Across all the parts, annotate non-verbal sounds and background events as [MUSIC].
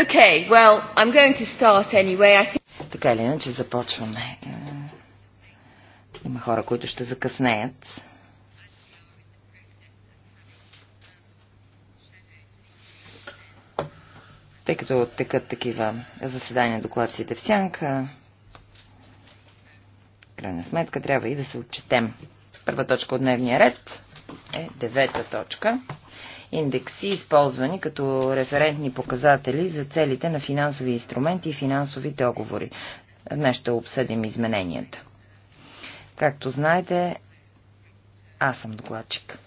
Okay, well, I'm going to start anyway. I think... Така или иначе започваме. Има хора, които ще закъснеят. Тъй като текат такива заседания докладците в сянка, крайна сметка трябва и да се отчетем. Първа точка от дневния ред е девета точка – индекси, използвани като референтни показатели за целите на финансови инструменти и финансови договори. Днес ще обсъдим измененията. Както знаете, аз съм докладчик.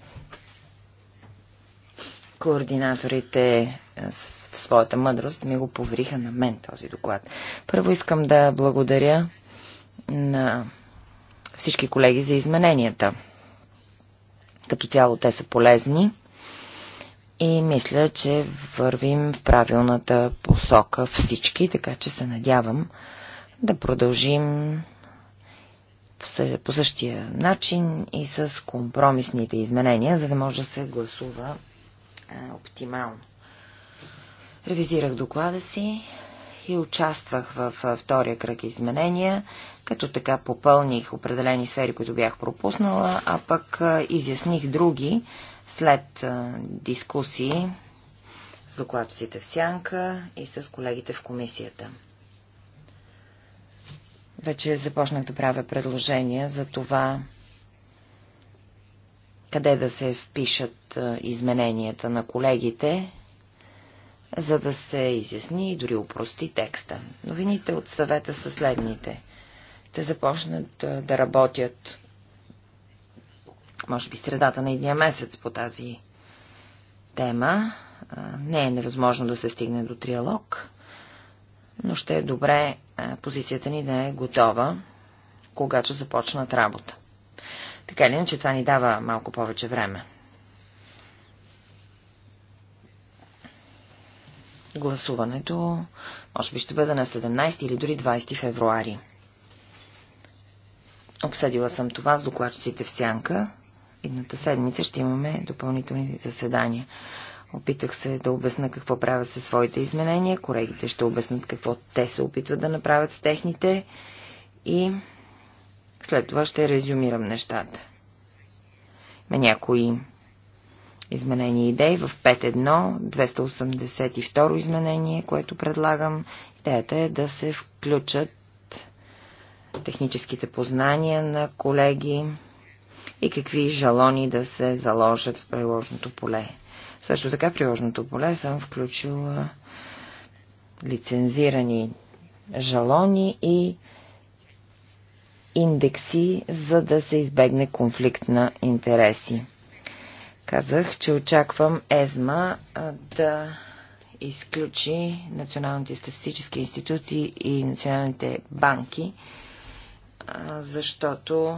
Координаторите е, в своята мъдрост ми го повериха на мен този доклад. Първо искам да благодаря на всички колеги за измененията. Като цяло те са полезни и мисля, че вървим в правилната посока всички, така че се надявам да продължим по същия начин и с компромисните изменения, за да може да се гласува е, оптимално. Ревизирах доклада си и участвах в втория кръг изменения, като така попълних определени сфери, които бях пропуснала, а пък е, изясних други, след дискусии с докладчиците в Сянка и с колегите в комисията. Вече започнах да правя предложения за това, къде да се впишат измененията на колегите, за да се изясни и дори упрости текста. Новините от съвета са следните. Те започнат да работят може би средата на едния месец по тази тема. Не е невъзможно да се стигне до триалог, но ще е добре позицията ни да е готова, когато започнат работа. Така ли, иначе, това ни дава малко повече време. Гласуването може би ще бъде на 17 или дори 20 февруари. Обсъдила съм това с докладчиците в Сянка идната седмица ще имаме допълнителни заседания. Опитах се да обясна какво правят със своите изменения. Колегите ще обяснат какво те се опитват да направят с техните. И след това ще резюмирам нещата. Има някои изменения идеи в 5.1, 282 изменение, което предлагам. Идеята е да се включат техническите познания на колеги и какви жалони да се заложат в приложното поле. Също така в приложното поле съм включила лицензирани жалони и индекси, за да се избегне конфликт на интереси. Казах, че очаквам ЕЗМА да изключи националните статистически институти и националните банки, защото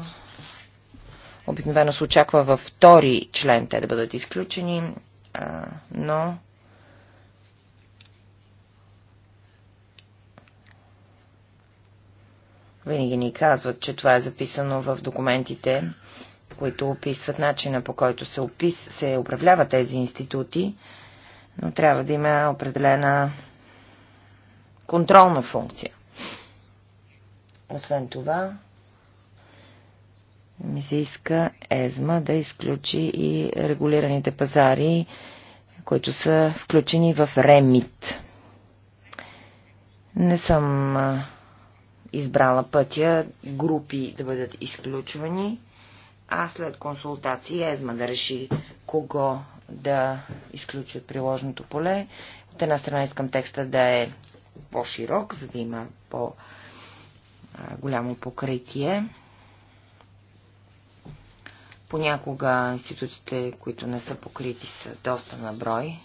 Обикновено се очаква във втори член те да бъдат изключени, но винаги ни казват, че това е записано в документите, които описват начина по който се, опис... се управлява тези институти, но трябва да има определена контролна функция. Освен това, ми се иска ЕЗМА да изключи и регулираните пазари, които са включени в РЕМИТ. Не съм избрала пътя групи да бъдат изключвани, а след консултации ЕЗМА да реши кого да изключи от приложното поле. От една страна искам текста да е по-широк, за да има по-голямо покритие Понякога институтите, които не са покрити, са доста на брой.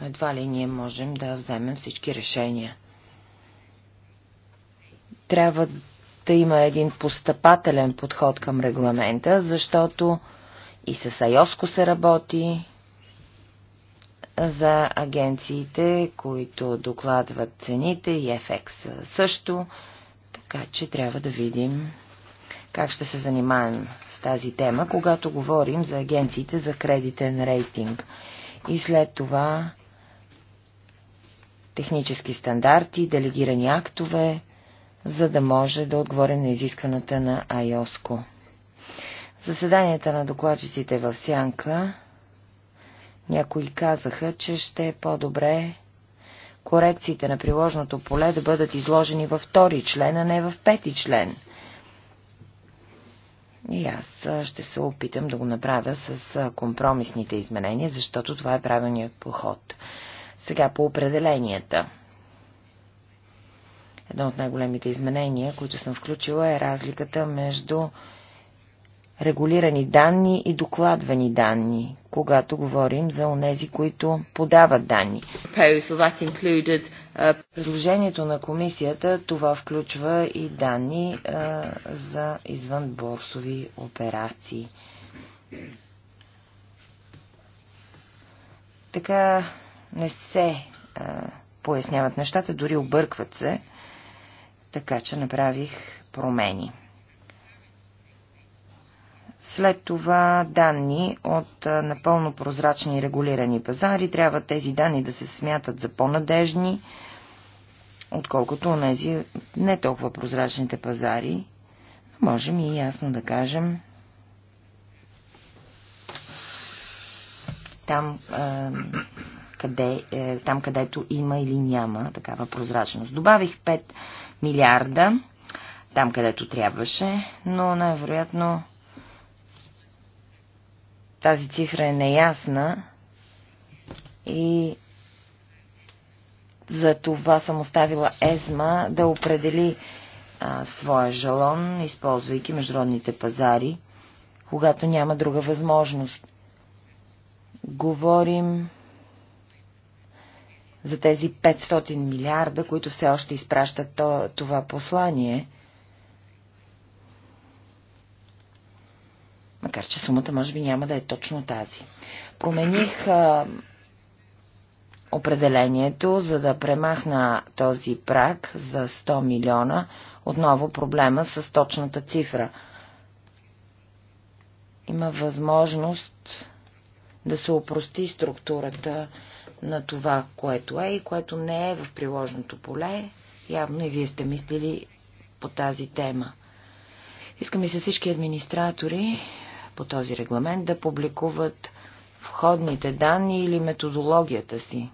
Но едва ли ние можем да вземем всички решения. Трябва да има един постъпателен подход към регламента, защото и с Айоско се работи за агенциите, които докладват цените и ЕФЕКС също, така че трябва да видим как ще се занимаем с тази тема, когато говорим за агенциите за кредитен рейтинг. И след това технически стандарти, делегирани актове, за да може да отговорим на изискваната на Айоско. Заседанията на докладчиците в Сянка някои казаха, че ще е по-добре корекциите на приложното поле да бъдат изложени във втори член, а не в пети член – и аз ще се опитам да го направя с компромисните изменения, защото това е правилният подход. Сега по определенията. Едно от най-големите изменения, които съм включила е разликата между регулирани данни и докладвани данни, когато говорим за онези, които подават данни. Uh, Предложението на комисията това включва и данни а, за извънборсови операции. Така не се а, поясняват нещата, дори объркват се, така че направих промени. След това данни от напълно прозрачни и регулирани пазари. Трябва тези данни да се смятат за по-надежни, отколкото у нези не толкова прозрачните пазари. Но можем и ясно да кажем, там, е, къде, е, там където има или няма такава прозрачност. Добавих 5 милиарда там, където трябваше, но най-вероятно тази цифра е неясна и за това съм оставила ЕСМА да определи а, своя жалон, използвайки международните пазари, когато няма друга възможност. Говорим за тези 500 милиарда, които все още изпращат това послание – Макар, че сумата може би няма да е точно тази. Промених а, определението, за да премахна този прак за 100 милиона. Отново проблема с точната цифра. Има възможност да се опрости структурата на това, което е и което не е в приложното поле. Явно и вие сте мислили по тази тема. Искам и се всички администратори по този регламент да публикуват входните данни или методологията си.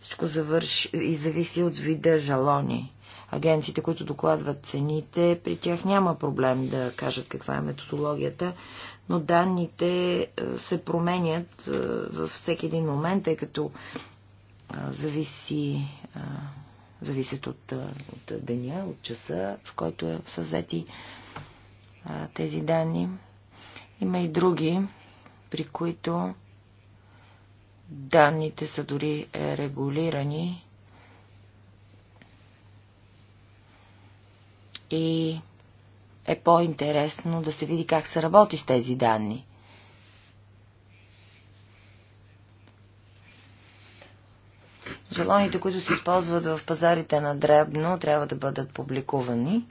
Всичко завърши и зависи от вида жалони. Агенциите, които докладват цените, при тях няма проблем да кажат каква е методологията, но данните е, се променят е, във всеки един момент, тъй като е, зависи, зависят от, от деня, от часа, в който са взети тези данни. Има и други, при които данните са дори е, регулирани и е по-интересно да се види как се работи с тези данни. Желоните, които се използват в пазарите на дребно, трябва да бъдат публикувани.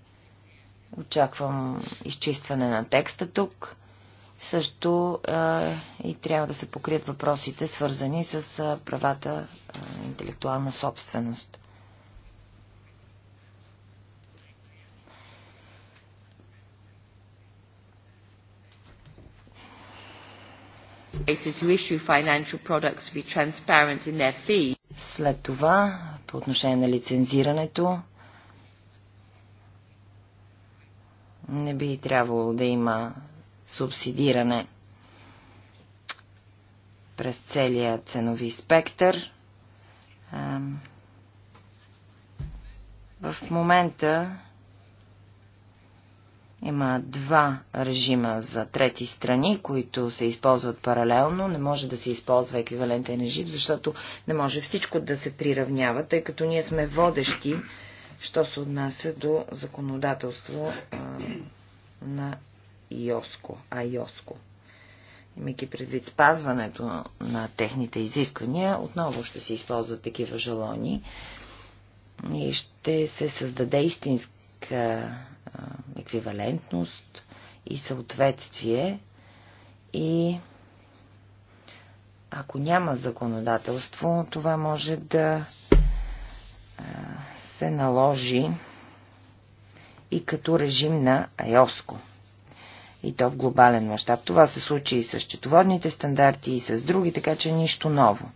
Очаквам изчистване на текста тук. Също а, и трябва да се покрият въпросите, свързани с а, правата а, интелектуална собственост. След това, по отношение на лицензирането, не би трябвало да има субсидиране през целия ценови спектър. В момента има два режима за трети страни, които се използват паралелно. Не може да се използва еквивалентен режим, защото не може всичко да се приравнява, тъй като ние сме водещи, що се отнася до законодателство а, на ИОСКО, Йоско. Имайки предвид спазването на техните изисквания, отново ще се използват такива жалони и ще се създаде истинска еквивалентност и съответствие и ако няма законодателство, това може да се наложи и като режим на Айоско и то в глобален мащаб. Това се случи и с четоводните стандарти, и с други, така че нищо ново.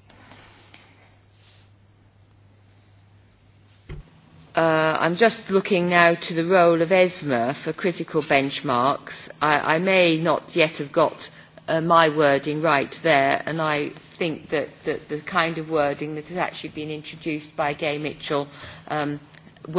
Uh, I'm just looking now to the role of ESMA for critical benchmarks. I, I may not yet have got uh, my wording right there, and I think that, that the kind of wording that has actually been introduced by Gay Mitchell um,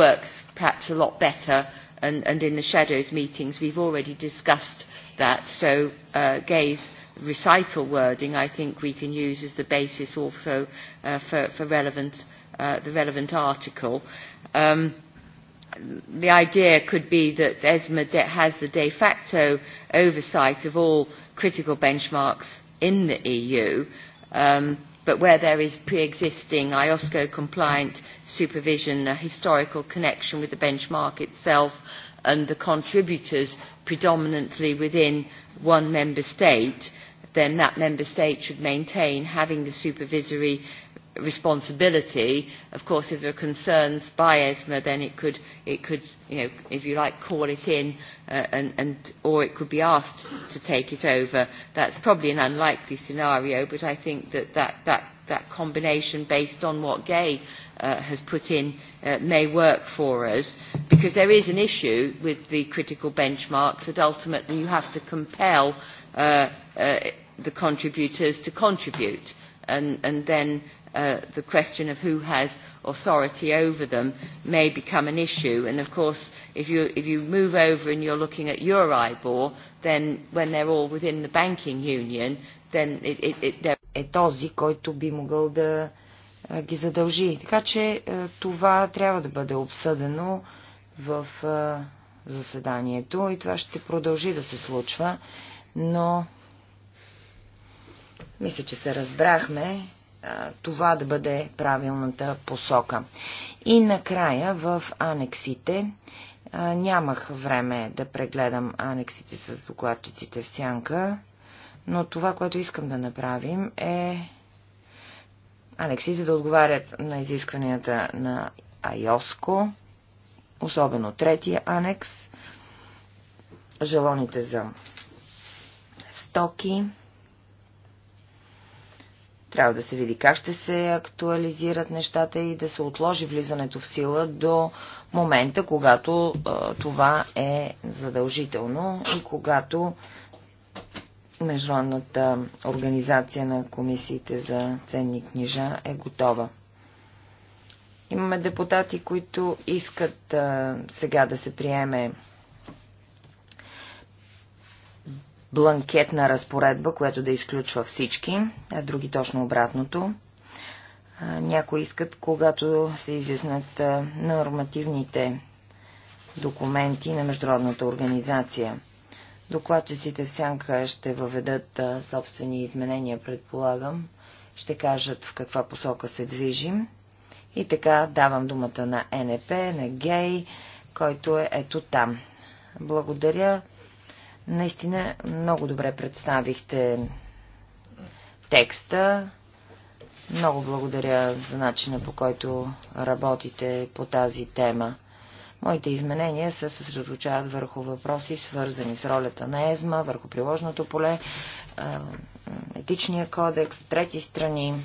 works perhaps a lot better and, and in the shadows meetings we've already discussed that. So uh, Gay's recital wording I think we can use as the basis also uh, for, for relevant, uh, the relevant article. Um, the idea could be that ESMA de- has the de facto oversight of all critical benchmarks in the EU. Um, but where there is pre-existing IOSCO compliant supervision, a historical connection with the benchmark itself and the contributors predominantly within one member state, then that member state should maintain having the supervisory responsibility. Of course, if there are concerns by ESMA, then it could, it could you know, if you like, call it in, uh, and, and, or it could be asked to take it over. That's probably an unlikely scenario, but I think that that, that, that combination based on what Gay uh, has put in uh, may work for us, because there is an issue with the critical benchmarks that ultimately you have to compel uh, uh, the contributors to contribute and, and then uh, the question of who has authority over them may become an issue. And of course, if you, if you move over and you're looking at your IBOR, then when they're all within the banking union, then it, it, it, е този, който би могъл да ги задължи. Така че това трябва да бъде обсъдено в заседанието и това ще продължи да се случва, но мисля, че се разбрахме това да бъде правилната посока. И накрая в анексите нямах време да прегледам анексите с докладчиците в сянка, но това, което искам да направим е анексите да отговарят на изискванията на Айоско, особено третия анекс, желоните за стоки, трябва да се види как ще се актуализират нещата и да се отложи влизането в сила до момента, когато а, това е задължително и когато Международната организация на комисиите за ценни книжа е готова. Имаме депутати, които искат а, сега да се приеме бланкетна разпоредба, която да изключва всички, а други точно обратното. Някои искат, когато се изяснат нормативните документи на Международната организация. Докладчиците в сянка ще въведат собствени изменения, предполагам. Ще кажат в каква посока се движим. И така давам думата на НП, на Гей, който е ето там. Благодаря. Наистина много добре представихте текста. Много благодаря за начина по който работите по тази тема. Моите изменения се съсредоточават върху въпроси, свързани с ролята на ЕЗМА, върху приложното поле, етичния кодекс, трети страни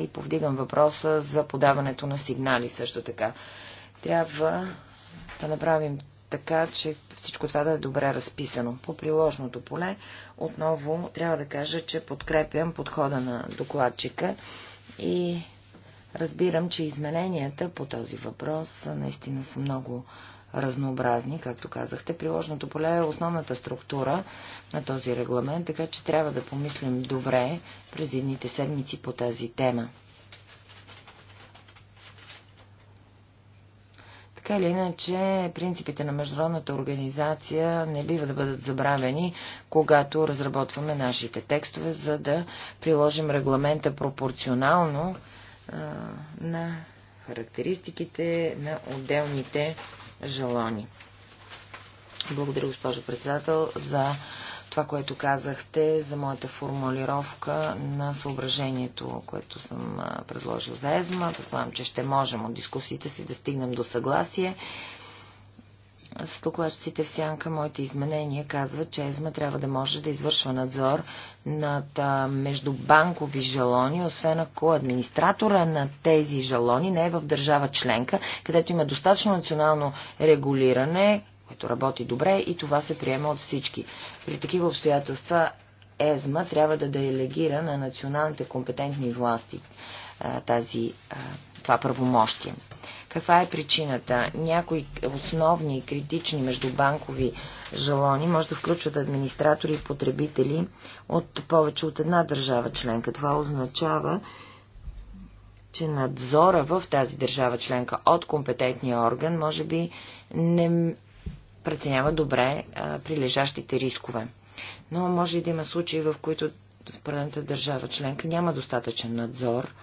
и повдигам въпроса за подаването на сигнали също така. Трябва да направим така че всичко това да е добре разписано. По приложното поле отново трябва да кажа, че подкрепям подхода на докладчика и разбирам, че измененията по този въпрос наистина са много разнообразни, както казахте. Приложното поле е основната структура на този регламент, така че трябва да помислим добре през едните седмици по тази тема. Така или иначе, принципите на международната организация не бива да бъдат забравени, когато разработваме нашите текстове, за да приложим регламента пропорционално а, на характеристиките на отделните жалони. Благодаря, госпожо председател, за това, което казахте за моята формулировка на съображението, което съм предложил за ЕЗМА. Предполагам, че ще можем от дискусиите си да стигнем до съгласие. С докладчиците в сянка моите изменения казват, че ЕЗМА трябва да може да извършва надзор над междубанкови жалони, освен ако администратора на тези жалони не е в държава членка, където има достатъчно национално регулиране, което работи добре и това се приема от всички. При такива обстоятелства ЕЗМА трябва да делегира на националните компетентни власти тази, това правомощие. Каква е причината? Някои основни критични междубанкови жалони може да включват администратори и потребители от повече от една държава членка. Това означава, че надзора в тази държава членка от компетентния орган може би не преценява добре а, прилежащите рискове. Но може и да има случаи, в които в определената държава членка няма достатъчен надзор.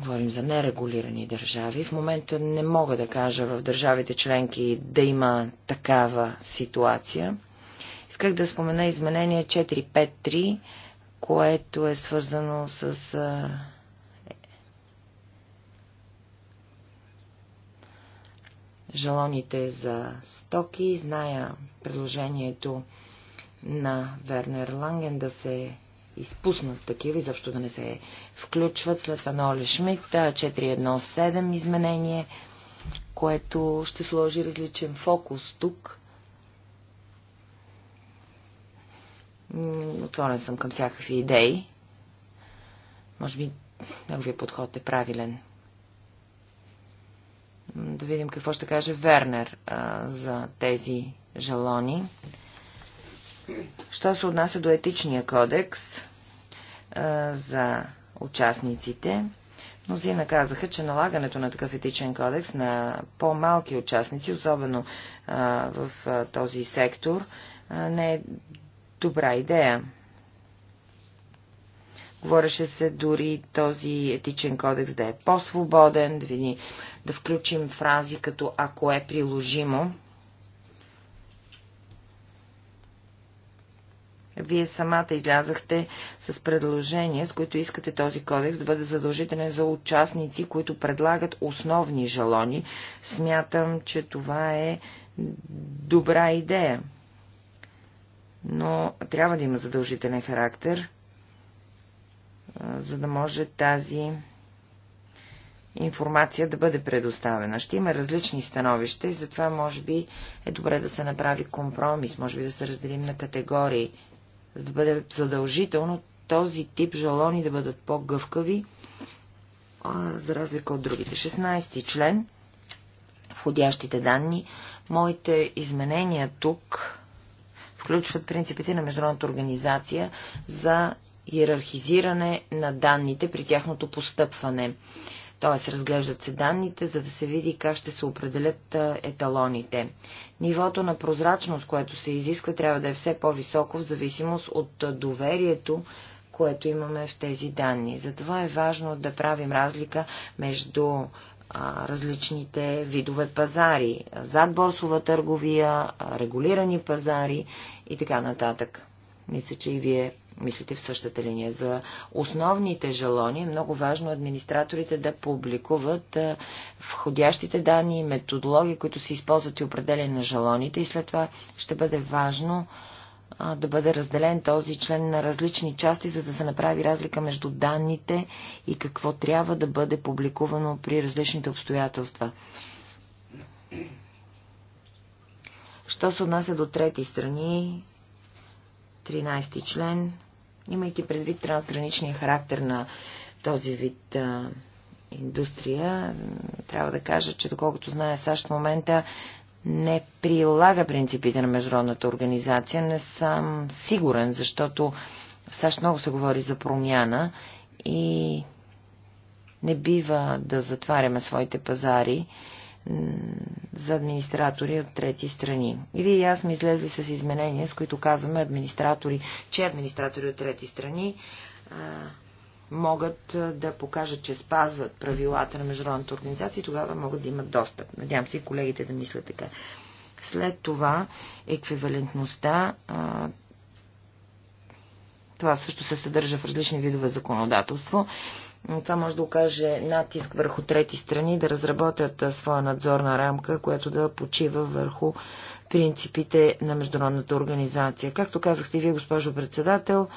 Говорим за нерегулирани държави. В момента не мога да кажа в държавите членки да има такава ситуация. Исках да спомена изменение 453, което е свързано с жалоните за стоки. Зная предложението на Вернер Ланген да се изпуснат такива, изобщо да не се включват. След това на Оле Шмидт, 417 изменение, което ще сложи различен фокус тук. Отворен съм към всякакви идеи. Може би неговия подход е правилен да видим какво ще каже Вернер а, за тези жалони. Що се отнася до етичния кодекс а, за участниците, мнозина казаха, че налагането на такъв етичен кодекс на по-малки участници, особено а, в а, този сектор, а, не е добра идея. Говореше се дори този етичен кодекс да е по-свободен, да, види, да включим фрази като ако е приложимо. Вие самата излязахте с предложения, с които искате този кодекс да бъде задължителен за участници, които предлагат основни жалони. Смятам, че това е добра идея. Но трябва да има задължителен характер за да може тази информация да бъде предоставена. Ще има различни становища и затова може би е добре да се направи компромис, може би да се разделим на категории, за да бъде задължително този тип жалони да бъдат по-гъвкави, за разлика от другите. 16 член, входящите данни. Моите изменения тук включват принципите на Международната организация за иерархизиране на данните при тяхното постъпване. Т.е. разглеждат се данните, за да се види как ще се определят еталоните. Нивото на прозрачност, което се изисква, трябва да е все по-високо в зависимост от доверието, което имаме в тези данни. Затова е важно да правим разлика между различните видове пазари, задборсова търговия, регулирани пазари и така нататък. Мисля, че и вие мислите в същата линия. За основните жалони е много важно администраторите да публикуват входящите данни и методологии, които се използват и определени на жалоните и след това ще бъде важно да бъде разделен този член на различни части, за да се направи разлика между данните и какво трябва да бъде публикувано при различните обстоятелства. Що се отнася до трети страни, 13 член, Имайки предвид трансграничния характер на този вид а, индустрия, трябва да кажа, че доколкото знае САЩ в момента не прилага принципите на Международната организация. Не съм сигурен, защото в САЩ много се говори за промяна и не бива да затваряме своите пазари за администратори от трети страни. И вие и аз сме излезли с изменения, с които казваме администратори, че администратори от трети страни а, могат да покажат, че спазват правилата на международната организация и тогава могат да имат достъп. Надявам се и колегите да мислят така. След това еквивалентността а, това също се съдържа в различни видове законодателство това може да окаже натиск върху трети страни да разработят своя надзорна рамка, която да почива върху принципите на международната организация. Както казахте вие, госпожо председател,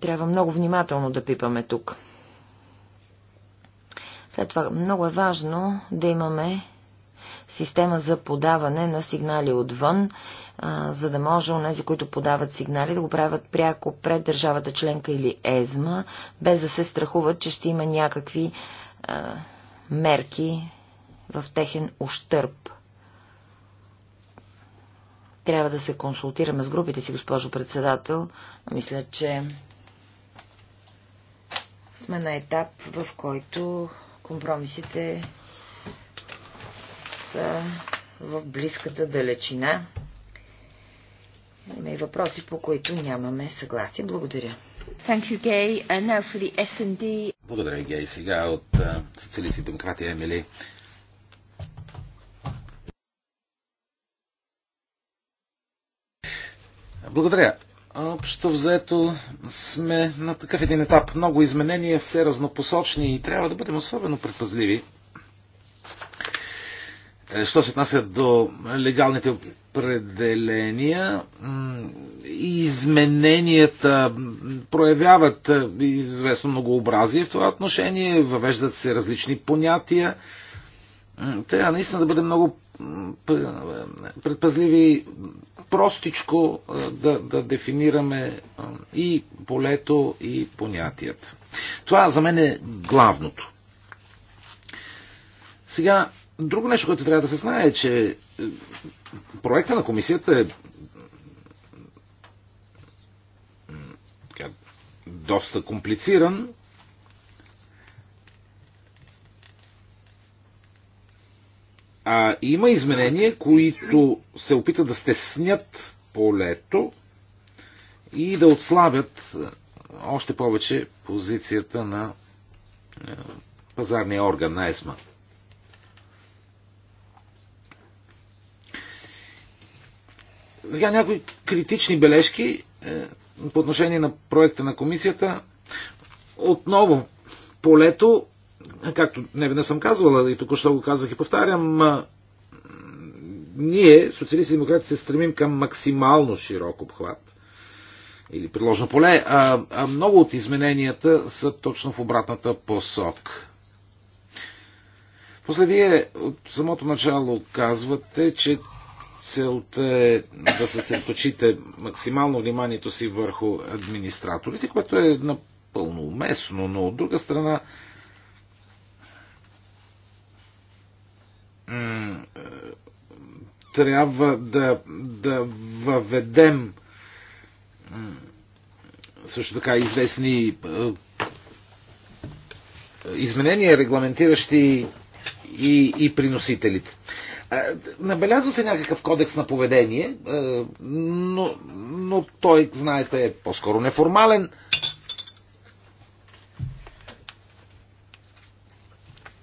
трябва много внимателно да пипаме тук. След това много е важно да имаме система за подаване на сигнали отвън, а, за да може онези, които подават сигнали, да го правят пряко пред държавата членка или ЕЗМА, без да се страхуват, че ще има някакви а, мерки в техен ущърп. Трябва да се консултираме с групите си, госпожо председател. Мисля, че сме на етап, в който компромисите са в близката далечина. Има и въпроси, по които нямаме съгласие. Благодаря. Thank you, Gay. And now for the S&D. Благодаря, Гей. Сега от uh, социалисти демократи Емили. Благодаря. Общо взето сме на такъв един етап. Много изменения, все разнопосочни и трябва да бъдем особено предпазливи е, що се отнася до легалните определения, измененията проявяват е, известно многообразие в това отношение, въвеждат се различни понятия. Трябва наистина да бъдем много е, предпазливи, простичко да, да дефинираме и полето, и понятията. Това за мен е главното. Сега Друго нещо, което трябва да се знае е, че е, проекта на комисията е доста комплициран. А има изменения, които се опитат да стеснят полето и да отслабят е, още повече позицията на е, пазарния орган на ЕСМА. Сега някои критични бележки е, по отношение на проекта на комисията. Отново, полето, както не веднъж съм казвала и тук що го казах и повтарям, е, ние, социалисти и демократи, се стремим към максимално широк обхват или предложено поле, а, а много от измененията са точно в обратната посок. После вие от самото начало казвате, че целта е да съсредоточите максимално вниманието си върху администраторите, което е напълно уместно, но от друга страна трябва да, да въведем също така известни е, изменения, регламентиращи и, и приносителите. Е, набелязва се някакъв кодекс на поведение, е, но, но той, знаете, е по-скоро неформален.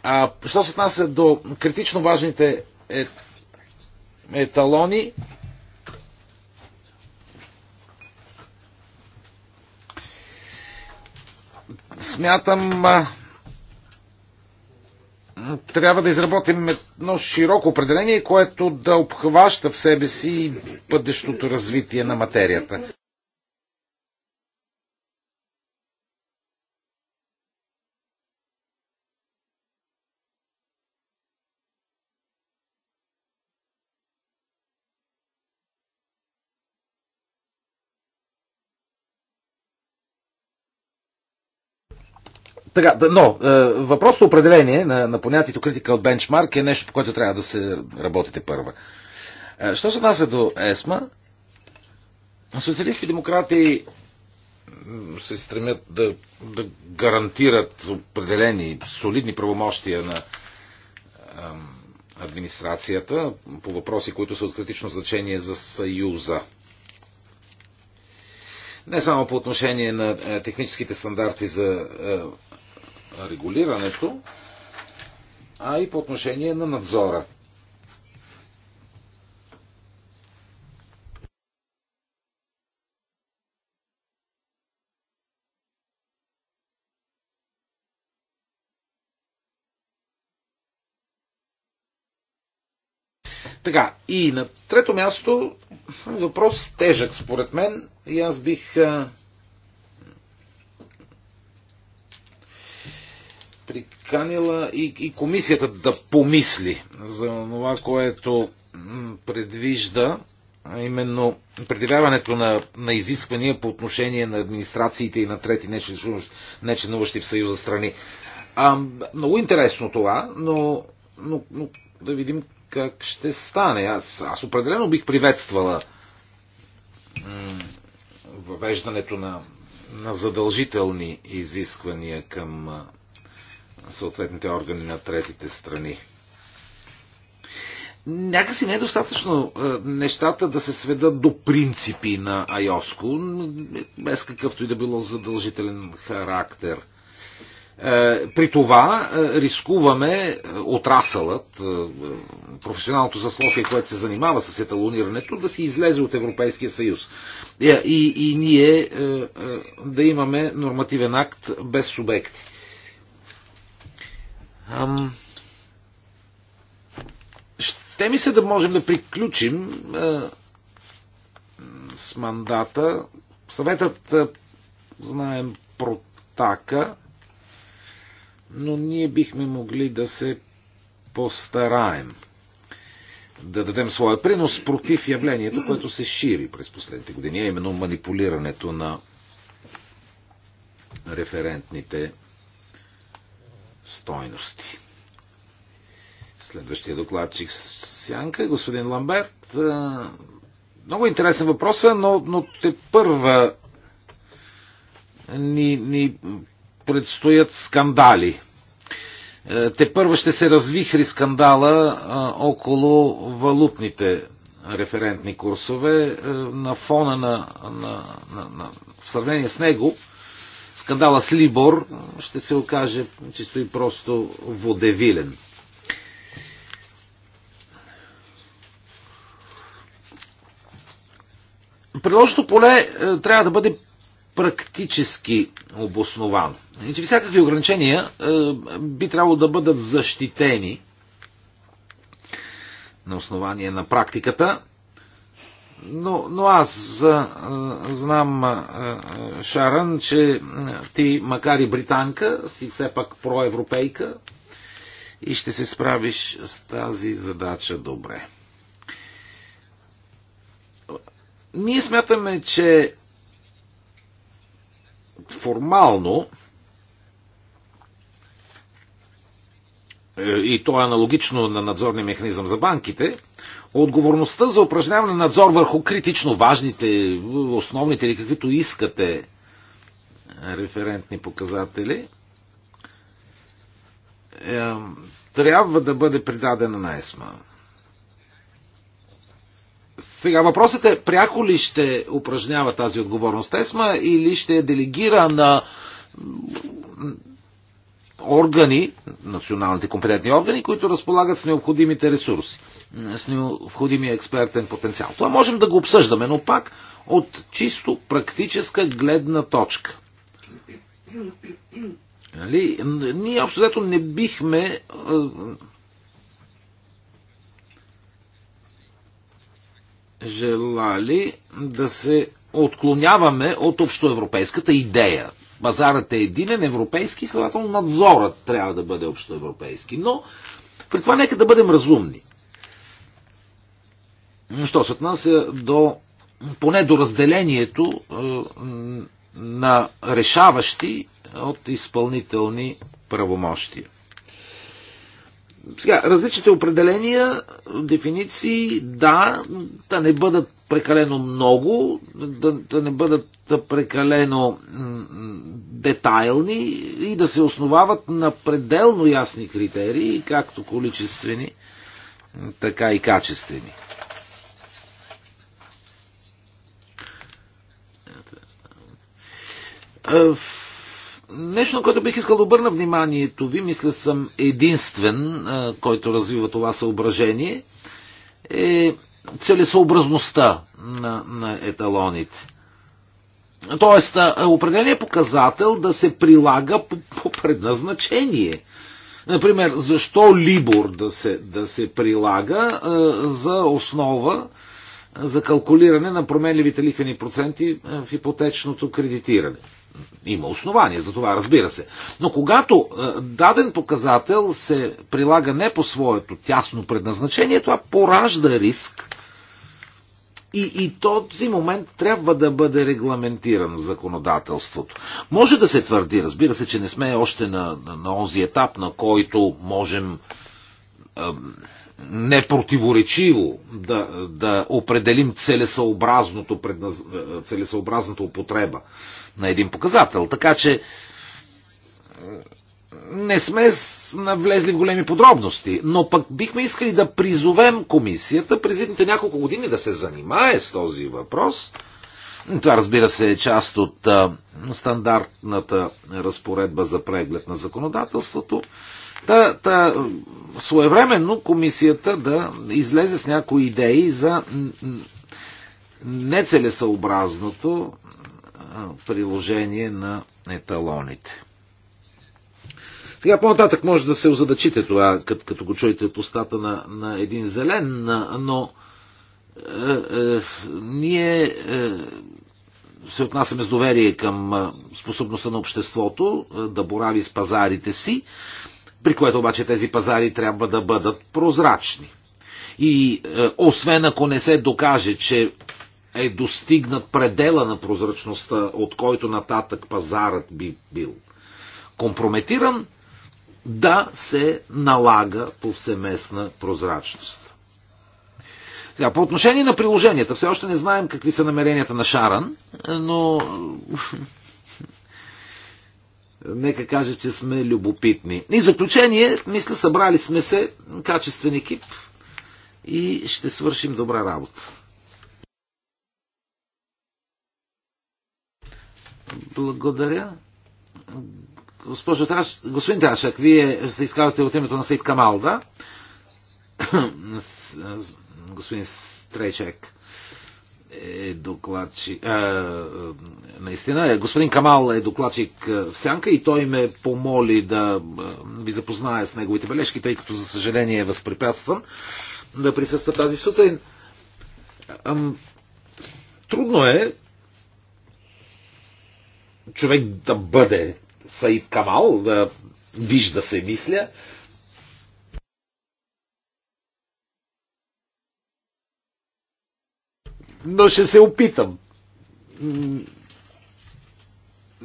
А що се отнася до критично важните е, еталони, смятам, трябва да изработим едно широко определение, което да обхваща в себе си бъдещото развитие на материята. Така, но е, въпросното определение на, на понятието критика от бенчмарк е нещо, по което трябва да се работите първа. Е, що се отнася до ЕСМА, социалисти демократи се стремят да, да гарантират определени солидни правомощия на администрацията по въпроси, които са от критично значение за Съюза. Не само по отношение на е, техническите стандарти за регулирането, а и по отношение на надзора. Така, и на трето място въпрос тежък според мен и аз бих а, приканила и, и комисията да помисли за това, което предвижда, а именно предявяването на, на изисквания по отношение на администрациите и на трети нечленуващи в Съюза страни. А, много интересно това, но, но, но да видим как ще стане. Аз, аз определено бих приветствала въвеждането на, на задължителни изисквания към съответните органи на третите страни. Някакси не е достатъчно е, нещата да се сведат до принципи на Айоско, без какъвто и да било задължителен характер е, – при това е, рискуваме отрасълът, професионалното съсловие, което се занимава с еталонирането, да си излезе от Европейския съюз. И, и, и ние да имаме нормативен акт без субекти. Ам... Ще ми се да можем да приключим а... с мандата. Съветът, а... знаем, протака, но ние бихме могли да се постараем да дадем своя принос против явлението, което се шири през последните години, а именно манипулирането на референтните стойности. Следващия докладчик Сянка, господин Ламберт. Много интересен въпрос, но, но те първа ни, ни предстоят скандали. Те първа ще се развихри скандала около валутните референтни курсове на фона на, на, на, на в сравнение с него скандала с Либор ще се окаже чисто и просто водевилен. Предложното поле е, трябва да бъде практически обосновано. че значи, всякакви ограничения е, би трябвало да бъдат защитени на основание на практиката, но, но аз а, е, знам, а, е, е, Шаран, че ти, макар и британка, си все пак проевропейка и ще се справиш с тази задача добре. Ние смятаме, че формално и то е аналогично на надзорния механизъм за банките, отговорността за упражняване на надзор върху критично важните, основните или каквито искате е, референтни показатели, е, трябва да бъде придадена на ЕСМА. Сега въпросът е, пряко ли ще упражнява тази отговорност ЕСМА или ще е делегира на органи, националните компетентни органи, които разполагат с необходимите ресурси с необходимия експертен потенциал. Това можем да го обсъждаме, но пак от чисто практическа гледна точка. Нали? Ние общо взето не бихме е, желали да се отклоняваме от общоевропейската идея. Базарът е единен европейски, следователно надзорът трябва да бъде общоевропейски. Но при това нека да бъдем разумни що се отнася до поне до разделението е, на решаващи от изпълнителни правомощия. Сега, различните определения, дефиниции, да, да не бъдат прекалено много, да, да не бъдат прекалено детайлни и да се основават на пределно ясни критерии, както количествени, така и качествени. Е, нещо, на което бих искал да обърна вниманието ви, мисля съм единствен, е, който развива това съображение, е целесообразността на, на еталоните. Тоест, е, определен показател да се прилага по, по предназначение. Например, защо Либор да се, да се прилага за основа за калкулиране на променливите лихвени проценти е, в ипотечното кредитиране. Има основания за това, разбира се. Но когато е, даден показател се прилага не по своето тясно предназначение, това поражда риск и, и този момент трябва да бъде регламентиран в законодателството. Може да се твърди, разбира се, че не сме още на, на, на онзи етап, на който можем непротиворечиво да, да определим целесъобразното, предназ... целесъобразната употреба на един показател. Така че не сме навлезли в големи подробности, но пък бихме искали да призовем комисията през едните няколко години да се занимае с този въпрос. Това разбира се е част от а, стандартната разпоредба за преглед на законодателството. Та, та, своевременно комисията да излезе с някои идеи за нецелесъобразното приложение на еталоните. Сега по-нататък може да се озадачите това, като, като го чуете от устата на, на един зелен, но е, е, ние е, се отнасяме с доверие към способността на обществото да борави с пазарите си при което обаче тези пазари трябва да бъдат прозрачни. И е, освен ако не се докаже, че е достигнат предела на прозрачността, от който нататък пазарът би бил компрометиран, да се налага повсеместна прозрачност. Сега, по отношение на приложенията, все още не знаем какви са намеренията на Шаран, но нека кажа, че сме любопитни. И заключение, мисля, събрали сме се качествен екип и ще свършим добра работа. Благодаря. Госпожо Траш... Господин Трашак, вие се изказвате от името на Сейд Камал, да? [COUGHS] Господин Стрейчек е докладчик. А, наистина, е. господин Камал е докладчик в Сянка и той ме помоли да ви запозная с неговите бележки, тъй като, за съжаление, е възпрепятстван да присъства тази сутрин. Ам, трудно е човек да бъде Саид Камал, да вижда се, мисля, Но ще се опитам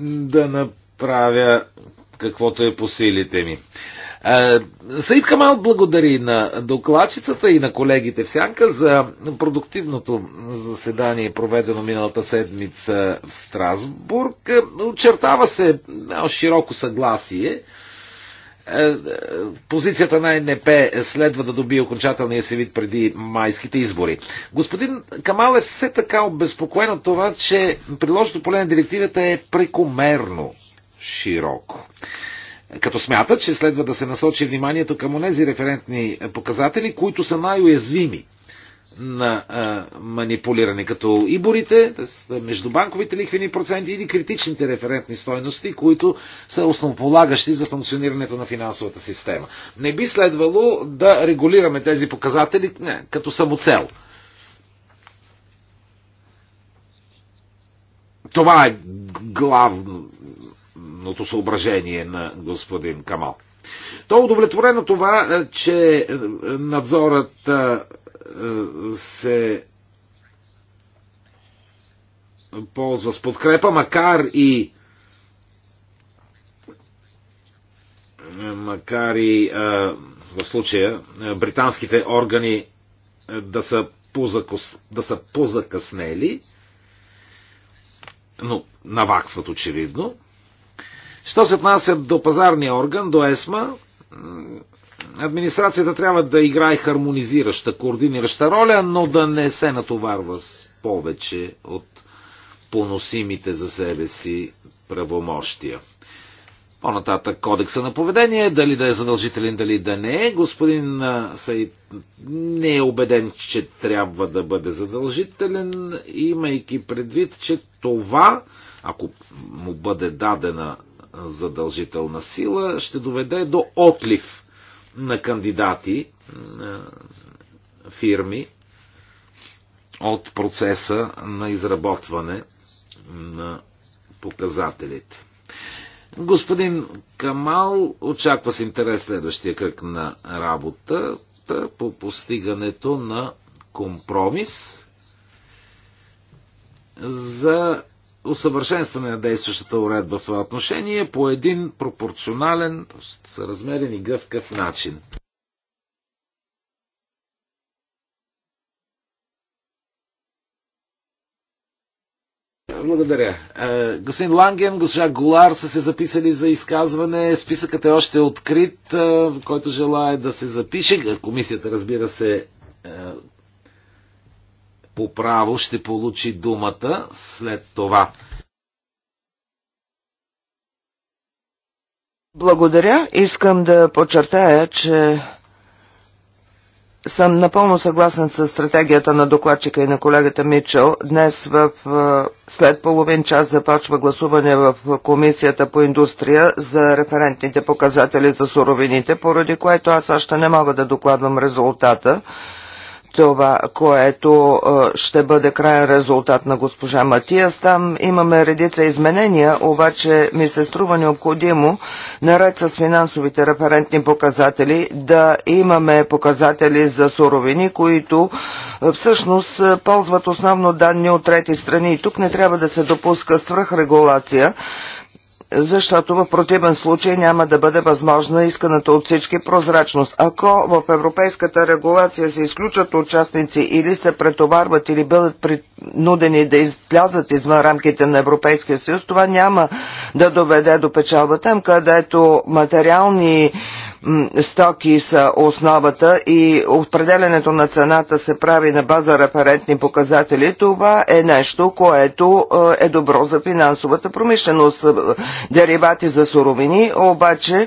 да направя каквото е по силите ми. Саид Камал благодари на докладчицата и на колегите в Сянка за продуктивното заседание, проведено миналата седмица в Страсбург. Очертава се широко съгласие е, е, позицията на НП следва да добие окончателния си вид преди майските избори. Господин Камал е все така обезпокоен от това, че приложното поле на директивата е прекомерно широко. Като смята, че следва да се насочи вниманието към онези референтни показатели, които са най-уязвими на а, манипулиране, като иборите, междубанковите лихвени проценти или критичните референтни стойности, които са основополагащи за функционирането на финансовата система. Не би следвало да регулираме тези показатели не, като самоцел. Това е главното съображение на господин Камал. То е удовлетворено това, че надзорът се ползва с подкрепа, макар и макар и в случая британските органи да са, позакос, да са позакъснели, но наваксват очевидно. Що се отнася до пазарния орган, до ЕСМА, администрацията трябва да играе хармонизираща, координираща роля, но да не се натоварва с повече от поносимите за себе си правомощия. По-нататък кодекса на поведение, дали да е задължителен, дали да не е. Господин Саид не е убеден, че трябва да бъде задължителен, имайки предвид, че това, ако му бъде дадена задължителна сила, ще доведе до отлив на кандидати, на фирми от процеса на изработване на показателите. Господин Камал очаква с интерес следващия кръг на работа по постигането на компромис за усъвършенстване на действащата уредба в това отношение по един пропорционален, съразмерен и гъвкав начин. Благодаря. Е, господин Ланген, госпожа Голар са се записали за изказване. Списъкът е още открит, е, който желая да се запише. Комисията, разбира се, е, по право ще получи думата след това. Благодаря. Искам да подчертая, че съм напълно съгласен с стратегията на докладчика и на колегата Мичел. Днес в, след половин час започва гласуване в Комисията по индустрия за референтните показатели за суровините, поради което аз още не мога да докладвам резултата това, което е, ще бъде крайен резултат на госпожа Матиас. Там имаме редица изменения, обаче ми се струва необходимо, наред с финансовите референтни показатели, да имаме показатели за суровини, които е, всъщност е, ползват основно данни от трети страни. И тук не трябва да се допуска свръхрегулация защото в противен случай няма да бъде възможна исканата от всички прозрачност. Ако в европейската регулация се изключат участници или се претоварват или бъдат принудени да излязат извън рамките на Европейския съюз, това няма да доведе до печалба там, където материални стоки са основата и определенето на цената се прави на база референтни показатели, това е нещо, което е, е добро за финансовата промишленост. Деривати за суровини, обаче е,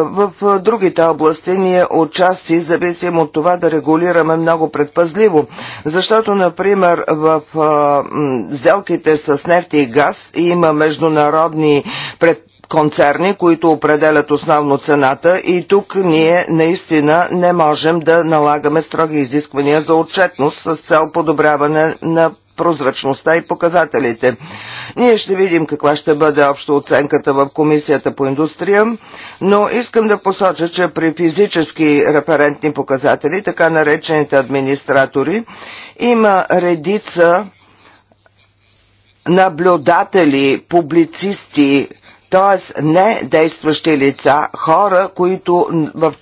в е, другите области ние отчасти зависим от това да регулираме много предпазливо, защото, например, в сделките с нефти и газ има международни предпазливи концерни, които определят основно цената и тук ние наистина не можем да налагаме строги изисквания за отчетност с цел подобряване на прозрачността и показателите. Ние ще видим каква ще бъде общо оценката в Комисията по индустрия, но искам да посоча, че при физически референтни показатели, така наречените администратори, има редица наблюдатели, публицисти, т.е. не действащи лица, хора, които в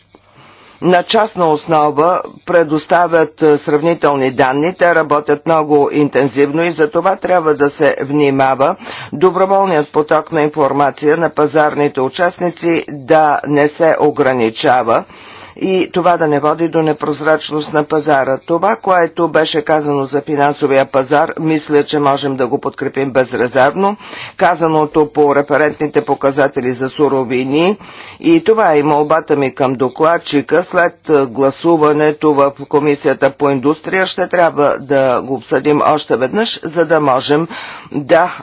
на частна основа предоставят сравнителни данни. Те работят много интензивно и за това трябва да се внимава доброволният поток на информация на пазарните участници да не се ограничава и това да не води до непрозрачност на пазара. Това, което беше казано за финансовия пазар, мисля, че можем да го подкрепим безрезервно. Казаното по референтните показатели за суровини и това е и молбата ми към докладчика. След гласуването в Комисията по индустрия ще трябва да го обсъдим още веднъж, за да можем да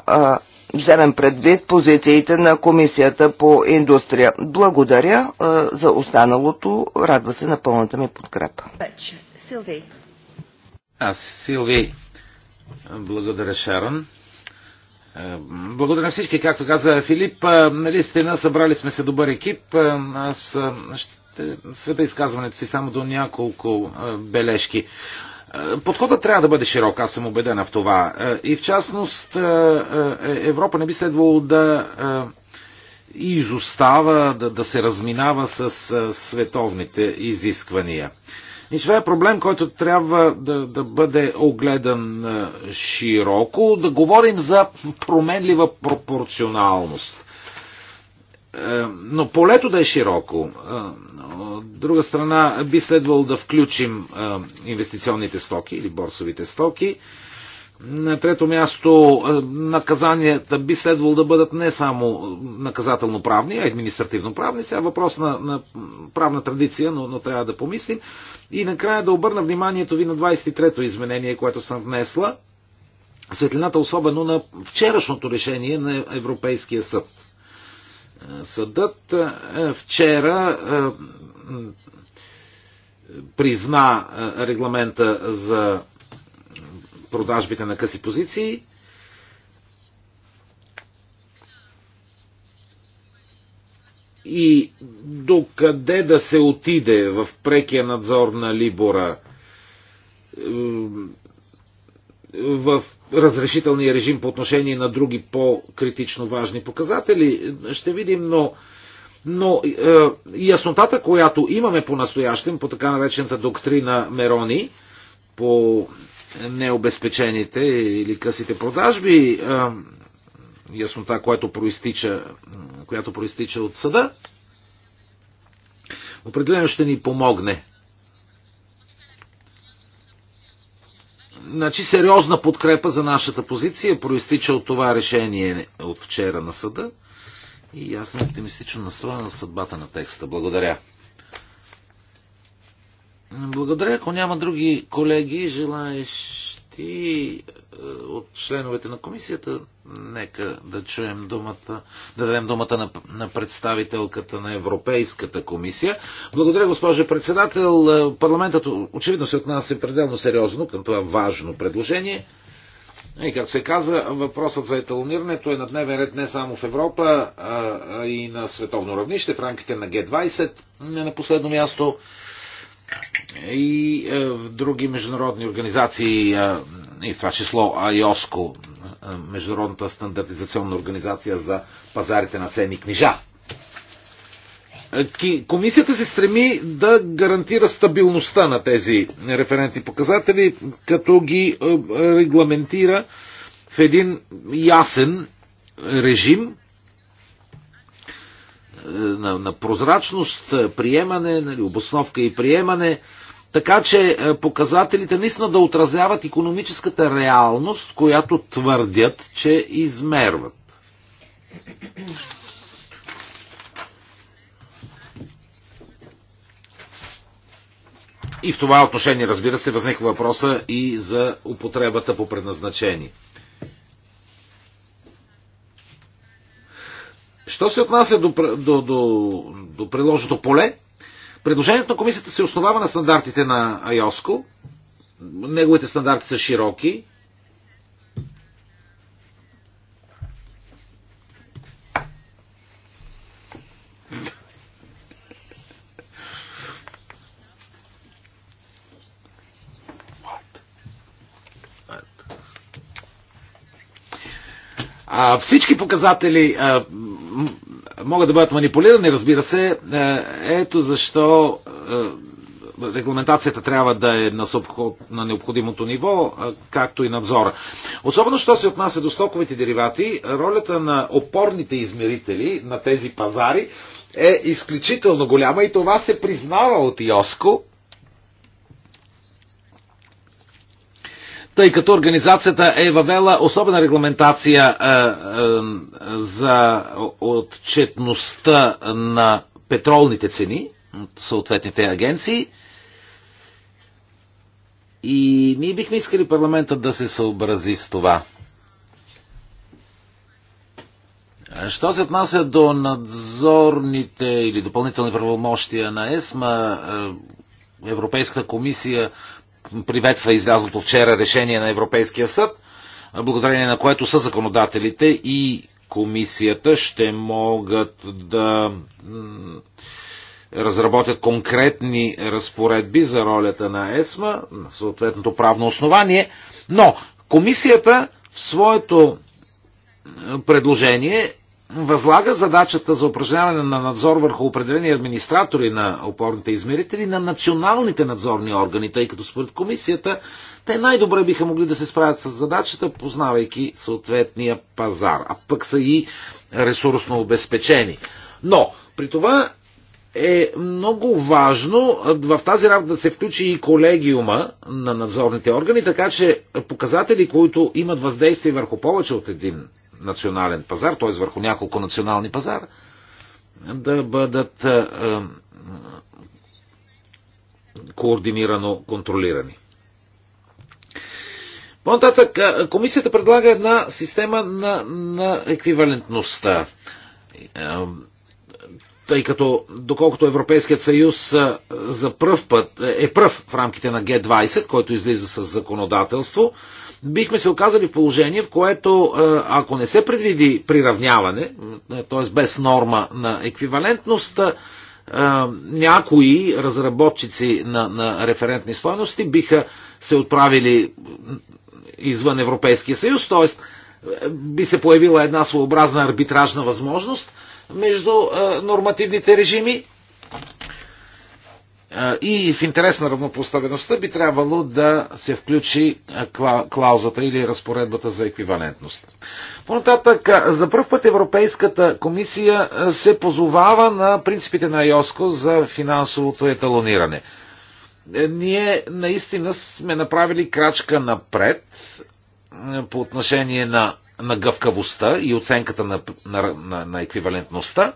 вземем предвид позициите на Комисията по индустрия. Благодаря за останалото. Радва се на пълната ми подкрепа. Силви. Аз, Силви, благодаря, Шарон. Благодаря всички, както каза Филип. Наистина събрали сме се добър екип. Аз ще света изказването си само до няколко бележки. Подходът трябва да бъде широк, аз съм убедена в това. Е, и в частност, е, е, Европа не би следвало да изостава, да, да се разминава с световните изисквания. И това е проблем, който трябва да, да бъде огледан широко, да говорим за променлива пропорционалност. Е, но полето да е широко. Е, от друга страна, би следвало да включим е, инвестиционните стоки или борсовите стоки. На трето място, наказанията би следвало да бъдат не само наказателно-правни, а административно-правни. Сега въпрос на, на правна традиция, но, но трябва да помислим. И накрая да обърна вниманието ви на 23-то изменение, което съм внесла. Светлината особено на вчерашното решение на Европейския съд Съдът е, вчера е, призна е, регламента за продажбите на къси позиции. И докъде да се отиде в прекия надзор на Либора? в разрешителния режим по отношение на други по-критично важни показатели. Ще видим, но, но е, яснотата, която имаме по-настоящем, по така наречената доктрина Мерони, по необезпечените или късите продажби, е, яснота, която проистича, която проистича от съда, определено ще ни помогне Значи сериозна подкрепа за нашата позиция проистича от това решение от вчера на съда и аз съм оптимистично настроен на съдбата на текста. Благодаря. Благодаря, ако няма други колеги, желаеш депутати е, от членовете на комисията. Нека да чуем думата, да дадем думата на, на представителката на Европейската комисия. Благодаря, госпожа председател. Е, парламентът очевидно се отнася пределно сериозно към това важно предложение. И както се каза, въпросът за еталонирането е на дневен ред не само в Европа, а и на световно равнище в рамките на Г20, не на последно място и е, в други международни организации, е, и в това число АИОСКО, е, Международната стандартизационна организация за пазарите на ценни книжа. Комисията се стреми да гарантира стабилността на тези референтни показатели, като ги регламентира в един ясен режим, на, на прозрачност, е, приемане, нали, обосновка и приемане, така че е, показателите наистина да отразяват економическата реалност, която твърдят, че измерват. И в това отношение, разбира се, възниква въпроса и за употребата по предназначение. Що се отнася до, до, до, до приложното поле, предложението на комисията се основава на стандартите на Айоско. Неговите стандарти са широки, всички показатели а, могат да бъдат манипулирани, разбира се. Е, ето защо е, регламентацията трябва да е на, съобход, на необходимото ниво, е, както и надзора. Особено, що се отнася до стоковите деривати, ролята на опорните измерители на тези пазари е изключително голяма и това се признава от Иоско. тъй като организацията е въвела особена регламентация а, е, а, е, за отчетността на петролните цени от съответните агенции. И ние бихме искали парламента да се съобрази с това. Що се отнася до надзорните или допълнителни правомощия на ЕСМА, е, Европейската комисия приветства излязлото вчера решение на Европейския съд, благодарение на което са законодателите и комисията ще могат да разработят конкретни разпоредби за ролята на ЕСМА, на съответното правно основание, но комисията в своето предложение възлага задачата за упражняване на надзор върху определени администратори на опорните измерители на националните надзорни органи, тъй като според комисията те най-добре биха могли да се справят с задачата, познавайки съответния пазар, а пък са и ресурсно обезпечени. Но при това е много важно в тази работа да се включи и колегиума на надзорните органи, така че показатели, които имат въздействие върху повече от един национален пазар, т.е. върху няколко национални пазара, да бъдат е, е, координирано контролирани. По-нататък, е, комисията предлага една система на, на еквивалентността. Е, тъй като, доколкото Европейският съюз е, за пръв път е пръв в рамките на Г-20, който излиза с законодателство, бихме се оказали в положение, в което е, ако не се предвиди приравняване, е, т.е. без норма на еквивалентност, е, някои разработчици на, на референтни стоености биха се отправили извън Европейския съюз, т.е. би се появила една своеобразна арбитражна възможност между нормативните режими и в интерес на равнопоставеността би трябвало да се включи клаузата или разпоредбата за еквивалентност. Понататък, за първ път Европейската комисия се позовава на принципите на ЙОСКО за финансовото еталониране. Е, ние наистина сме направили крачка напред по отношение на, на гъвкавостта и оценката на, на, на, на еквивалентността.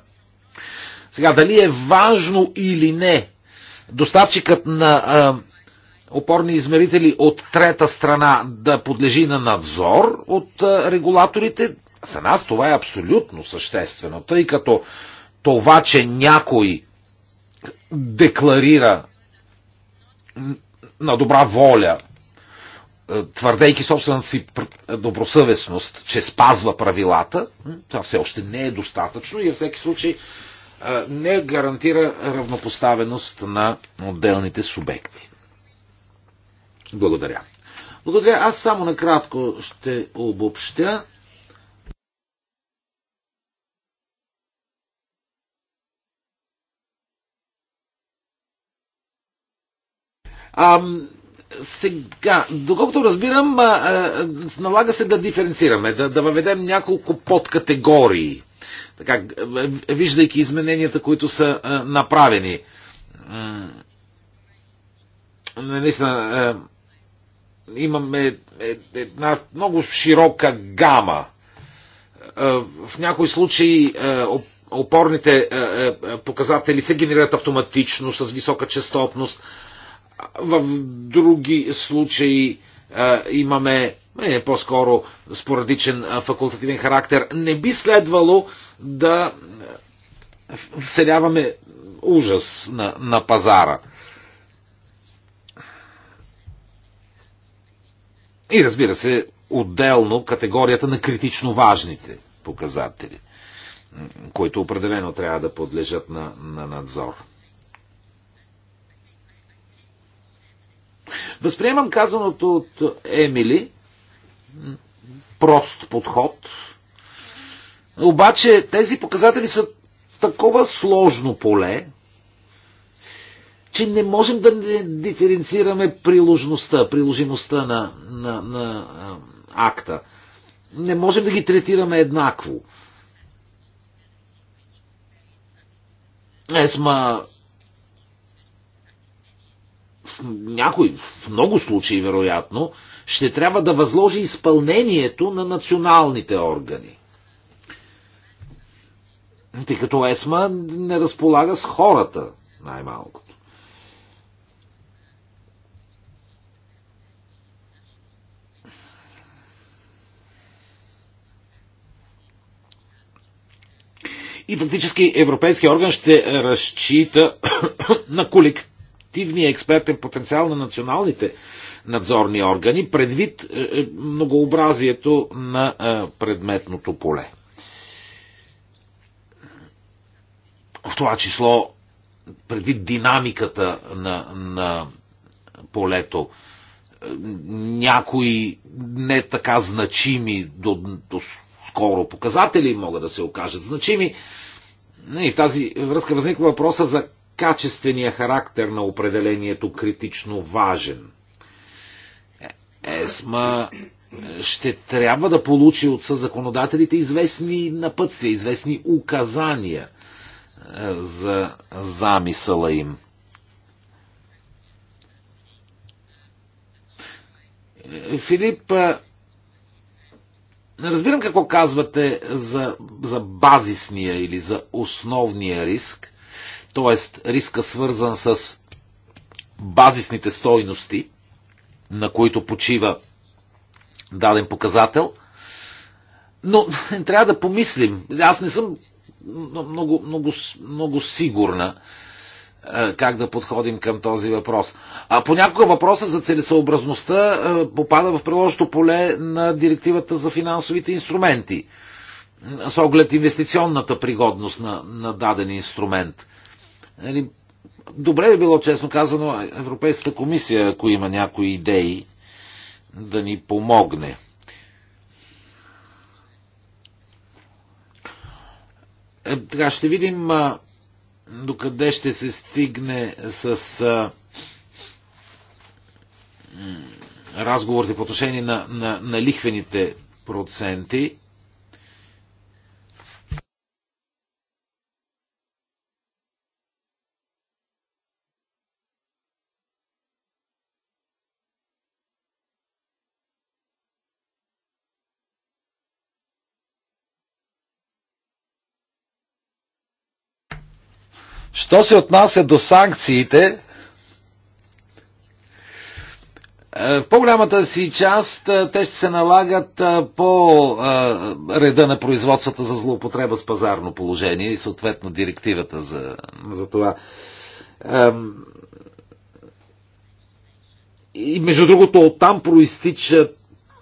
Сега, дали е важно или не доставчикът на опорни измерители от трета страна да подлежи на надзор от регулаторите, за нас това е абсолютно съществено, тъй като това, че някой декларира на добра воля, твърдейки собствената си добросъвестност, че спазва правилата, това все още не е достатъчно и във всеки случай не гарантира равнопоставеност на отделните субекти. Благодаря. Благодаря. Аз само накратко ще обобщя. А, сега, доколкото разбирам, а, а, налага се да диференцираме, да, да въведем няколко подкатегории така, виждайки измененията, които са е, направени. Е, наистина, е, имаме една много широка гама. В някои случаи опорните показатели се генерират автоматично с висока частотност. В други случаи имаме е, по-скоро спорадичен факултативен характер. Не би следвало да вселяваме ужас на, на пазара. И разбира се, отделно категорията на критично важните показатели, които определено трябва да подлежат на, на надзор. Възприемам казаното от Емили, прост подход, обаче тези показатели са такова сложно поле, че не можем да не диференцираме приложността, приложимостта на, на, на акта. Не можем да ги третираме еднакво. Есма в някои, в много случаи вероятно, ще трябва да възложи изпълнението на националните органи. Тъй като ЕСМА не разполага с хората, най-малкото. И фактически Европейския орган ще разчита [COUGHS] на колектив ефективния експертен потенциал на националните надзорни органи, предвид е, е, многообразието на е, предметното поле. В това число, предвид динамиката на, на полето, някои не така значими до, до скоро показатели могат да се окажат значими. И в тази връзка възниква въпроса за качествения характер на определението критично важен. ЕСМА ще трябва да получи от съзаконодателите известни напътствия, известни указания е, за замисъла им. Филип, е, разбирам какво казвате за, за базисния или за основния риск – т.е. риска свързан с базисните стойности, на които почива даден показател. Но [LAUGHS] трябва да помислим. Аз не съм много, много, много сигурна е, как да подходим към този въпрос. А понякога въпроса за целесъобразността е, попада в приложното поле на директивата за финансовите инструменти с оглед инвестиционната пригодност на, на даден инструмент. Нали, добре би било, честно казано, Европейската комисия, ако има някои идеи, да ни помогне. Е, така, ще видим докъде ще се стигне с разговорите по отношение на, на, на лихвените проценти. Що се отнася до санкциите, в е, по-голямата си част е, те ще се налагат е, по реда на производствата за злоупотреба с пазарно положение и съответно директивата за, за това. И между другото, оттам проистичат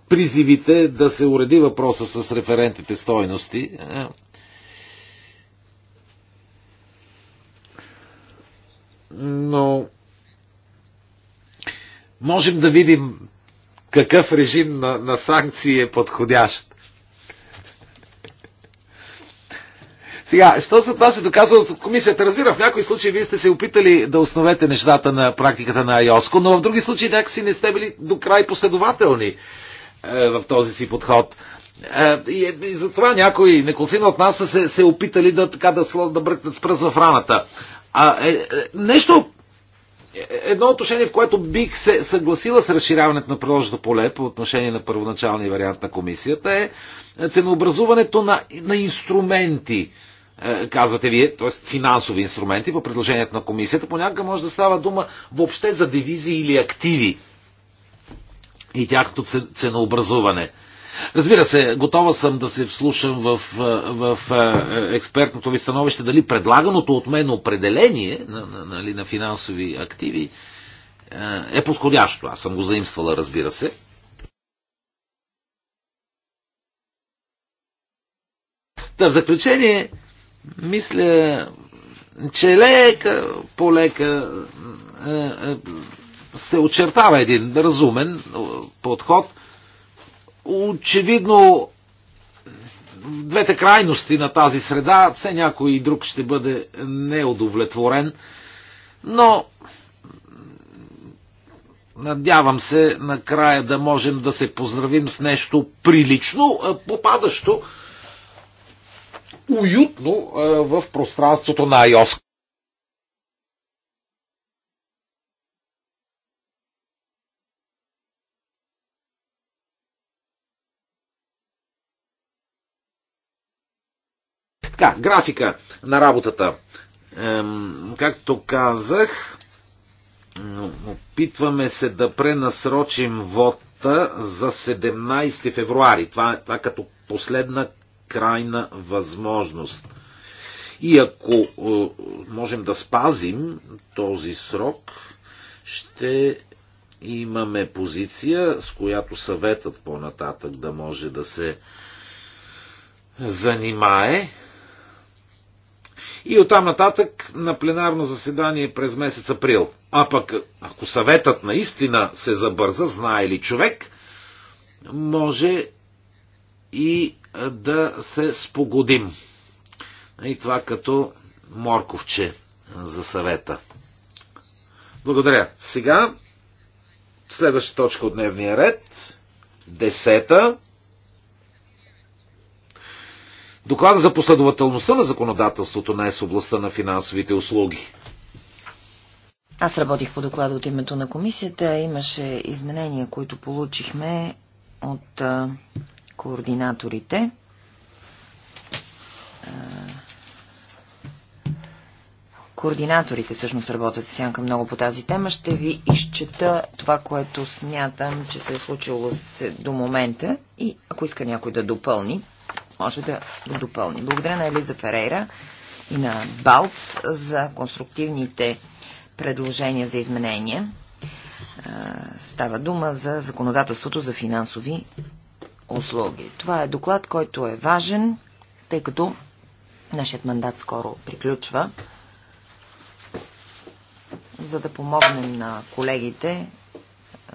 призивите да се уреди въпроса с референтите стойности но можем да видим какъв режим на, на санкции е подходящ. Сега, що се това се доказва от комисията? Разбира, в някои случаи вие сте се опитали да основете нещата на практиката на Айоско, но в други случаи някакси не сте били до край последователни е, в този си подход. Е, и, и затова някои, неколцина от нас са се, се опитали да, така, да, сло, да бръкнат с пръз в раната. Е, а, е, е, нещо, е, едно отношение, в което бих се съгласила с разширяването на приложното поле по отношение на първоначалния вариант на комисията е, е ценообразуването на, на инструменти, е, казвате вие, т.е. финансови инструменти по предложението на комисията. Понякога може да става дума въобще за дивизии или активи и тяхното ценообразуване. Разбира се, готова съм да се вслушам в, в експертното ви становище дали предлаганото от мен определение на, на, на, нали, на финансови активи е подходящо. Аз съм го заимствала, разбира се. Да, в заключение, мисля, че лека полека се очертава един разумен подход – Очевидно, в двете крайности на тази среда все някой и друг ще бъде неудовлетворен, но надявам се накрая да можем да се поздравим с нещо прилично, попадащо уютно в пространството на Айоска. Така, графика на работата. както казах, опитваме се да пренасрочим вота за 17 февруари. Това, това като последна крайна възможност. И ако е, можем да спазим този срок, ще имаме позиция, с която съветът по-нататък да може да се занимае. И оттам нататък на пленарно заседание през месец април. А пък, ако съветът наистина се забърза, знае ли човек, може и да се спогодим. И това като морковче за съвета. Благодаря. Сега, следваща точка от дневния ред, десета, Доклада за последователността на законодателството на ЕС областта на финансовите услуги. Аз работих по доклада от името на комисията. Имаше изменения, които получихме от а, координаторите. А, координаторите всъщност работят сянка много по тази тема. Ще ви изчета това, което смятам, че се е случило до момента и ако иска някой да допълни може да го допълни. Благодаря на Елиза Ферейра и на Балц за конструктивните предложения за изменение. Става дума за законодателството за финансови услуги. Това е доклад, който е важен, тъй като нашият мандат скоро приключва, за да помогнем на колегите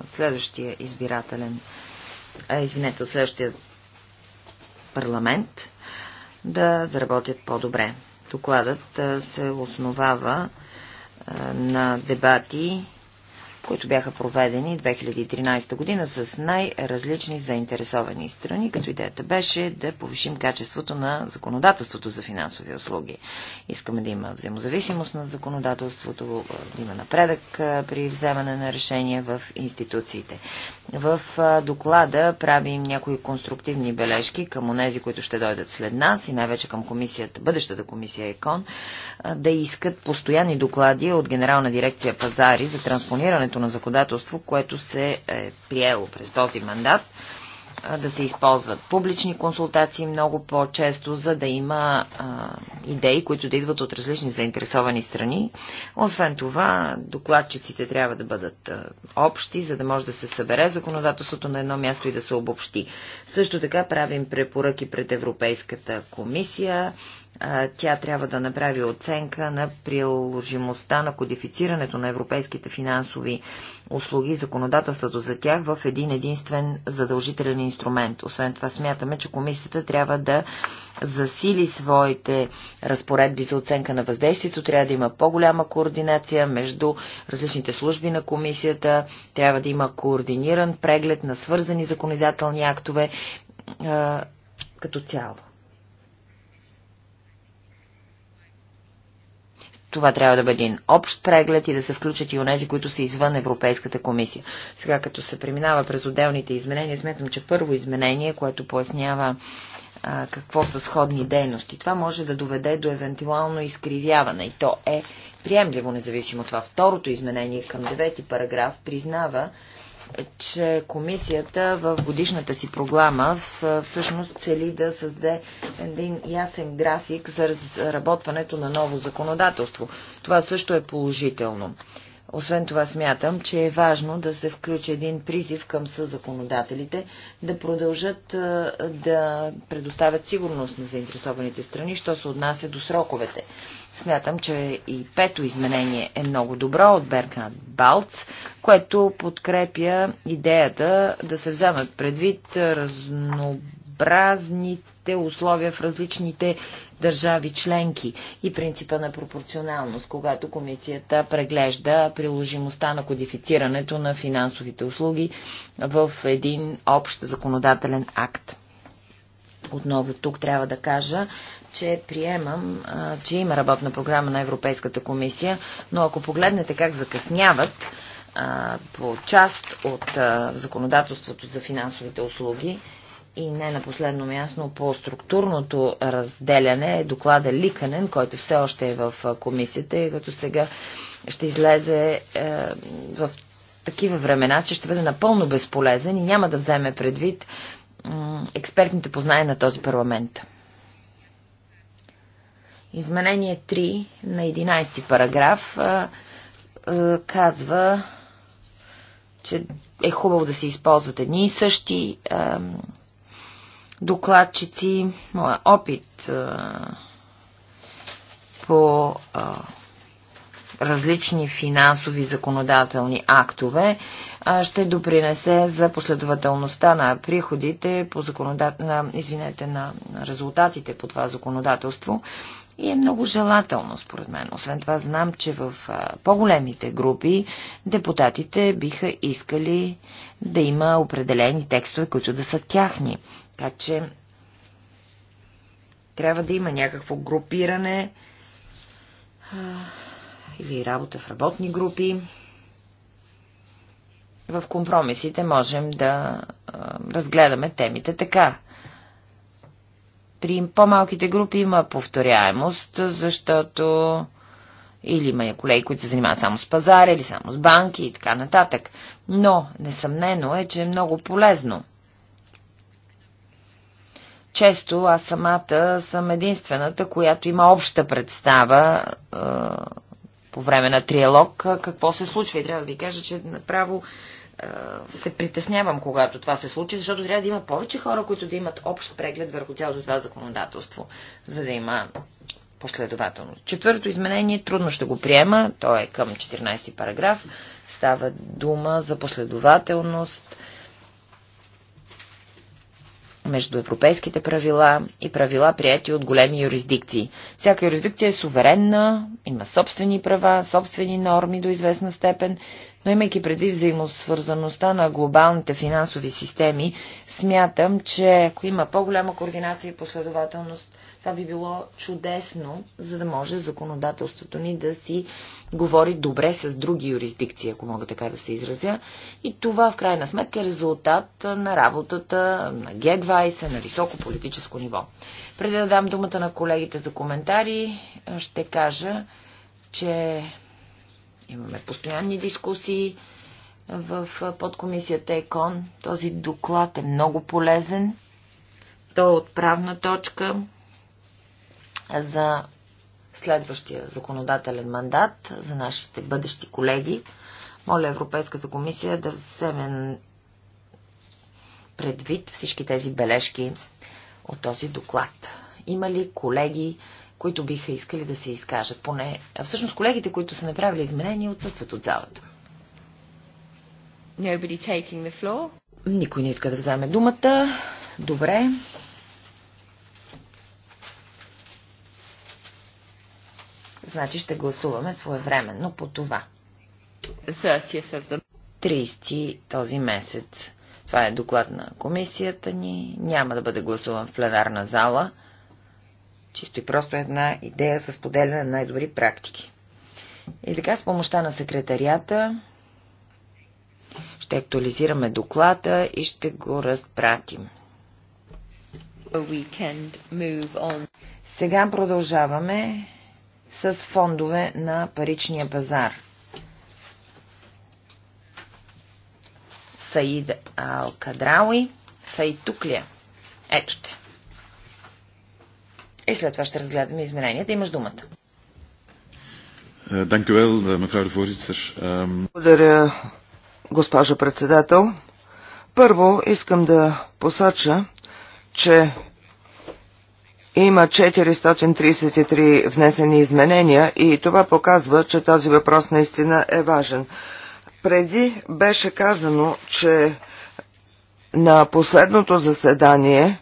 от следващия избирателен, а, извинете, от следващия парламент да заработят по-добре. Докладът се основава на дебати които бяха проведени 2013 година с най-различни заинтересовани страни, като идеята беше да повишим качеството на законодателството за финансови услуги. Искаме да има взаимозависимост на законодателството, да има напредък при вземане на решения в институциите. В доклада правим някои конструктивни бележки към онези, които ще дойдат след нас и най-вече към комисията, бъдещата комисия ЕКОН, да искат постоянни доклади от Генерална дирекция пазари за транспонирането изменението на законодателство, което се е приело през този мандат, да се използват публични консултации много по-често, за да има а, идеи, които да идват от различни заинтересовани страни. Освен това, докладчиците трябва да бъдат а, общи, за да може да се събере законодателството на едно място и да се обобщи. Също така правим препоръки пред Европейската комисия тя трябва да направи оценка на приложимостта на кодифицирането на европейските финансови услуги и законодателството за тях в един единствен задължителен инструмент. Освен това смятаме, че комисията трябва да засили своите разпоредби за оценка на въздействието, трябва да има по-голяма координация между различните служби на комисията, трябва да има координиран преглед на свързани законодателни актове като цяло. Това трябва да бъде един общ преглед и да се включат и онези, които са извън Европейската комисия. Сега, като се преминава през отделните изменения, сметам, че първо изменение, което пояснява а, какво са сходни дейности, това може да доведе до евентуално изкривяване. И то е приемливо, независимо от това. Второто изменение към девети параграф признава, че комисията в годишната си програма всъщност цели да създаде един ясен график за разработването на ново законодателство. Това също е положително. Освен това смятам, че е важно да се включи един призив към съзаконодателите да продължат да предоставят сигурност на заинтересованите страни, що се отнася до сроковете. Смятам, че и пето изменение е много добро от Беркнат Балц, което подкрепя идеята да се вземат предвид разнообразните различните условия в различните държави членки и принципа на пропорционалност, когато комисията преглежда приложимостта на кодифицирането на финансовите услуги в един общ законодателен акт. Отново тук трябва да кажа, че приемам, че има работна програма на Европейската комисия, но ако погледнете как закъсняват по част от законодателството за финансовите услуги, и не на последно място, по структурното разделяне е доклада Ликанен, който все още е в комисията и като сега ще излезе е, в такива времена, че ще бъде напълно безполезен и няма да вземе предвид експертните познания на този парламент. Изменение 3 на 11 параграф е, е, казва, че е хубаво да се използват едни и същи е, докладчици, моя опит по различни финансови законодателни актове ще допринесе за последователността на приходите по законодателство, на, извинете, на резултатите по това законодателство и е много желателно, според мен. Освен това, знам, че в по-големите групи депутатите биха искали да има определени текстове, които да са тяхни. Така че трябва да има някакво групиране или работа в работни групи. В компромисите можем да а, разгледаме темите така. При по-малките групи има повторяемост, защото или има и колеги, които се занимават само с пазара, или само с банки и така нататък. Но, несъмнено е, че е много полезно. Често аз самата съм единствената, която има обща представа е, по време на триалог какво се случва. И трябва да ви кажа, че направо се притеснявам, когато това се случи, защото трябва да има повече хора, които да имат общ преглед върху цялото това законодателство, за да има последователност. Четвърто изменение трудно ще го приема, то е към 14 параграф. Става дума за последователност между европейските правила и правила, прияти от големи юрисдикции. Всяка юрисдикция е суверенна, има собствени права, собствени норми до известна степен, но имайки предвид взаимосвързаността на глобалните финансови системи, смятам, че ако има по-голяма координация и последователност, това би било чудесно, за да може законодателството ни да си говори добре с други юрисдикции, ако мога така да се изразя. И това в крайна сметка е резултат на работата на Г20 на високо политическо ниво. Преди да дам думата на колегите за коментари, ще кажа, че Имаме постоянни дискусии в подкомисията ЕКОН. Този доклад е много полезен. Той е отправна точка за следващия законодателен мандат за нашите бъдещи колеги. Моля Европейската комисия да вземе предвид всички тези бележки от този доклад. Има ли колеги, които биха искали да се изкажат. Поне, а всъщност колегите, които са направили изменения, отсъстват от залата. Nobody taking the floor. Никой не иска да вземе думата. Добре. Значи ще гласуваме своевременно по това. 30 този месец. Това е доклад на комисията ни. Няма да бъде гласуван в пленарна зала. Чисто и просто една идея с поделяне на най-добри практики. И така, с помощта на секретарията ще актуализираме доклада и ще го разпратим. Сега продължаваме с фондове на паричния пазар. Саид Алкадрауи. Саид Туклия. Е? Ето те и след това ще разгледаме измененията. Имаш думата. Е, е, Благодаря, госпожо председател. Първо искам да посоча, че има 433 внесени изменения и това показва, че този въпрос наистина е важен. Преди беше казано, че на последното заседание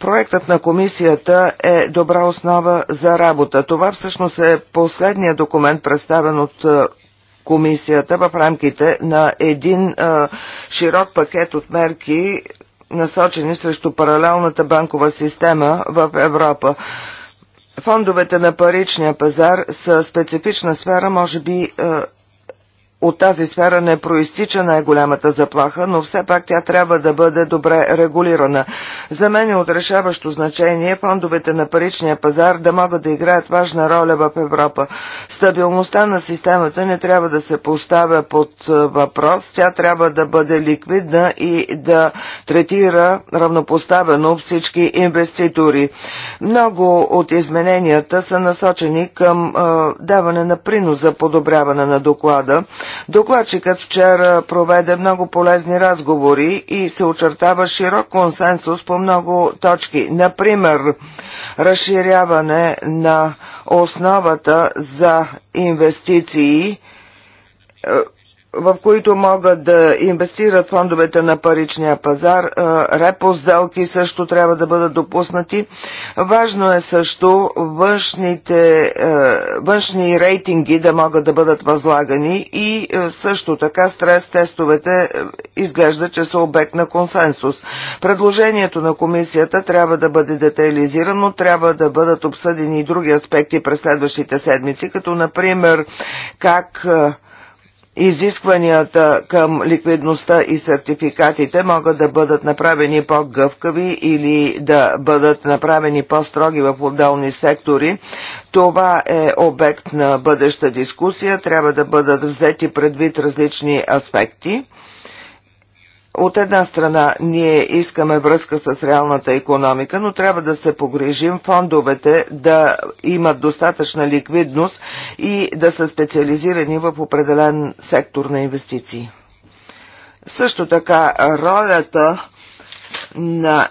Проектът на комисията е добра основа за работа. Това всъщност е последният документ, представен от е, комисията в рамките на един а, е, широк пакет от мерки, насочени срещу паралелната банкова система в Европа. Фондовете на паричния пазар са специфична сфера, може би а, е, от тази сфера не проистича най-голямата заплаха, но все пак тя трябва да бъде добре регулирана. За мен е отрешаващо значение фондовете на паричния пазар да могат да играят важна роля в Европа. Стабилността на системата не трябва да се поставя под е, въпрос, тя трябва да бъде ликвидна и да третира равнопоставено всички инвеститори. Много от измененията са насочени към е, даване на принос за подобряване на доклада. Докладчикът вчера проведе много полезни разговори и се очертава широк консенсус по много точки. Например, разширяване на основата за инвестиции – в които могат да инвестират фондовете на паричния пазар. Репо сделки също трябва да бъдат допуснати. Важно е също външните, външни рейтинги да могат да бъдат възлагани и също така стрес тестовете изглежда, че са обект на консенсус. Предложението на комисията трябва да бъде детайлизирано, трябва да бъдат обсъдени и други аспекти през следващите седмици, като например как изискванията към ликвидността и сертификатите могат да бъдат направени по-гъвкави или да бъдат направени по-строги в отделни сектори. Това е обект на бъдеща дискусия. Трябва да бъдат взети предвид различни аспекти. От една страна ние искаме връзка с реалната економика, но трябва да се погрижим фондовете да имат достатъчна ликвидност и да са специализирани в определен сектор на инвестиции. Също така ролята на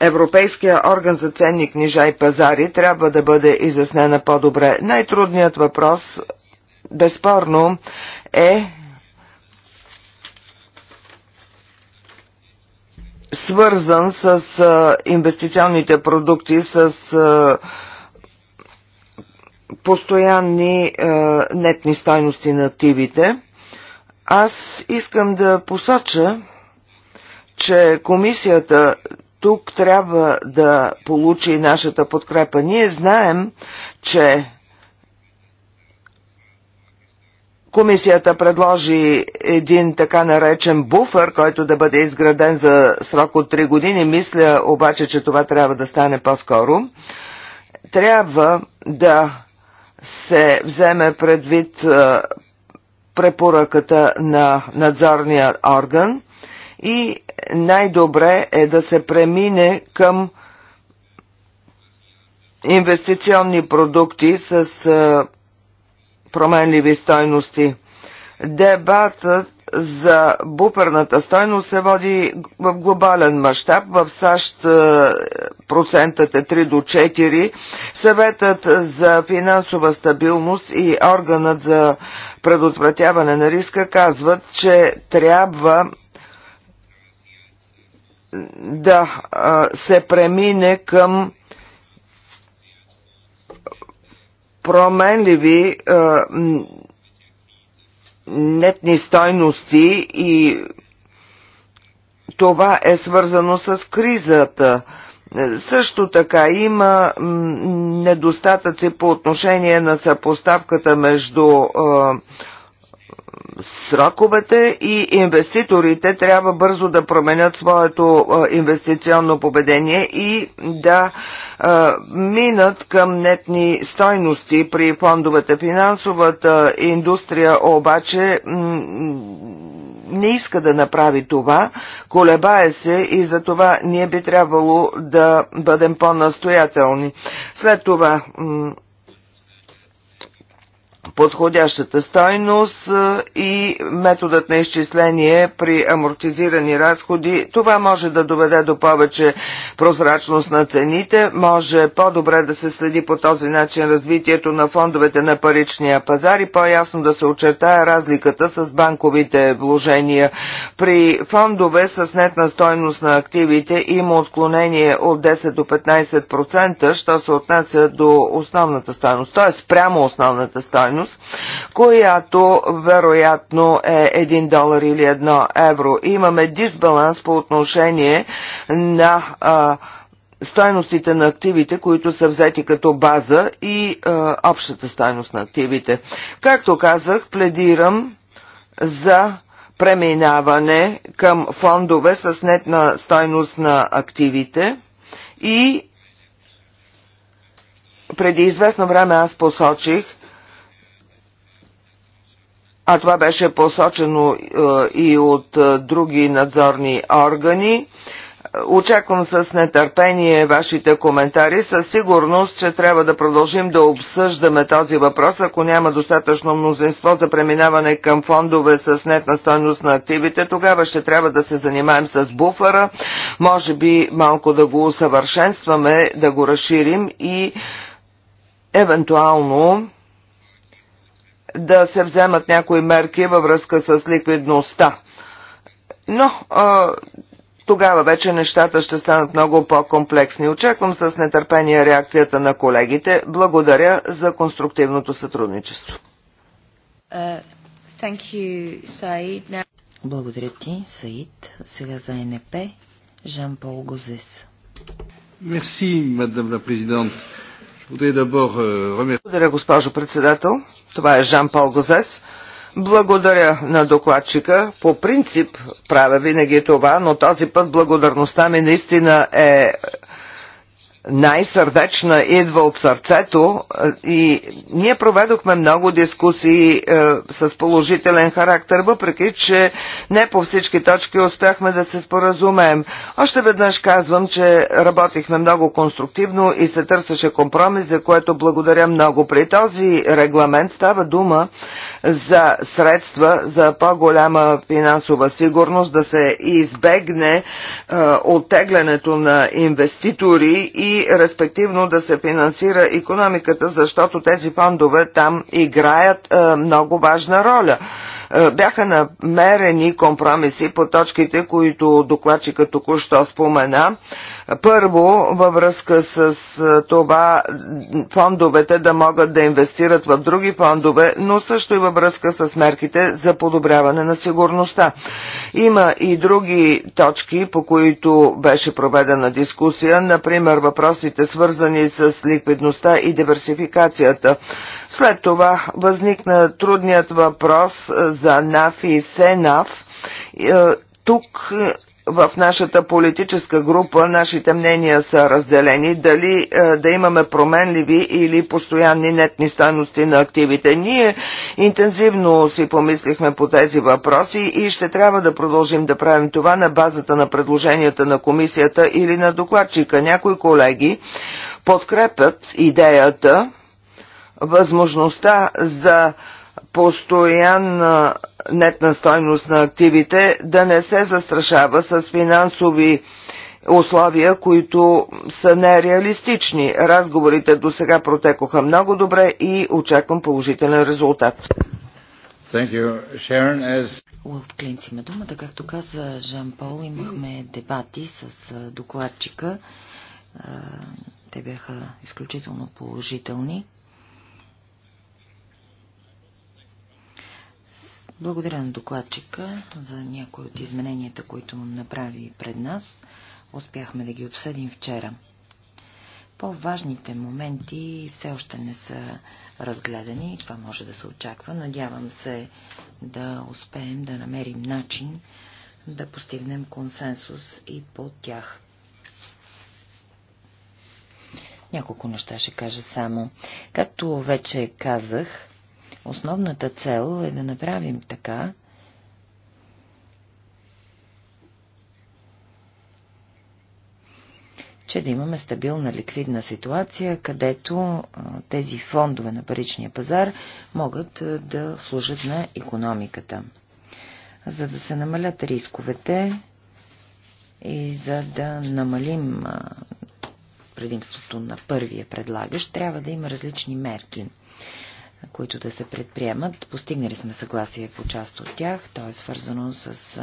Европейския орган за ценни книжа и пазари трябва да бъде изяснена по-добре. Най-трудният въпрос безспорно е свързан с инвестиционните продукти, с постоянни нетни стойности на активите. Аз искам да посоча, че комисията тук трябва да получи нашата подкрепа. Ние знаем, че Комисията предложи един така наречен буфер, който да бъде изграден за срок от 3 години. Мисля обаче, че това трябва да стане по-скоро. Трябва да се вземе предвид е, препоръката на надзорния орган и най-добре е да се премине към инвестиционни продукти с е, променливи стойности. Дебатът за буферната стойност се води в глобален мащаб. В САЩ е, процентът е 3 до 4. Съветът за финансова стабилност и органът за предотвратяване на риска казват, че трябва да е, се премине към променливи нетни стойности и това е свързано с кризата. Също така има недостатъци по отношение на съпоставката между а, сроковете и инвеститорите трябва бързо да променят своето инвестиционно поведение и да минат към нетни стойности при фондовете. Финансовата индустрия обаче не иска да направи това, колебае се и за това ние би трябвало да бъдем по-настоятелни. След това подходящата стойност и методът на изчисление при амортизирани разходи. Това може да доведе до повече прозрачност на цените, може по-добре да се следи по този начин развитието на фондовете на паричния пазар и по-ясно да се очертая разликата с банковите вложения. При фондове с нетна стойност на активите има отклонение от 10 до 15%, що се отнася до основната стойност, т.е. прямо основната стойност стойност, която вероятно е 1 долар или 1 евро. Имаме дисбаланс по отношение на а, стойностите на активите, които са взети като база и а, общата стойност на активите. Както казах, пледирам за преминаване към фондове с нетна стойност на активите и преди известно време аз посочих, а това беше посочено е, и от е, други надзорни органи. Очаквам с нетърпение вашите коментари. Със сигурност, че трябва да продължим да обсъждаме този въпрос, ако няма достатъчно мнозинство за преминаване към фондове с нетна стойност на активите, тогава ще трябва да се занимаем с буфера, може би малко да го усъвършенстваме, да го разширим и евентуално да се вземат някои мерки във връзка с ликвидността. Но а, тогава вече нещата ще станат много по-комплексни. Очаквам с нетърпение реакцията на колегите. Благодаря за конструктивното сътрудничество. Е, Благодаря ти, Саид. Сега за НП Жан-Пол Гозес. Euh, Благодаря, госпожо председател. Това е Жан-Пол Гозес. Благодаря на докладчика. По принцип правя винаги това, но този път благодарността ми наистина е най-сърдечна идва от сърцето е, и ние проведохме много дискусии е, с положителен характер, въпреки че не по всички точки успяхме да се споразумеем. Още веднъж казвам, че работихме много конструктивно и се търсеше компромис, за което благодаря много. При този регламент става дума за средства за по-голяма финансова сигурност, да се избегне е, оттеглянето на инвеститори и и респективно да се финансира економиката, защото тези фондове там играят е, много важна роля. Е, бяха намерени компромиси по точките, които докладчика току-що спомена. Първо, във връзка с е, това фондовете да могат да инвестират в други фондове, но също и във връзка с мерките за подобряване на сигурността. Има и други точки, по които беше проведена дискусия, например въпросите свързани с ликвидността и диверсификацията. След това възникна трудният въпрос е, за НАФ и СЕНАФ. Е, тук е, в нашата политическа група нашите мнения са разделени дали е, да имаме променливи или постоянни нетни стойности на активите. Ние интензивно си помислихме по тези въпроси и ще трябва да продължим да правим това на базата на предложенията на комисията или на докладчика. Някои колеги подкрепят идеята, възможността за постоянна нетна стойност на активите да не се застрашава с финансови условия, които са нереалистични. Разговорите до сега протекоха много добре и очаквам положителен резултат. Уолф Клинц има думата. Както каза Жан Пол, имахме дебати с докладчика. Те бяха изключително положителни. Благодаря на докладчика за някои от измененията, които направи пред нас. Успяхме да ги обсъдим вчера. По-важните моменти все още не са разгледани. Това може да се очаква. Надявам се да успеем да намерим начин да постигнем консенсус и по тях. Няколко неща ще кажа само. Както вече казах, Основната цел е да направим така, че да имаме стабилна ликвидна ситуация, където тези фондове на паричния пазар могат да служат на економиката. За да се намалят рисковете и за да намалим предимството на първия предлагащ, трябва да има различни мерки – които да се предприемат. Постигнали сме съгласие по част от тях. То е свързано с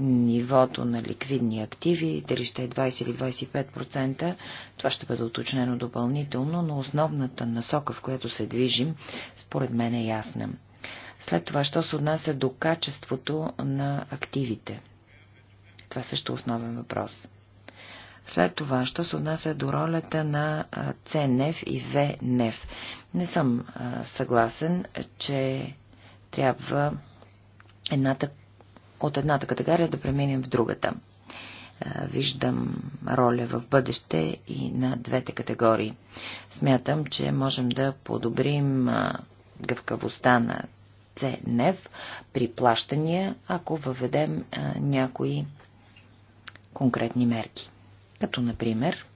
нивото на ликвидни активи, дали ще е 20 или 25%. Това ще бъде уточнено допълнително, но основната насока, в която се движим, според мен е ясна. След това, що се отнася до качеството на активите? Това също е основен въпрос. След това, що се отнася до ролята на ЦНЕФ и ВНЕФ. Не съм съгласен, че трябва едната, от едната категория да преминем в другата. Виждам роля в бъдеще и на двете категории. Смятам, че можем да подобрим гъвкавостта на ЦНЕФ при плащания, ако въведем някои конкретни мерки като например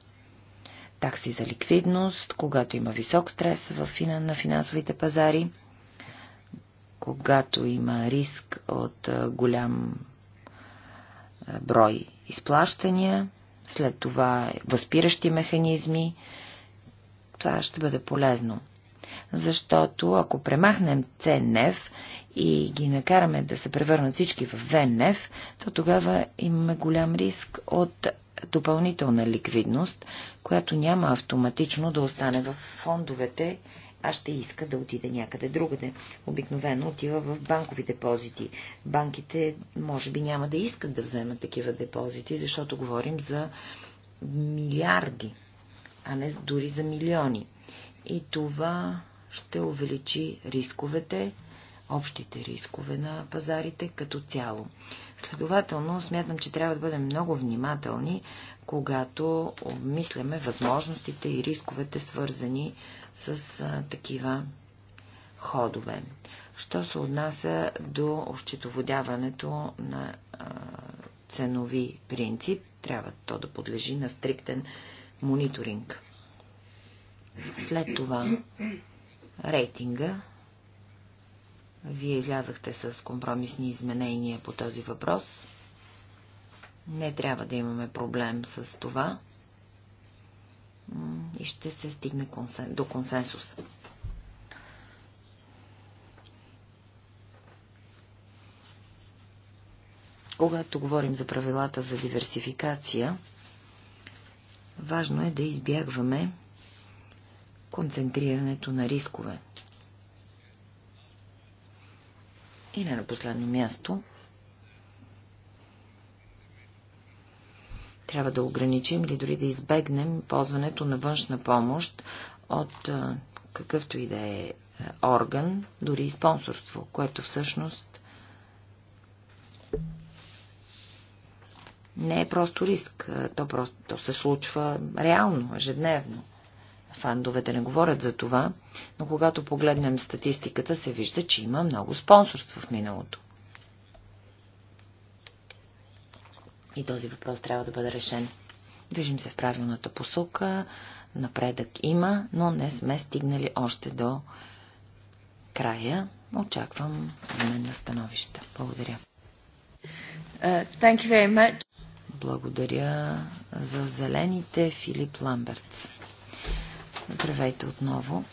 такси за ликвидност, когато има висок стрес в, на финансовите пазари, когато има риск от голям брой изплащания, след това възпиращи механизми. Това ще бъде полезно. Защото ако премахнем ЦНФ и ги накараме да се превърнат всички в ВНФ, то тогава имаме голям риск от допълнителна ликвидност, която няма автоматично да остане в фондовете, а ще иска да отиде някъде другаде. Обикновено отива в банкови депозити. Банките може би няма да искат да вземат такива депозити, защото говорим за милиарди, а не дори за милиони. И това ще увеличи рисковете, общите рискове на пазарите като цяло. Следователно, смятам, че трябва да бъдем много внимателни, когато обмисляме възможностите и рисковете, свързани с а, такива ходове. Що се отнася до ощетоводяването на а, ценови принцип, трябва то да подлежи на стриктен мониторинг. След това рейтинга вие излязахте с компромисни изменения по този въпрос. Не трябва да имаме проблем с това и ще се стигне до консенсуса. Когато говорим за правилата за диверсификация, важно е да избягваме концентрирането на рискове. И не на последно място, трябва да ограничим или дори да избегнем ползването на външна помощ от какъвто и да е, е орган, дори и спонсорство, което всъщност не е просто риск. То, просто, то се случва реално, ежедневно фандовете не говорят за това, но когато погледнем статистиката, се вижда, че има много спонсорство в миналото. И този въпрос трябва да бъде решен. Движим се в правилната посока, напредък има, но не сме стигнали още до края. Очаквам мен на становища. Благодаря. Uh, thank you very much. Благодаря за зелените Филип Ламбертс. Здравейте отново.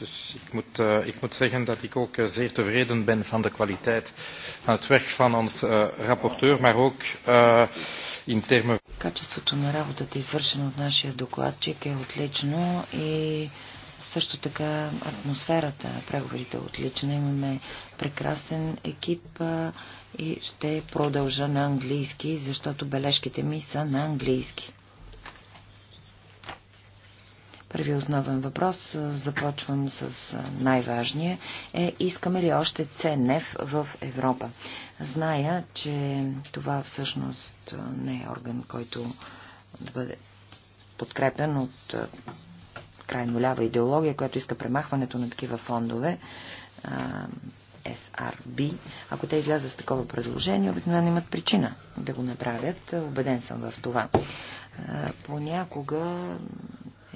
Dus ik moet, uh, ik moet zeggen dat ik ook uh, zeer tevreden ben van de kwaliteit van het werk van ons uh, eh, rapporteur, maar ook uh, in termen... Качеството на работата, извършена от нашия докладчик, е отлично и също така атмосферата, преговорите е отлична. Имаме прекрасен екип и ще продължа на английски, защото бележките ми са на английски. Първи основен въпрос, започвам с най-важния, е искаме ли още ЦНЕФ в Европа? Зная, че това всъщност не е орган, който да бъде подкрепен от крайно лява идеология, която иска премахването на такива фондове. SRB, ако те излязат с такова предложение, обикновено имат причина да го направят. Обеден съм в това. Понякога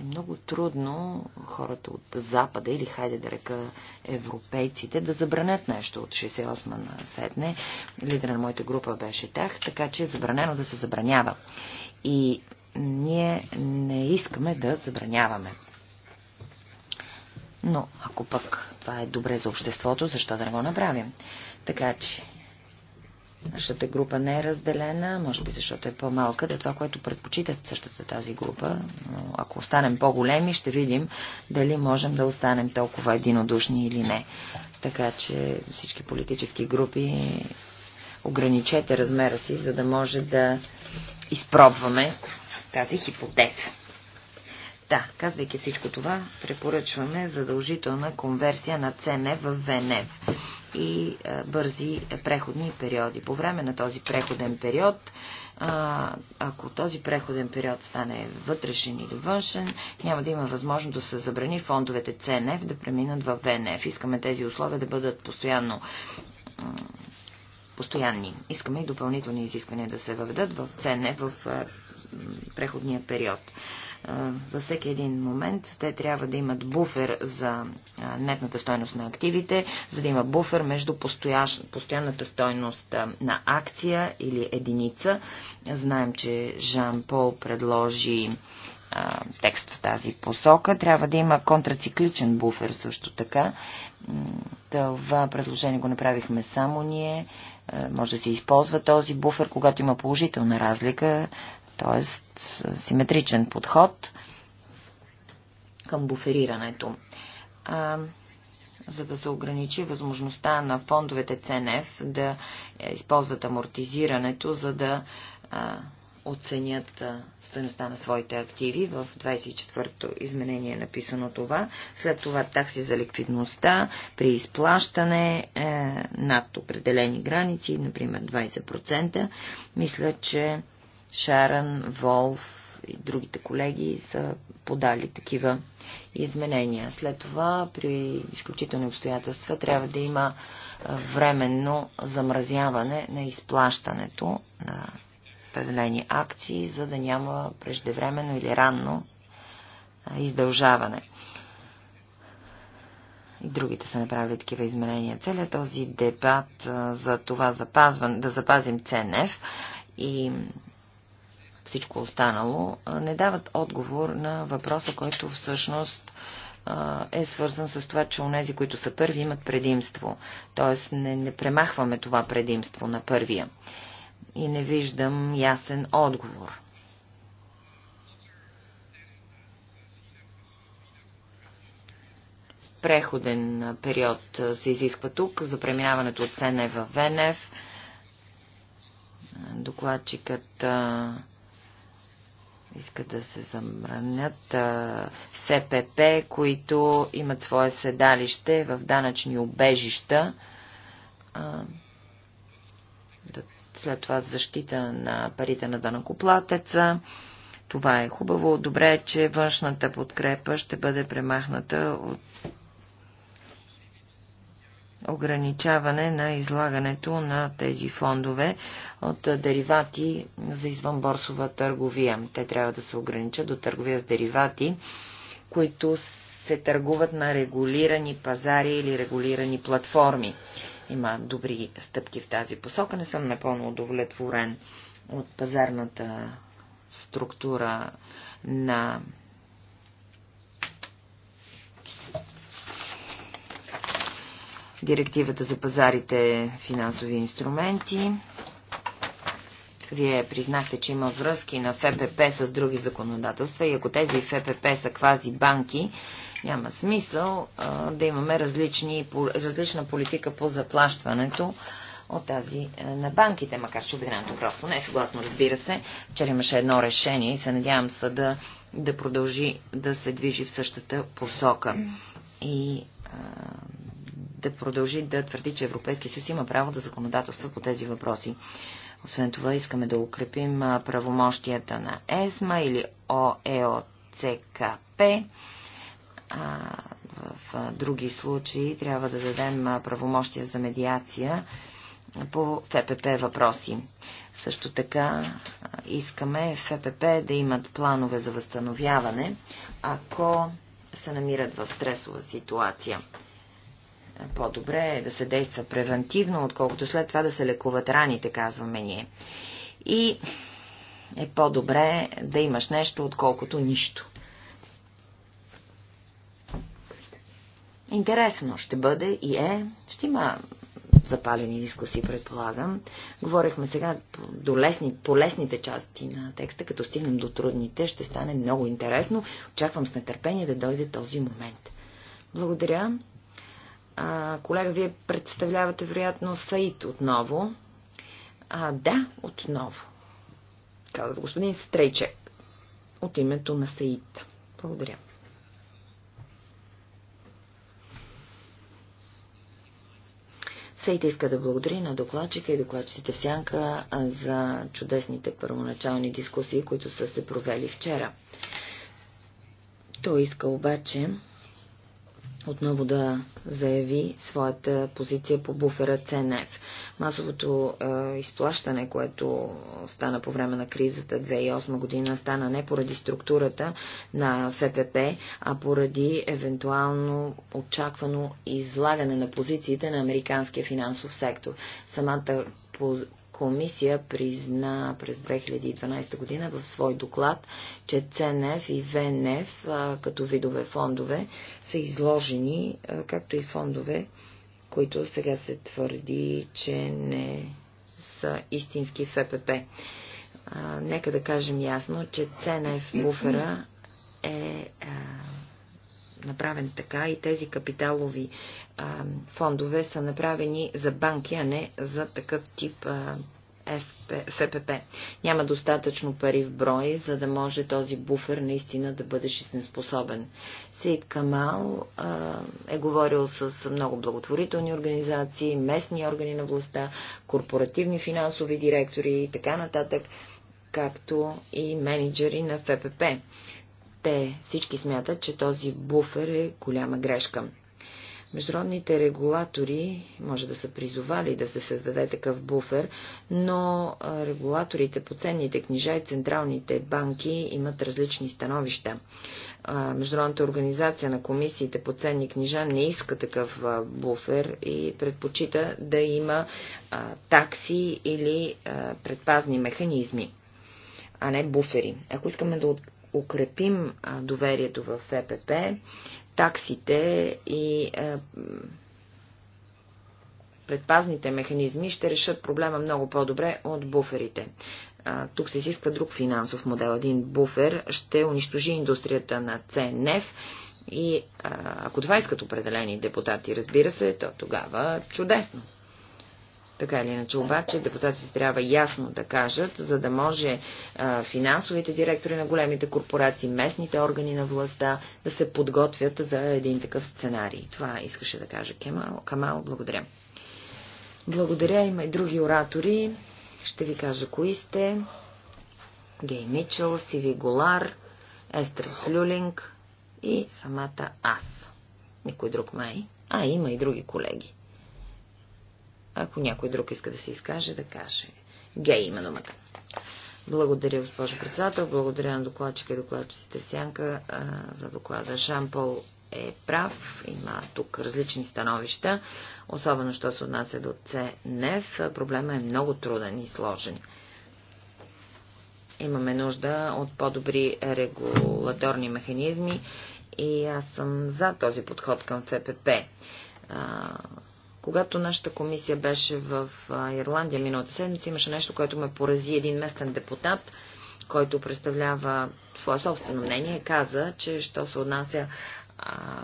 е много трудно хората от Запада, или хайде да река европейците, да забранят нещо от 68 на седне. Лидера на моята група беше тях, така че е забранено да се забранява. И ние не искаме да забраняваме. Но ако пък това е добре за обществото, защо да не го направим? Така че Нашата група не е разделена, може би защото е по-малка, да е това, което предпочитат същата тази група. Но ако останем по-големи, ще видим дали можем да останем толкова единодушни или не. Така че всички политически групи ограничете размера си, за да може да изпробваме тази хипотеза. Да, казвайки всичко това, препоръчваме задължителна конверсия на ЦНЕ в ВНЕВ и е, бързи преходни периоди. По време на този преходен период, ако този преходен период стане вътрешен или външен, няма да има възможност да се забрани фондовете ЦНФ да преминат в ВНФ. Искаме тези условия да бъдат постоянно постоянни. Искаме и допълнителни изисквания да се въведат в ЦНФ в е, преходния период. Във всеки един момент те трябва да имат буфер за нетната стойност на активите, за да има буфер между постоянната стойност на акция или единица. Знаем, че Жан Пол предложи текст в тази посока. Трябва да има контрацикличен буфер също така. Това предложение го направихме само ние. Може да се използва този буфер, когато има положителна разлика т.е. симетричен подход към буферирането. А, за да се ограничи възможността на фондовете ЦНФ да е, използват амортизирането, за да а, оценят стоеността на своите активи. В 24-то изменение е написано това. След това такси за ликвидността при изплащане е, над определени граници, например 20%. Мисля, че Шаран, Волф и другите колеги са подали такива изменения. След това, при изключителни обстоятелства, трябва да има временно замразяване на изплащането на определени акции, за да няма преждевременно или ранно издължаване. И другите са направили такива изменения. Целият този дебат за това запазване, да запазим ЦНФ и всичко останало, не дават отговор на въпроса, който всъщност е свързан с това, че онези, които са първи, имат предимство. Тоест не, не премахваме това предимство на първия. И не виждам ясен отговор. Преходен период се изисква тук за преминаването от Сенев в Венев. Докладчикът Искат да се замранят ФПП, които имат свое седалище в данъчни обежища. след това защита на парите на данъкоплатеца. Това е хубаво. Добре е, че външната подкрепа ще бъде премахната от ограничаване на излагането на тези фондове от деривати за извънборсова търговия. Те трябва да се ограничат до търговия с деривати, които се търгуват на регулирани пазари или регулирани платформи. Има добри стъпки в тази посока. Не съм напълно удовлетворен от пазарната структура на директивата за пазарите финансови инструменти. Вие признахте, че има връзки на ФПП с други законодателства и ако тези ФПП са квази банки, няма смисъл а, да имаме различни, по, различна политика по заплащането от тази а, на банките, макар че Обединеното кралство не е съгласно, разбира се. Вчера имаше едно решение и се надявам се да продължи да се движи в същата посока. И а, да продължи да твърди, че Европейския съюз има право да законодателства по тези въпроси. Освен това, искаме да укрепим правомощията на ЕСМА или ОЕОЦКП. В други случаи трябва да дадем правомощия за медиация по ФПП въпроси. Също така искаме ФПП да имат планове за възстановяване, ако се намират в стресова ситуация. По-добре е да се действа превентивно, отколкото след това да се лекуват раните, казваме ние. И е по-добре да имаш нещо, отколкото нищо. Интересно ще бъде и е. Ще има запалени дискусии, предполагам. Говорихме сега до лесни, по лесните части на текста. Като стигнем до трудните, ще стане много интересно. Очаквам с нетърпение да дойде този момент. Благодаря. А, колега, вие представлявате вероятно Саид отново. А, да, отново. Казва господин Стрейчек от името на Саид. Благодаря. Сейта иска да благодари на докладчика и докладчиците в Сянка за чудесните първоначални дискусии, които са се провели вчера. Той иска обаче отново да заяви своята позиция по буфера ЦНФ. Масовото е, изплащане, което стана по време на кризата 2008 година, стана не поради структурата на ФПП, а поради евентуално очаквано излагане на позициите на американския финансов сектор. Самата комисия призна през 2012 година в свой доклад, че ЦНФ и ВНФ като видове фондове са изложени, както и фондове, които сега се твърди, че не са истински ФПП. нека да кажем ясно, че ЦНФ буфера е направен така и тези капиталови а, фондове са направени за банки, а не за такъв тип а, ФП, ФПП. Няма достатъчно пари в брой, за да може този буфер наистина да бъде жизнеспособен. Сейд Камал а, е говорил с много благотворителни организации, местни органи на властта, корпоративни финансови директори и така нататък, както и менеджери на ФПП. Те всички смятат, че този буфер е голяма грешка. Международните регулатори може да са призовали да се създаде такъв буфер, но регулаторите по ценните книжа и централните банки имат различни становища. Международната организация на комисиите по ценни книжа не иска такъв буфер и предпочита да има такси или предпазни механизми а не буфери. Ако искаме да укрепим доверието в ФПП, таксите и предпазните механизми ще решат проблема много по-добре от буферите. Тук се изисква друг финансов модел. Един буфер ще унищожи индустрията на ЦНФ и ако това искат определени депутати, разбира се, то тогава чудесно. Така или иначе, обаче, депутатите трябва ясно да кажат, за да може а, финансовите директори на големите корпорации, местните органи на властта да се подготвят за един такъв сценарий. Това искаше да кажа Кемал. Камал, благодаря. Благодаря, има и други оратори. Ще ви кажа кои сте. Гей Мичел, Сиви Голар, Естер Флюлинг и самата аз. Никой друг май. А, има и други колеги. Ако някой друг иска да се изкаже, да каже. Гей има думата. Благодаря, госпожо председател. Благодаря на докладчика и докладчиците в Сянка а, за доклада. Жан Пол е прав. Има тук различни становища, особено що се отнася до ЦНЕФ. Проблема е много труден и сложен. Имаме нужда от по-добри регулаторни механизми и аз съм за този подход към ФПП. А, когато нашата комисия беше в Ирландия миналата седмица, имаше нещо, което ме порази един местен депутат, който представлява свое собствено мнение, каза, че що се отнася а,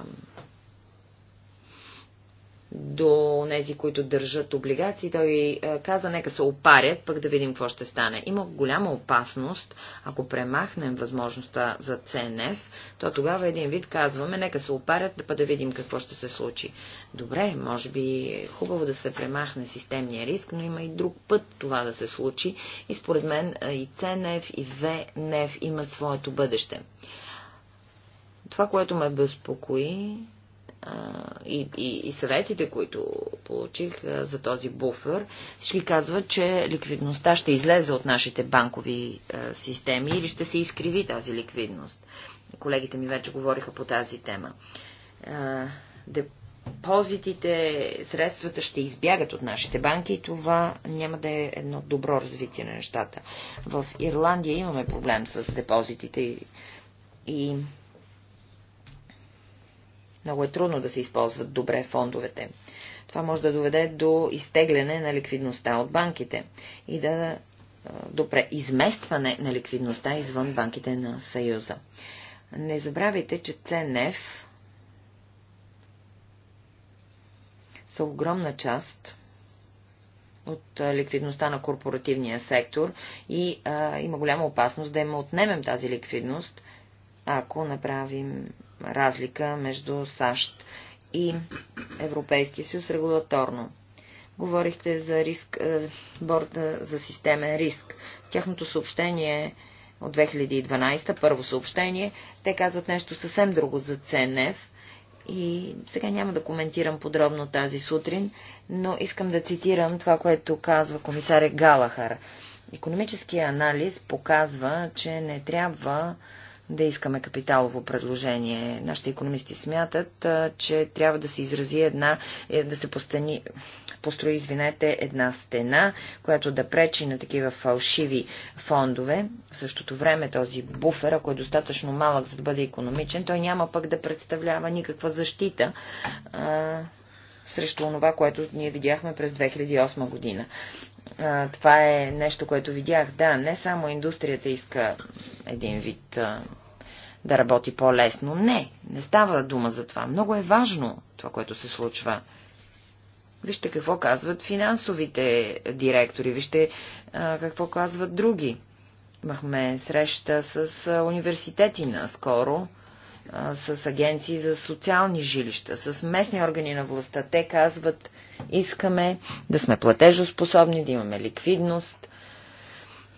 до тези, които държат облигации. Той е, каза, нека се опарят, пък да видим какво ще стане. Има голяма опасност, ако премахнем възможността за ЦНФ, то тогава един вид казваме, нека се опарят, да да видим какво ще се случи. Добре, може би е хубаво да се премахне системния риск, но има и друг път това да се случи. И според мен е, и ЦНФ, и ВНФ имат своето бъдеще. Това, което ме безпокои, и, и, и съветите, които получих за този буфер, всички казват, че ликвидността ще излезе от нашите банкови системи или ще се изкриви тази ликвидност. Колегите ми вече говориха по тази тема. Депозитите, средствата ще избягат от нашите банки и това няма да е едно добро развитие на нещата. В Ирландия имаме проблем с депозитите и, и много е трудно да се използват добре фондовете. Това може да доведе до изтегляне на ликвидността от банките и да добре, изместване на ликвидността извън банките на Съюза. Не забравяйте, че ЦНФ са огромна част от ликвидността на корпоративния сектор и а, има голяма опасност да им отнемем тази ликвидност, ако направим разлика между САЩ и Европейския съюз регулаторно. Говорихте за риск, е, борда за системен риск. В тяхното съобщение от 2012, първо съобщение, те казват нещо съвсем друго за ЦНФ. И сега няма да коментирам подробно тази сутрин, но искам да цитирам това, което казва комисаря Галахар. Економическия анализ показва, че не трябва да искаме капиталово предложение. Нашите економисти смятат, че трябва да се изрази една, е, да се постани, построи, извинете, една стена, която да пречи на такива фалшиви фондове. В същото време този буфер, ако е достатъчно малък, за да бъде економичен, той няма пък да представлява никаква защита срещу това, което ние видяхме през 2008 година. А, това е нещо, което видях. Да, не само индустрията иска един вид а, да работи по-лесно. Не, не става дума за това. Много е важно това, което се случва. Вижте какво казват финансовите директори, вижте а, какво казват други. Имахме среща с университети наскоро с агенции за социални жилища, с местни органи на властта. Те казват, искаме да сме платежоспособни, да имаме ликвидност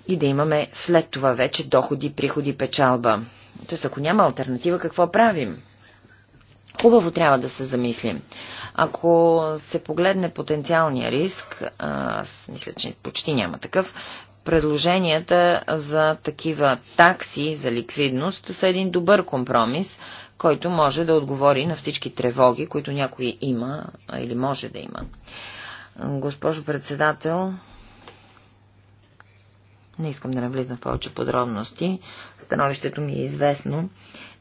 и да имаме след това вече доходи, приходи, печалба. Тоест, ако няма альтернатива, какво правим? Хубаво трябва да се замислим. Ако се погледне потенциалния риск, аз мисля, че почти няма такъв, Предложенията за такива такси за ликвидност са един добър компромис, който може да отговори на всички тревоги, които някой има или може да има. Госпожо председател, не искам да навлизам в повече подробности. Становището ми е известно,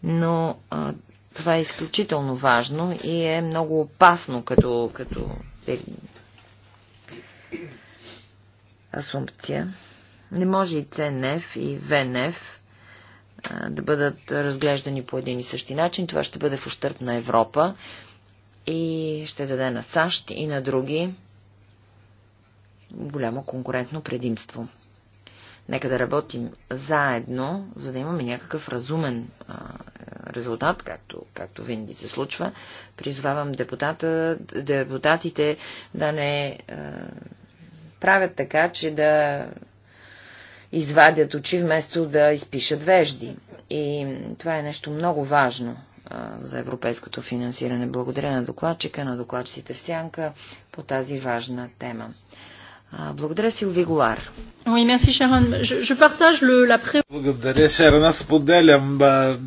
но а, това е изключително важно и е много опасно като, като асумпция. Не може и ЦНФ и ВНФ да бъдат разглеждани по един и същи начин. Това ще бъде в ущърп на Европа и ще даде на САЩ и на други голямо конкурентно предимство. Нека да работим заедно, за да имаме някакъв разумен а, резултат, както, както винаги се случва. Призвавам депутата, депутатите да не а, правят така, че да извадят очи, вместо да изпишат вежди. И това е нещо много важно за европейското финансиране. Благодаря на докладчика, на докладчиците в Сянка по тази важна тема. Благодаря, Силви Голар. Благодаря, Шарон. Аз поделям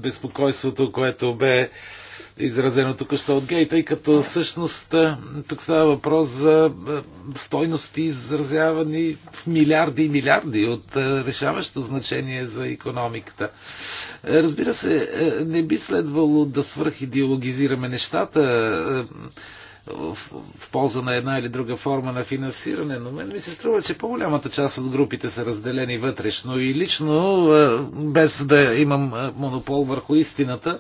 безпокойството, което бе изразено тук що от гей, тъй като всъщност е, тук става въпрос за е, стойности изразявани в милиарди и милиарди от е, решаващо значение за економиката. Разбира се, не би следвало да свръхидеологизираме нещата в полза на една или друга форма на финансиране, но мен ми се струва, че по-голямата част от групите са разделени вътрешно и лично, без да имам монопол върху истината,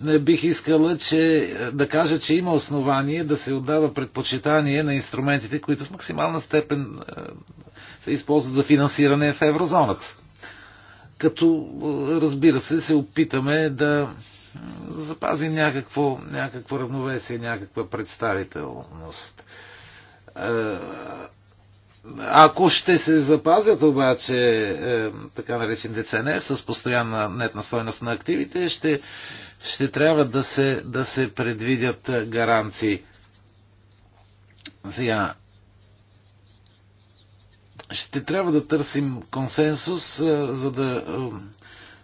не бих искала че, да кажа, че има основание да се отдава предпочитание на инструментите, които в максимална степен е, се използват за финансиране в еврозоната. Като, е, разбира се, се опитаме да е, запазим някакво, някакво равновесие, някаква представителност ако ще се запазят обаче е, така наречените ЦНФ с постоянна нетна стойност на активите, ще, ще трябва да се, да се предвидят гаранции. Сега, ще трябва да търсим консенсус, е, за да е,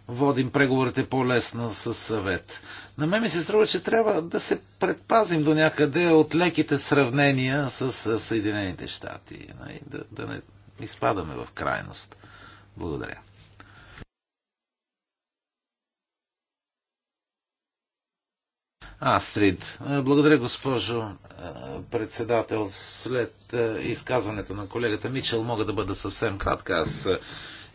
водим преговорите по-лесно с съвет. На мен ми се струва, че трябва да се предпазим до някъде от леките сравнения с Съединените щати. Нали? Да, да не изпадаме в крайност. Благодаря. Астрид. Е, благодаря, госпожо е, председател. След е, изказването на колегата Мичел мога да бъда съвсем кратка. Аз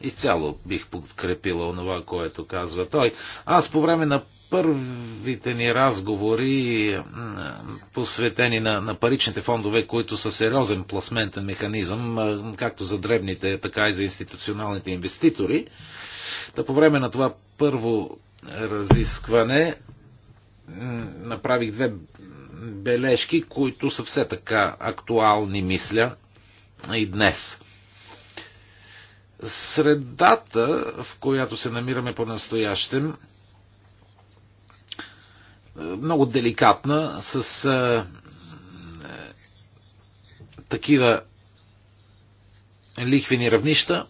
Изцяло бих подкрепила онова, което казва той. Аз по време на първите ни разговори, посветени на, на паричните фондове, които са сериозен пласментен механизъм, както за дребните, така и за институционалните инвеститори, да по време на това първо разискване направих две бележки, които са все така актуални, мисля, и днес. Средата, в която се намираме по-настоящем, много деликатна, с а, е, такива лихвени равнища,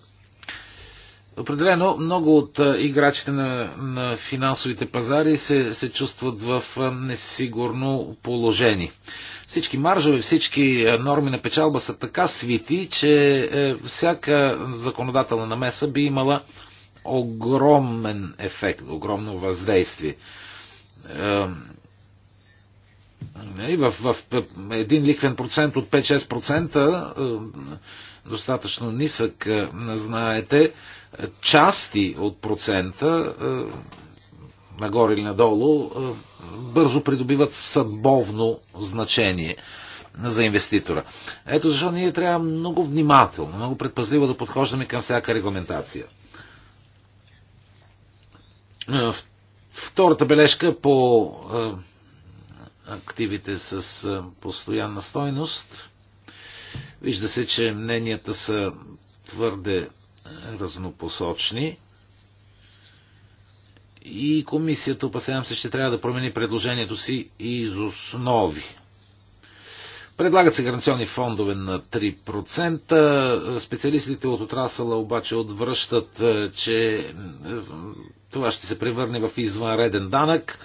Определено много от играчите на, на финансовите пазари се, се чувстват в несигурно положение. Всички маржове, всички норми на печалба са така свити, че е, всяка законодателна намеса би имала огромен ефект, огромно въздействие. Е, и в, в един ликвен процент от 5-6%, е, достатъчно нисък, знаете, части от процента, е, нагоре или надолу, е, бързо придобиват съдбовно значение за инвеститора. Ето защо ние трябва много внимателно, много предпазливо да подхождаме към всяка регламентация. Е, втората бележка по активите с постоянна стойност. Вижда се, че мненията са твърде разнопосочни. И комисията, опасявам се, ще трябва да промени предложението си из основи. Предлагат се гаранционни фондове на 3%. Специалистите от отрасъла обаче отвръщат, е, че е, това ще се превърне в извънреден данък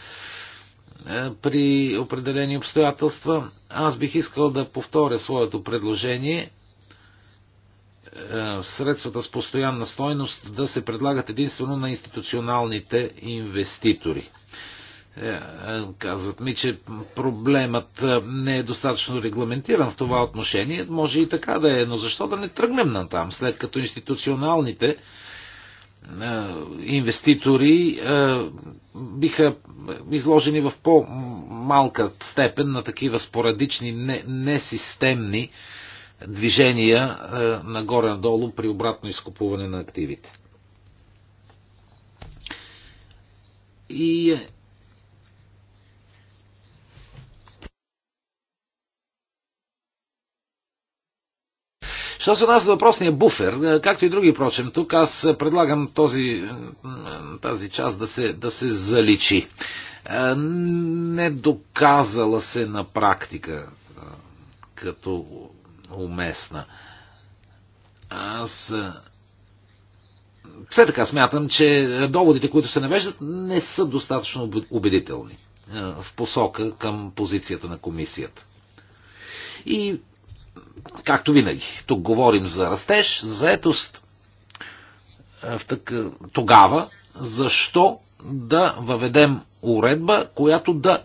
е, при определени обстоятелства. Аз бих искал да повторя своето предложение – е, средствата с постоянна стойност да се предлагат единствено на институционалните инвеститори. Е, е, казват ми, че проблемът не е достатъчно регламентиран в това отношение. Може и така да е, но защо да не тръгнем на там, след като институционалните инвеститори биха изложени в по-малка степен на такива спорадични, несистемни не движения е, нагоре-надолу при обратно изкупуване на активите. И е, Що се нас въпросния буфер, е, както и други, прочим, тук аз предлагам този, тази част да се, да се заличи. Не доказала се на практика като уместна. Аз все така смятам, че доводите, които се навеждат, не са достатъчно убедителни в посока към позицията на комисията. И, както винаги, тук говорим за растеж, за заетост. Тогава, защо да въведем уредба, която да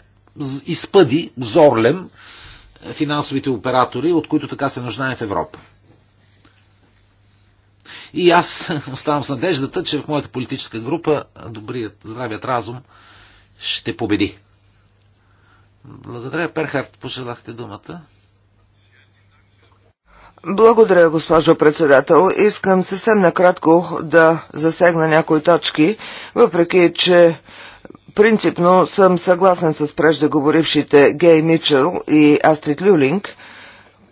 изпъди зорлем финансовите оператори, от които така се нуждаем в Европа. И аз [LAUGHS] оставам с надеждата, че в моята политическа група добрият, здравият разум ще победи. Благодаря, Перхард, пожелахте думата. Благодаря, госпожо председател. Искам съвсем накратко да засегна някои точки, въпреки че Принципно съм съгласен с преждеговорившите Гей Мичел и Астрид Люлинг.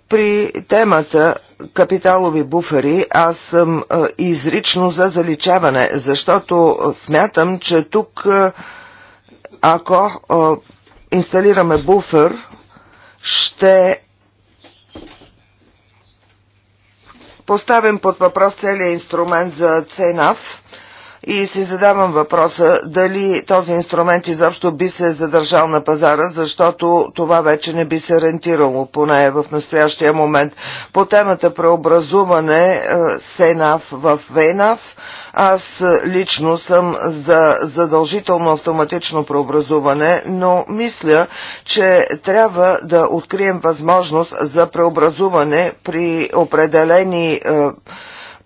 При темата капиталови буфери аз съм изрично за заличаване, защото смятам, че тук ако инсталираме буфер, ще поставим под въпрос целият инструмент за ЦЕНАВ и си задавам въпроса дали този инструмент изобщо би се задържал на пазара, защото това вече не би се рентирало, поне в настоящия момент. По темата преобразуване е, СЕНАВ в ВЕНАВ, аз лично съм за задължително автоматично преобразуване, но мисля, че трябва да открием възможност за преобразуване при определени е,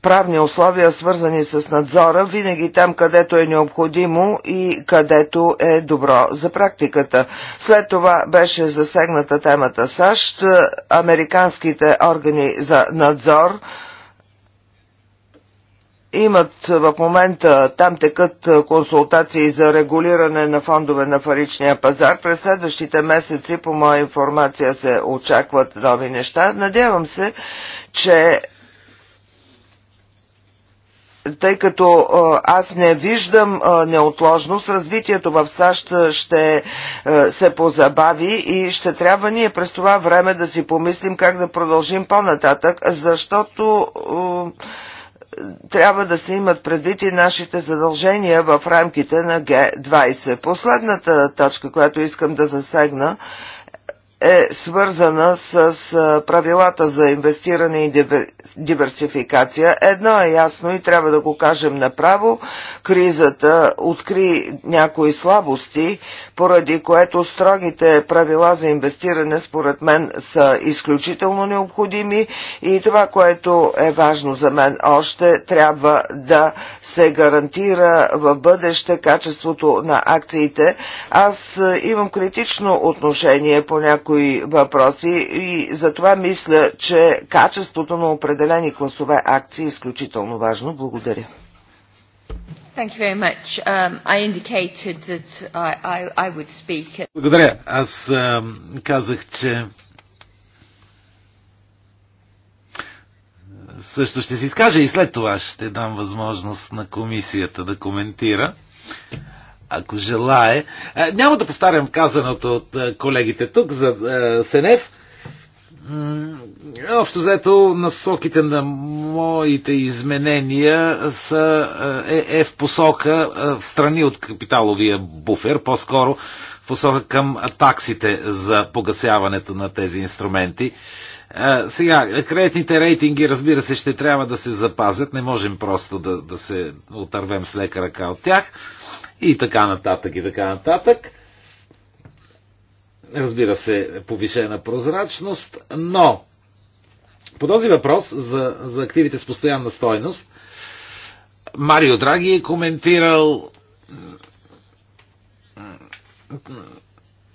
правни условия, свързани с надзора, винаги там, където е необходимо и където е добро за практиката. След това беше засегната темата САЩ, американските органи за надзор имат в момента, там текат консултации за регулиране на фондове на фаричния пазар. През следващите месеци, по моя информация, се очакват нови неща. Надявам се, че тъй като аз не виждам неотложност, развитието в САЩ ще се позабави и ще трябва ние през това време да си помислим как да продължим по-нататък, защото трябва да се имат предвид и нашите задължения в рамките на Г20. Последната точка, която искам да засегна, е е свързана с е, правилата за инвестиране и диверсификация. Едно е ясно и трябва да го кажем направо. Кризата откри някои слабости, поради което строгите правила за инвестиране според мен са изключително необходими и това, което е важно за мен още, трябва да се гарантира в бъдеще качеството на акциите. Аз е, имам критично отношение по някои някои въпроси и затова мисля, че качеството на определени класове акции е изключително важно. Благодаря. Благодаря. Аз казах, че също ще си изкажа и след това ще дам възможност на комисията да коментира ако желае. Е, няма да повтарям казаното от е, колегите тук за е, Сенев. Общо заето насоките на моите изменения са е, е в посока в страни от капиталовия буфер, по-скоро в посока към таксите за погасяването на тези инструменти. Сега, кредитните рейтинги, разбира се, ще трябва да се запазят. Не можем просто да, да се отървем с лека ръка от тях и така нататък, и така нататък. Разбира се, повишена прозрачност, но по този въпрос за, за активите с постоянна стойност, Марио Драги е коментирал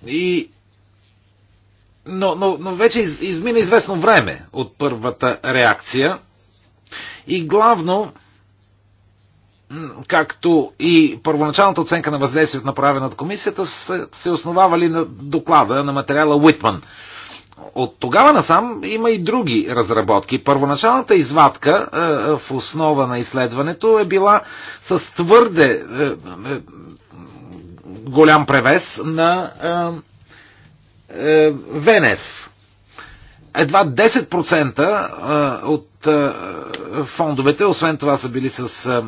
и но, но, но вече из, измина известно време от първата реакция и главно както и първоначалната оценка на въздействието направена от комисията, се, се основавали на доклада на материала Уитман. От тогава насам има и други разработки. Първоначалната извадка е, в основа на изследването е била с твърде е, е, голям превес на е, е, Венев едва 10% от фондовете, освен това са били с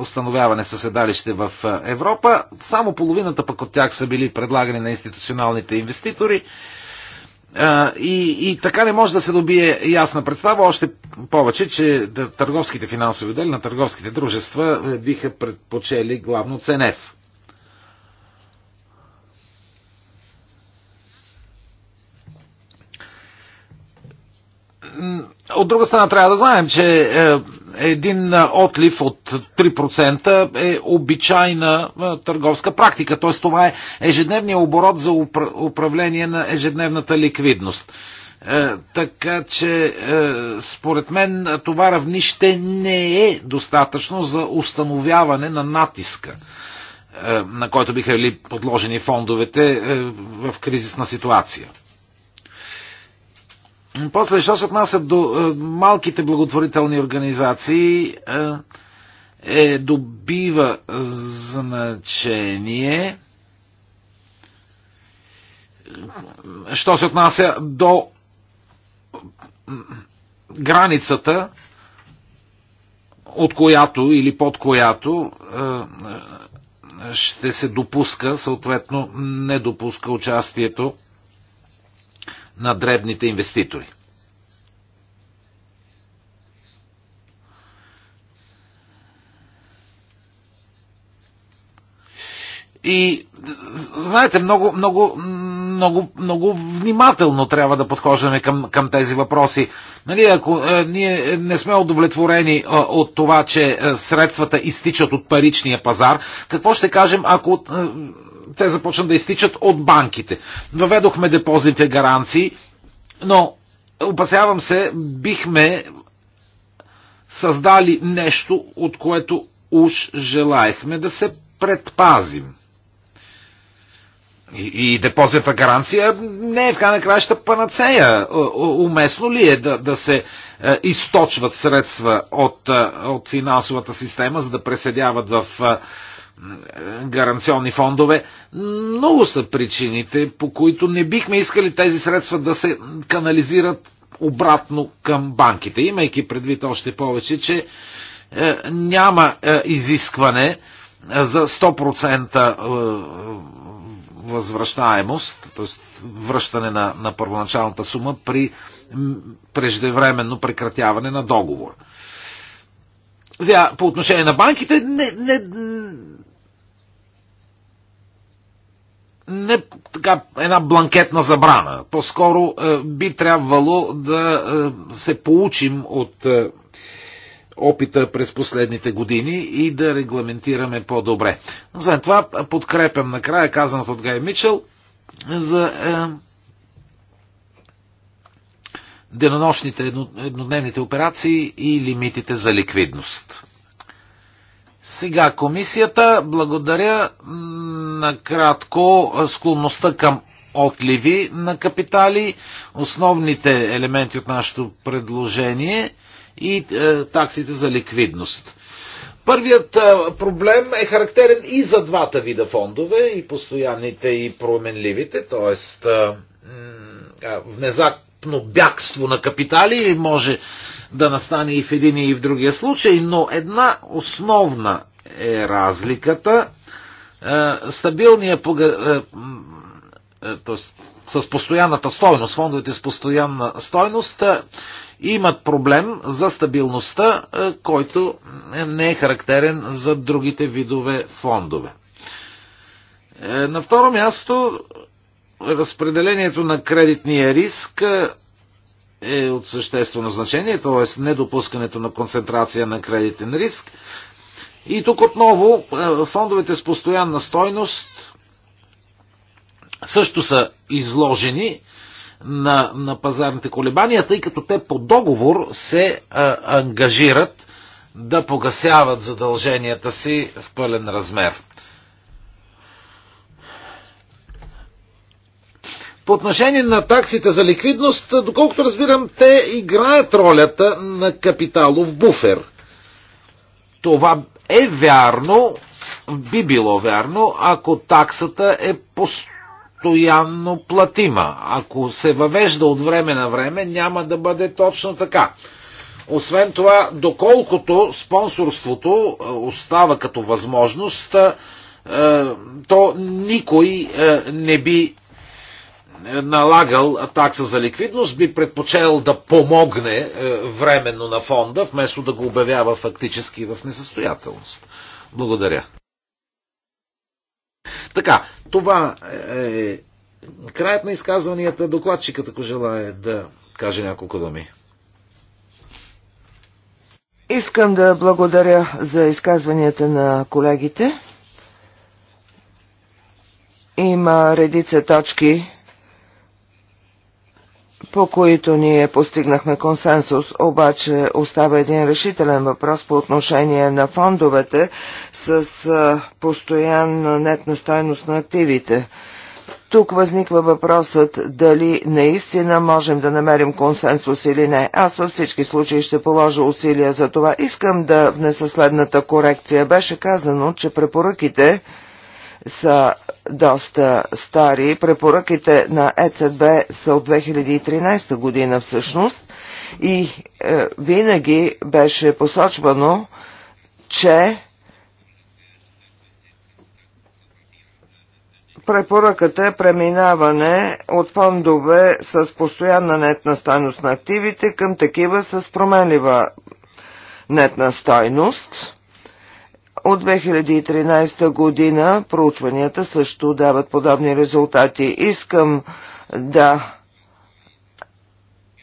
установяване със седалище в Европа, само половината пък от тях са били предлагани на институционалните инвеститори. И, и така не може да се добие ясна представа, още повече, че търговските финансови отдели на търговските дружества е, биха предпочели главно ЦНФ. от друга страна трябва да знаем, че е, един е, отлив от 3% е обичайна е, търговска практика. Т.е. това е ежедневният оборот за управление на ежедневната ликвидност. Така че, според мен, това равнище не е достатъчно за установяване на натиска, на който биха били подложени фондовете в кризисна ситуация. После, що се отнася до е, малките благотворителни организации, е, е, добива значение. Що се отнася до границата, от която или под която е, ще се допуска, съответно не допуска участието на дребните инвеститори. И знаете, много, много, много, много внимателно трябва да подхождаме към, към тези въпроси. Нали, ако е, ние не сме удовлетворени е, от това, че е, средствата изтичат от паричния пазар, какво ще кажем, ако е, те започнат да изтичат от банките. Въведохме депозитите гаранции, но опасявам се, бихме създали нещо, от което уж желаехме да се предпазим. И, и депозита гаранция не е в крайна краща панацея. Уместно ли е да, да се е, източват средства от, е, от финансовата система, за да преседяват в е, гаранционни фондове. Много са причините, по които не бихме искали тези средства да се канализират обратно към банките, имайки предвид още повече, че е, няма е, изискване е, за 100% е, възвръщаемост, т.е. връщане на, на първоначалната сума при преждевременно прекратяване на договор. По отношение на банките не, не, не така една бланкетна забрана. По-скоро е, би трябвало да е, се получим от е, опита през последните години и да регламентираме по-добре. Но след това подкрепям накрая казаното от Гай Мичел за е, денонощните еднодневните операции и лимитите за ликвидност. Сега комисията, благодаря накратко склонността към отливи на капитали, основните елементи от нашето предложение и е, таксите за ликвидност. Първият е, проблем е характерен и за двата вида фондове, и постоянните, и променливите, т.е. Е, е, внезапно бягство на капитали може да настане и в един и в другия случай, но една основна е разликата. Е, стабилния е, е, т.е. с постоянната стойност, фондовете с постоянна стойност имат проблем за стабилността, който не е характерен за другите видове фондове. На второ място, разпределението на кредитния риск е от съществено значение, т.е. недопускането на концентрация на кредитен риск. И тук отново е, фондовете с постоянна стойност също са изложени на, на пазарните колебания, тъй като те по договор се а, е, ангажират да погасяват задълженията си в пълен размер. По отношение на таксите за ликвидност, доколкото разбирам, те играят ролята на капиталов буфер. Това е вярно, би било вярно, ако таксата е постоянно платима. Ако се въвежда от време на време, няма да бъде точно така. Освен това, доколкото спонсорството е, остава като възможност, е, то никой е, не би е налагал такса за ликвидност, би предпочел да помогне е, временно на фонда, вместо да го обявява фактически в несъстоятелност. Благодаря. Така, това е, е краят на изказванията. Докладчикът, ако желая да каже няколко думи. Искам да благодаря за изказванията на колегите. Има редица точки, по които ние постигнахме консенсус, обаче остава един решителен въпрос по отношение на фондовете с постоянна нетна стойност на активите. Тук възниква въпросът дали наистина можем да намерим консенсус или не. Аз във всички случаи ще положа усилия за това. Искам да внеса следната корекция. Беше казано, че препоръките са доста стари. Препоръките на ЕЦБ са от 2013 година всъщност и е, винаги беше посочвано, че Препоръката е преминаване от фондове с постоянна нетна стойност на активите към такива с променлива нетна стойност. От 2013 година проучванията също дават подобни резултати. Искам да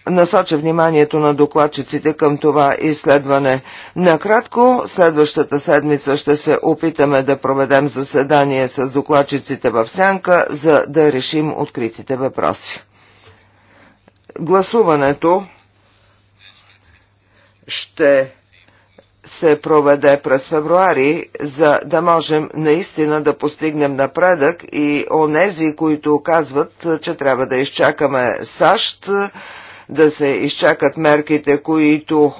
насоча вниманието на докладчиците към това изследване. Накратко, следващата седмица ще се опитаме да проведем заседание с докладчиците в Сянка, за да решим откритите въпроси. Гласуването ще се проведе през февруари, за да можем наистина да постигнем напредък и онези, които казват, че трябва да изчакаме САЩ, да се изчакат мерките, които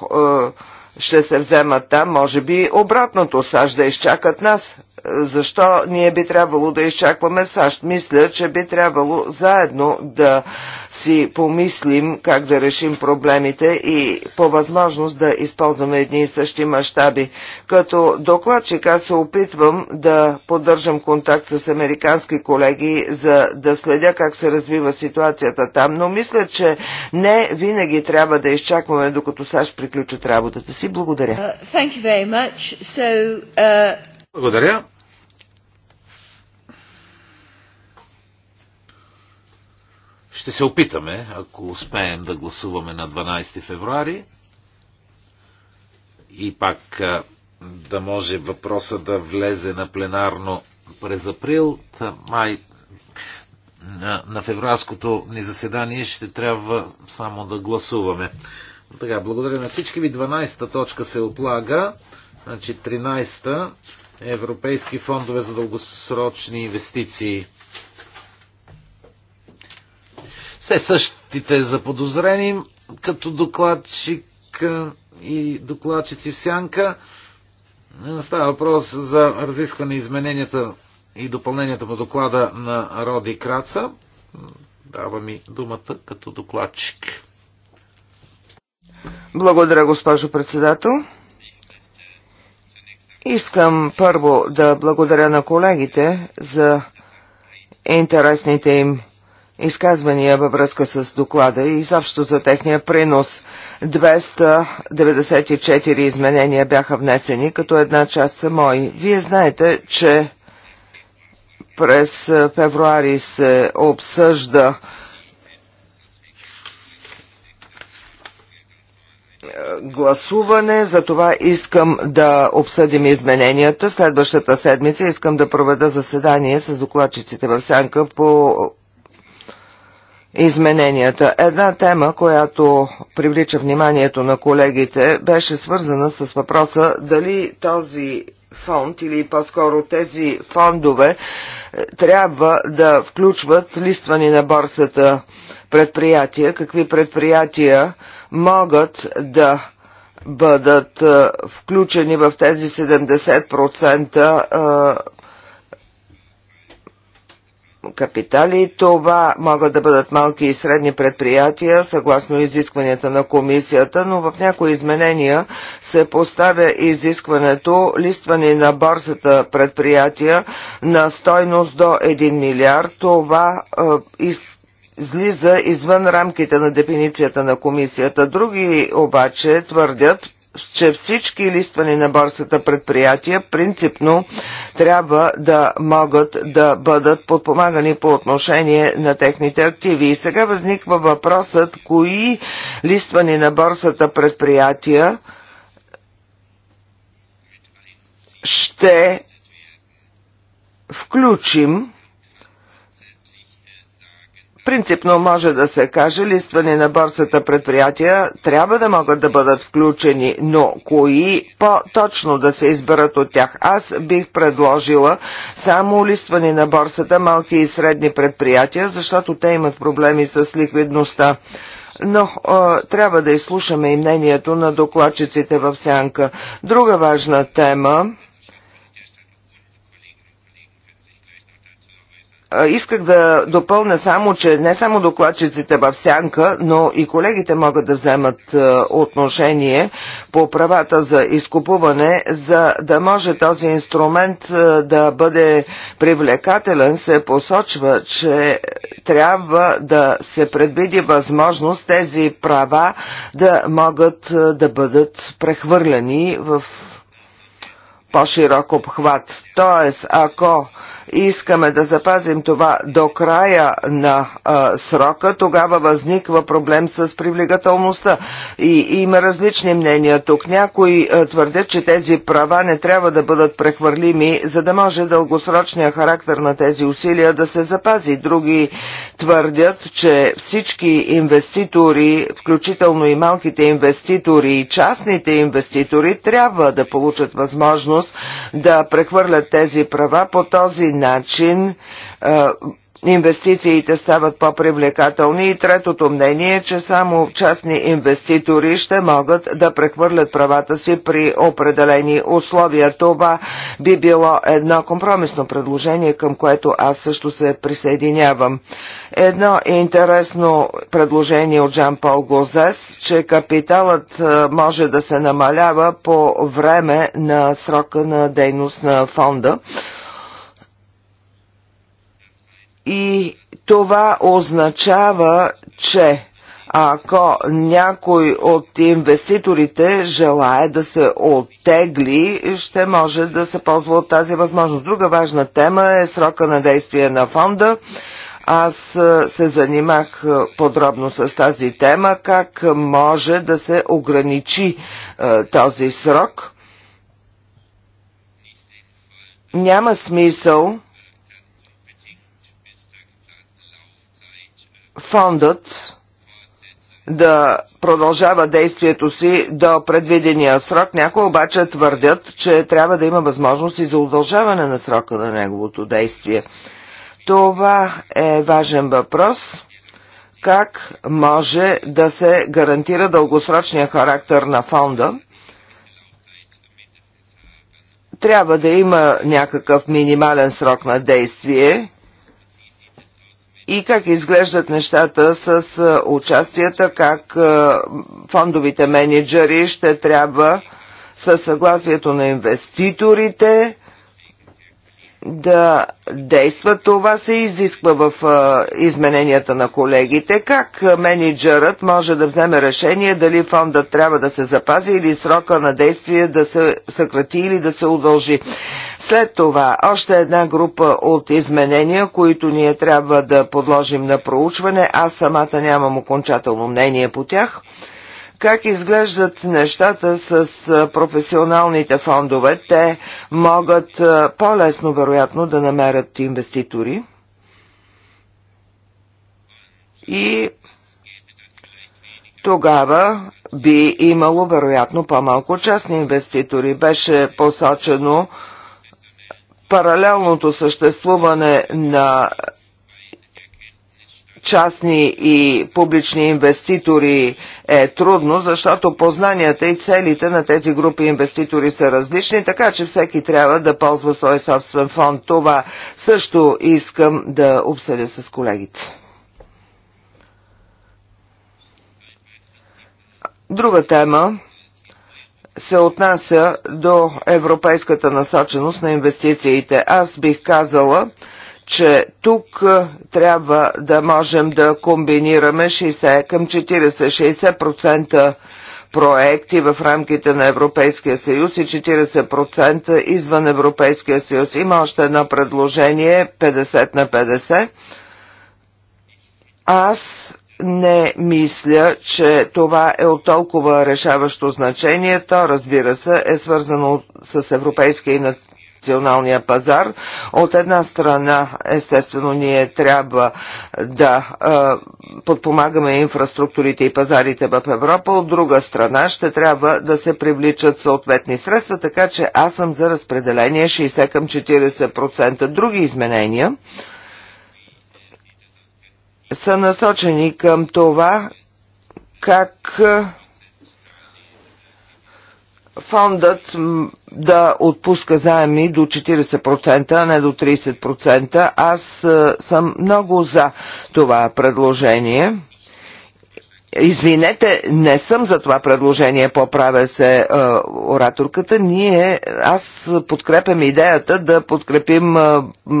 е, ще се вземат там, може би обратното САЩ да изчакат нас. Защо ние би трябвало да изчакваме САЩ? Мисля, че би трябвало заедно да си помислим как да решим проблемите и по възможност да използваме едни и същи мащаби. Като докладчик аз се опитвам да поддържам контакт с американски колеги, за да следя как се развива ситуацията там, но мисля, че не винаги трябва да изчакваме докато САЩ приключат работата си. Благодаря. Uh, uh, Благодаря. Ще се опитаме, ако успеем да гласуваме на 12 февруари и пак да може въпроса да влезе на пленарно през април, май на, на февруарското ни заседание ще трябва само да гласуваме. Така, благодаря на всички ви. 12-та точка се отлага. Значи 13-та Европейски фондове за дългосрочни инвестиции. все същите заподозрени като докладчик и докладчици в сянка. Става въпрос за разискване измененията и допълненията по доклада на Роди Краца. Дава ми думата като докладчик. Благодаря, госпожо председател. Искам първо да благодаря на колегите за интересните им изказвания във връзка с доклада и изобщо за техния принос. 294 изменения бяха внесени, като една част са мои. Вие знаете, че през февруари се обсъжда е, гласуване, за това искам да обсъдим измененията. Следващата седмица искам да проведа заседание с докладчиците в Сянка по измененията. Една тема, която привлича вниманието на колегите, беше свързана с въпроса дали този фонд или по-скоро тези фондове е, трябва да включват листвани на борсата предприятия, какви предприятия могат да бъдат е, включени в тези 70% капитали. Това могат да бъдат малки и средни предприятия, съгласно изискванията на комисията, но в някои изменения се поставя изискването листване на борсата предприятия на стойност до 1 милиард. Това е, излиза извън рамките на дефиницията на комисията. Други обаче твърдят, че всички листвани на борсата предприятия принципно трябва да могат да бъдат подпомагани по отношение на техните активи. И сега възниква въпросът, кои листвани на борсата предприятия ще включим Принципно може да се каже, листвани на борсата предприятия трябва да могат да бъдат включени, но кои по-точно да се изберат от тях? Аз бих предложила само листвани на борсата малки и средни предприятия, защото те имат проблеми с ликвидността но а, трябва да изслушаме и мнението на докладчиците в сянка. Друга важна тема Исках да допълня само, че не само докладчиците в сянка, но и колегите могат да вземат отношение по правата за изкупуване, за да може този инструмент да бъде привлекателен, се посочва, че трябва да се предвиди възможност тези права да могат да бъдат прехвърляни в по-широк обхват. Тоест, ако искаме да запазим това до края на а, срока, тогава възниква проблем с привлекателността. И, и има различни мнения тук. Някои твърдят, че тези права не трябва да бъдат прехвърлими, за да може дългосрочния характер на тези усилия да се запази. Други твърдят, че всички инвеститори, включително и малките инвеститори и частните инвеститори, трябва да получат възможност да прехвърлят тези права по този начин е, инвестициите стават по-привлекателни и третото мнение е, че само частни инвеститори ще могат да прехвърлят правата си при определени условия. Това би било едно компромисно предложение, към което аз също се присъединявам. Едно интересно предложение от Жан-Пол Гозес, че капиталът е, може да се намалява по време на срока на дейност на фонда. И това означава, че ако някой от инвеститорите желая да се оттегли, ще може да се ползва от тази възможност. Друга важна тема е срока на действие на фонда. Аз се занимах подробно с тази тема, как може да се ограничи този срок. Няма смисъл фондът да продължава действието си до предвидения срок. Някои обаче твърдят, че трябва да има възможност и за удължаване на срока на неговото действие. Това е важен въпрос. Как може да се гарантира дългосрочния характер на фонда? Трябва да има някакъв минимален срок на действие и как изглеждат нещата с участията, как фондовите менеджери ще трябва със съгласието на инвеститорите да действат. Това се изисква в измененията на колегите. Как менеджерът може да вземе решение дали фондът трябва да се запази или срока на действие да се съкрати или да се удължи. След това още една група от изменения, които ние трябва да подложим на проучване. Аз самата нямам окончателно мнение по тях. Как изглеждат нещата с професионалните фондове? Те могат по-лесно, вероятно, да намерят инвеститори. И тогава би имало вероятно по-малко частни инвеститори. Беше посочено паралелното съществуване на частни и публични инвеститори е трудно, защото познанията и целите на тези групи инвеститори са различни, така че всеки трябва да ползва свой собствен фонд. Това също искам да обсъдя с колегите. Друга тема се отнася до европейската насоченост на инвестициите. Аз бих казала, че тук трябва да можем да комбинираме 60 към 40-60% проекти в рамките на Европейския съюз и 40% извън Европейския съюз. Има още едно предложение 50 на 50. Аз не мисля, че това е от толкова решаващо значение. То, разбира се, е свързано с европейския и националния пазар. От една страна, естествено, ние трябва да е, подпомагаме инфраструктурите и пазарите в Европа, от друга страна ще трябва да се привличат съответни средства, така че аз съм за разпределение 60 към 40%. Други изменения? са насочени към това как фондът да отпуска заеми до 40%, а не до 30%. Аз съм много за това предложение. Извинете, не съм за това предложение, поправя се е, ораторката. Ние, аз подкрепям идеята да подкрепим е,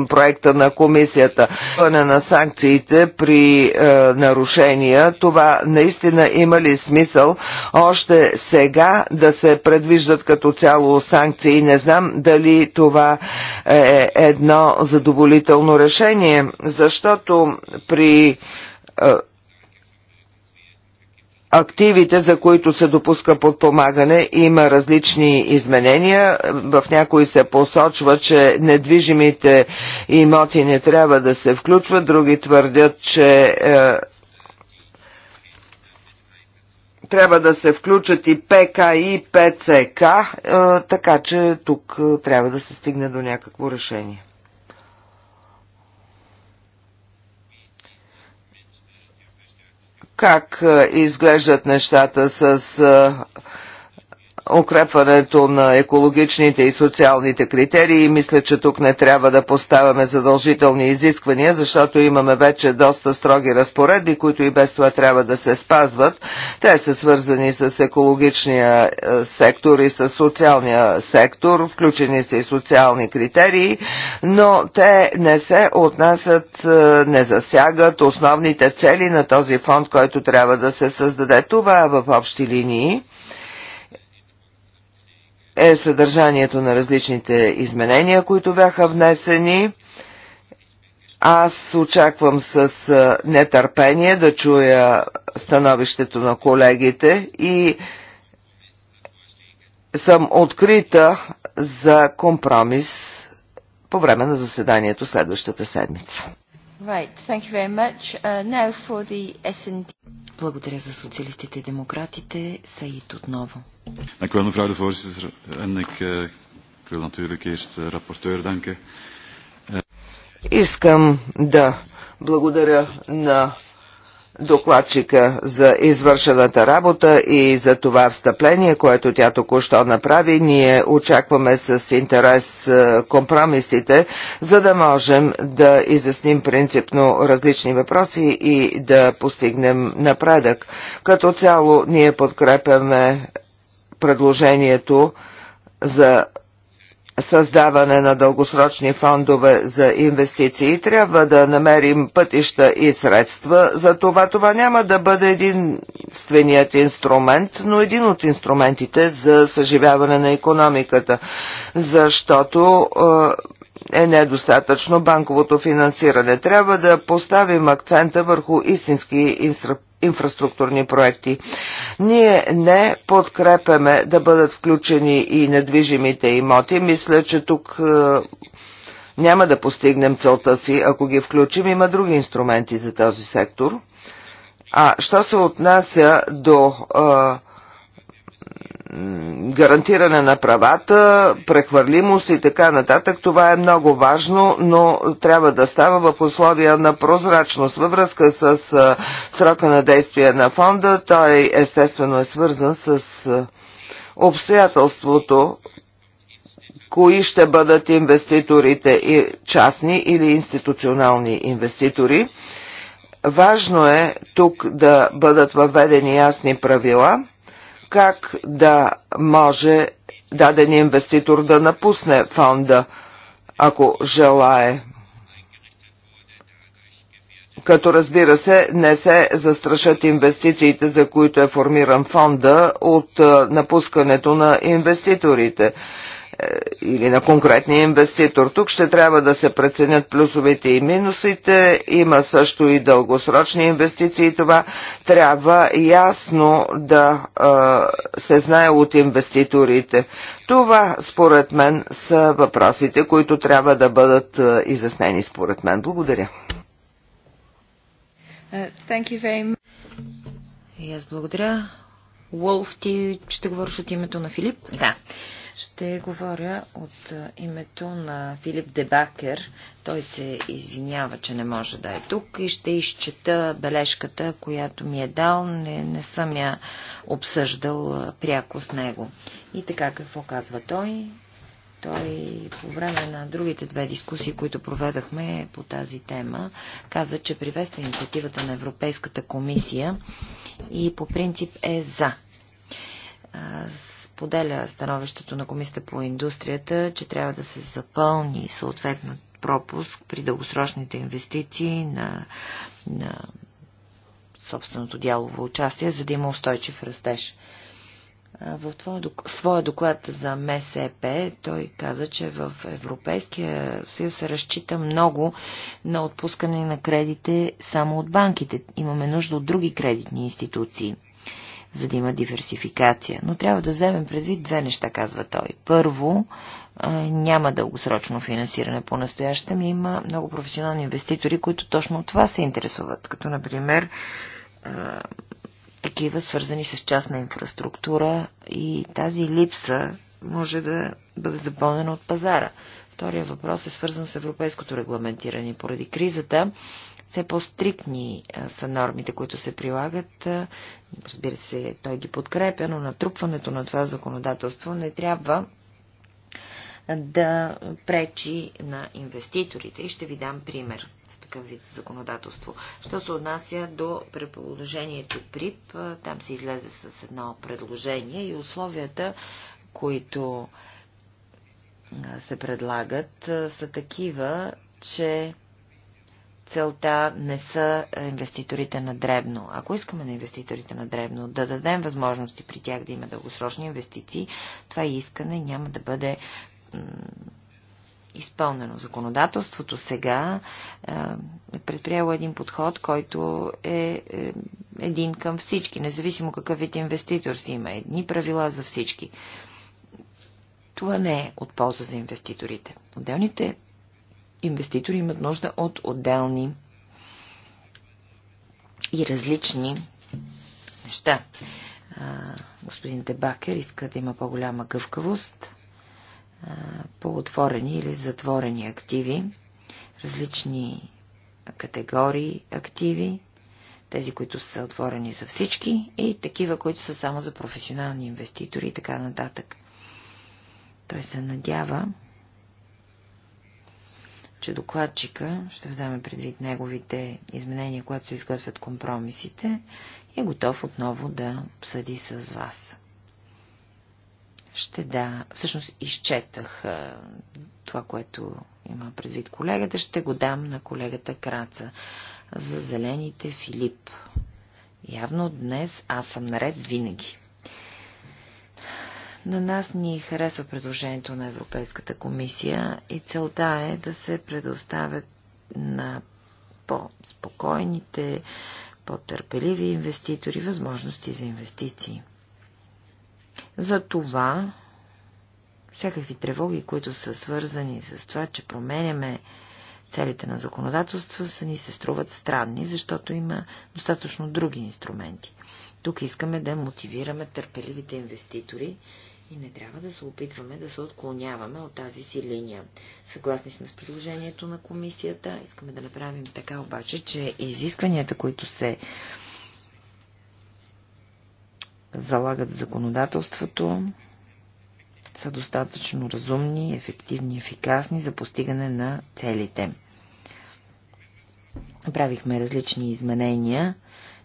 проекта на комисията. На санкциите при е, нарушения, това наистина има ли смисъл още сега да се предвиждат като цяло санкции? Не знам дали това е едно задоволително решение, защото при е, активите, за които се допуска подпомагане, има различни изменения. В някои се посочва, че недвижимите имоти не трябва да се включват, други твърдят, че е, трябва да се включат и ПК и ПЦК, е, така че тук е, трябва да се стигне до някакво решение. как изглеждат нещата с укрепването на екологичните и социалните критерии. Мисля, че тук не трябва да поставяме задължителни изисквания, защото имаме вече доста строги разпоредби, които и без това трябва да се спазват. Те са свързани с екологичния е, сектор и с социалния сектор, включени са и социални критерии, но те не се отнасят, е, не засягат основните цели на този фонд, който трябва да се създаде. Това е в общи линии е съдържанието на различните изменения, които бяха внесени. Аз очаквам с нетърпение да чуя становището на колегите и съм открита за компромис по време на заседанието следващата седмица. Right, thank you very much. Uh, now for the SND. Благодаря за социалистите и демократите. Саид отново. Dank u wel, mevrouw de voorzitter. En ik, uh, ik wil natuurlijk eerst de rapporteur danken. Uh... Искам да благодаря на докладчика за извършената работа и за това встъпление, което тя току-що направи. Ние очакваме с интерес е, компромисите, за да можем да изясним принципно различни въпроси и да постигнем напредък. Като цяло ние подкрепяме предложението за създаване на дългосрочни фондове за инвестиции. Трябва да намерим пътища и средства. За това това няма да бъде единственият инструмент, но един от инструментите за съживяване на економиката, защото е, е недостатъчно банковото финансиране. Трябва да поставим акцента върху истински инструменти инфраструктурни проекти. Ние не подкрепяме да бъдат включени и недвижимите имоти. Мисля, че тук е, няма да постигнем целта си, ако ги включим. Има други инструменти за този сектор. А що се отнася до Е, гарантиране на правата, прехвърлимост и така нататък. Това е много важно, но трябва да става в условия на прозрачност. Във връзка с срока на действие на фонда, той естествено е свързан с обстоятелството, кои ще бъдат инвеститорите и частни или институционални инвеститори. Важно е тук да бъдат въведени ясни правила – как да може даден инвеститор да напусне фонда, ако желае. Като разбира се, не се застрашат инвестициите, за които е формиран фонда от напускането на инвеститорите. Е, или на конкретния инвеститор. Тук ще трябва да се преценят плюсовете и минусите. Има също и дългосрочни инвестиции. Това трябва ясно да е, се знае от инвеститорите. Това, според мен, са въпросите, които трябва да бъдат е, изяснени, според мен. Благодаря. И аз благодаря. Уолф, ти ще говориш от името на Филип? Да. Ще говоря от името на Филип Дебакер. Той се извинява, че не може да е тук и ще изчета бележката, която ми е дал. Не, не съм я обсъждал пряко с него. И така, какво казва той? Той по време на другите две дискусии, които проведахме по тази тема, каза, че приветства инициативата на Европейската комисия и по принцип е за споделя становището на Комисията по индустрията, че трябва да се запълни съответна пропуск при дългосрочните инвестиции на, на собственото дялово участие, за да има устойчив растеж. В своя доклад за МСЕП той каза, че в Европейския съюз се разчита много на отпускане на кредите само от банките. Имаме нужда от други кредитни институции за да има диверсификация. Но трябва да вземем предвид две неща, казва той. Първо, няма дългосрочно финансиране по настоящем. Има много професионални инвеститори, които точно от това се интересуват, като например такива свързани с частна инфраструктура и тази липса може да бъде запълнена от пазара. Втория въпрос е свързан с европейското регламентиране. Поради кризата все по-стрикни са нормите, които се прилагат. Разбира се, той ги подкрепя, но натрупването на това законодателство не трябва да пречи на инвеститорите. И ще ви дам пример с такъв вид законодателство. Що се отнася до предположението ПРИП, там се излезе с едно предложение и условията, които се предлагат, са такива, че целта не са е, инвеститорите на дребно. Ако искаме на инвеститорите на дребно да дадем възможности при тях да има дългосрочни инвестиции, това искане няма да бъде изпълнено. Законодателството сега е, е предприело един подход, който е, е един към всички, независимо какъв вид инвеститор си има. Едни правила за всички. Това не е от полза за инвеститорите. Отделните инвеститори имат нужда от отделни и различни неща. господин Дебакер иска да има по-голяма гъвкавост, по-отворени или затворени активи, различни категории активи, тези, които са отворени за всички и такива, които са само за професионални инвеститори и така нататък. Той се надява че докладчика ще вземе предвид неговите изменения, когато се изготвят компромисите и е готов отново да обсъди с вас. Ще да, всъщност изчетах това, което има предвид колегата, ще го дам на колегата Краца за зелените Филип. Явно днес аз съм наред винаги. На нас ни харесва предложението на Европейската комисия и целта е да се предоставят на по-спокойните, по-търпеливи инвеститори възможности за инвестиции. За това всякакви тревоги, които са свързани с това, че променяме целите на законодателство, са ни се струват странни, защото има достатъчно други инструменти. Тук искаме да мотивираме търпеливите инвеститори и не трябва да се опитваме да се отклоняваме от тази си линия. Съгласни сме с предложението на комисията. Искаме да направим така обаче, че изискванията, които се залагат в законодателството, са достатъчно разумни, ефективни, ефикасни за постигане на целите. Правихме различни изменения.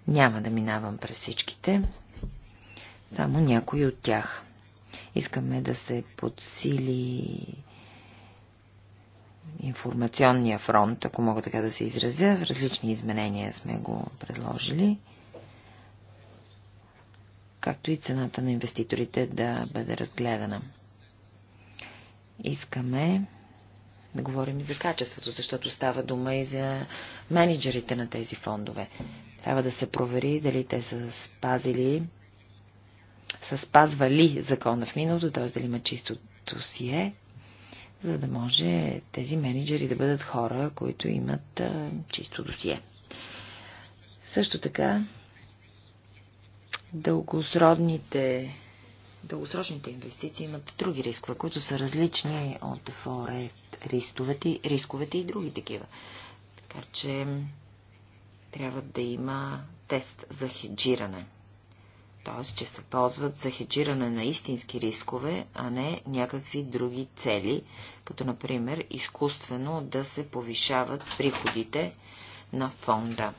Няма да минавам през всичките, само някои от тях. Искаме да се подсили информационния фронт, ако мога така да се изразя. Различни изменения сме го предложили. Както и цената на инвеститорите да бъде разгледана. Искаме да говорим и за качеството, защото става дума и за менеджерите на тези фондове. Трябва да се провери дали те са спазили са спазвали закона в миналото, т.е. дали има чисто досие, за да може тези менеджери да бъдат хора, които имат а, чисто досие. Също така, дългосродните, дългосрочните инвестиции имат други рискове, които са различни от форет рисковете, рисковете и други такива. Така че трябва да има тест за хеджиране т.е. че се ползват за хеджиране на истински рискове, а не някакви други цели, като например изкуствено да се повишават приходите на фонда.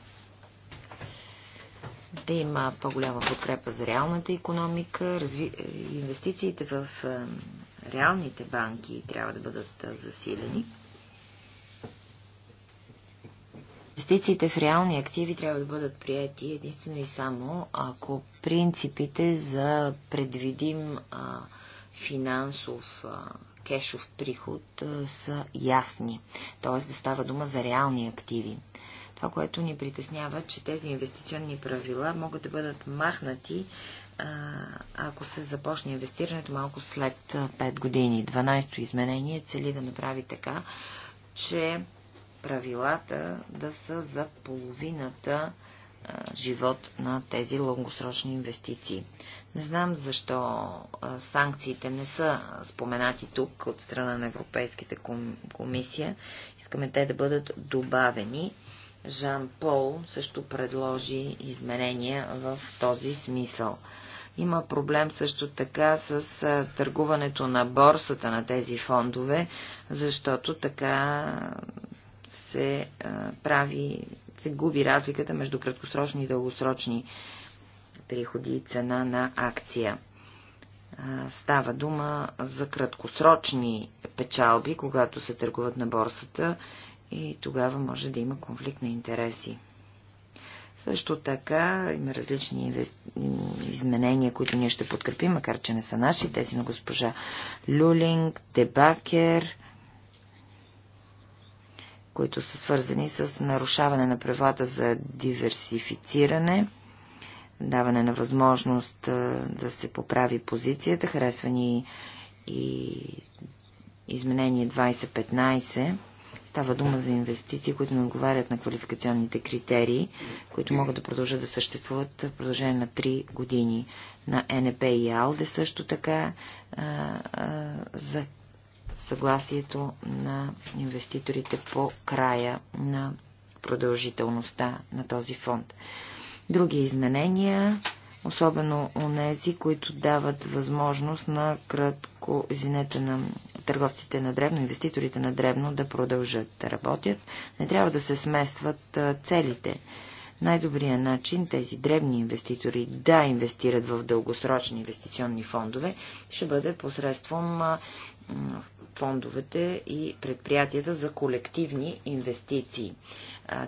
Да има по-голяма подкрепа за реалната економика, разви... инвестициите в реалните банки трябва да бъдат е, засилени. Инвестициите в реални активи трябва да бъдат прияти единствено и само ако принципите за предвидим а, финансов а, кешов приход а, са ясни, т.е. да става дума за реални активи. Това, което ни притеснява, че тези инвестиционни правила могат да бъдат махнати, а, ако се започне инвестирането малко след 5 години. 12-то изменение цели да направи така, че правилата да са за половината живот на тези лонгосрочни инвестиции. Не знам защо санкциите не са споменати тук от страна на Европейските комисия. Искаме те да бъдат добавени. Жан Пол също предложи изменения в този смисъл. Има проблем също така с търгуването на борсата на тези фондове, защото така се прави, се губи разликата между краткосрочни и дългосрочни приходи и цена на акция. Става дума за краткосрочни печалби, когато се търгуват на борсата и тогава може да има конфликт на интереси. Също така има различни изменения, които ние ще подкрепим, макар че не са наши. Тези на госпожа Люлинг, Дебакер, които са свързани с нарушаване на правилата за диверсифициране, даване на възможност да се поправи позицията, харесвани и изменение 2015. Става дума за инвестиции, които не отговарят на квалификационните критерии, които могат да продължат да съществуват в продължение на 3 години. На НП и АЛДЕ също така а, а, за съгласието на инвеститорите по края на продължителността на този фонд. Други изменения, особено у нези, които дават възможност на кратко, извинете, на търговците на древно, инвеститорите на древно да продължат да работят. Не трябва да се сместват целите. Най-добрият начин тези древни инвеститори да инвестират в дългосрочни инвестиционни фондове ще бъде посредством фондовете и предприятията за колективни инвестиции.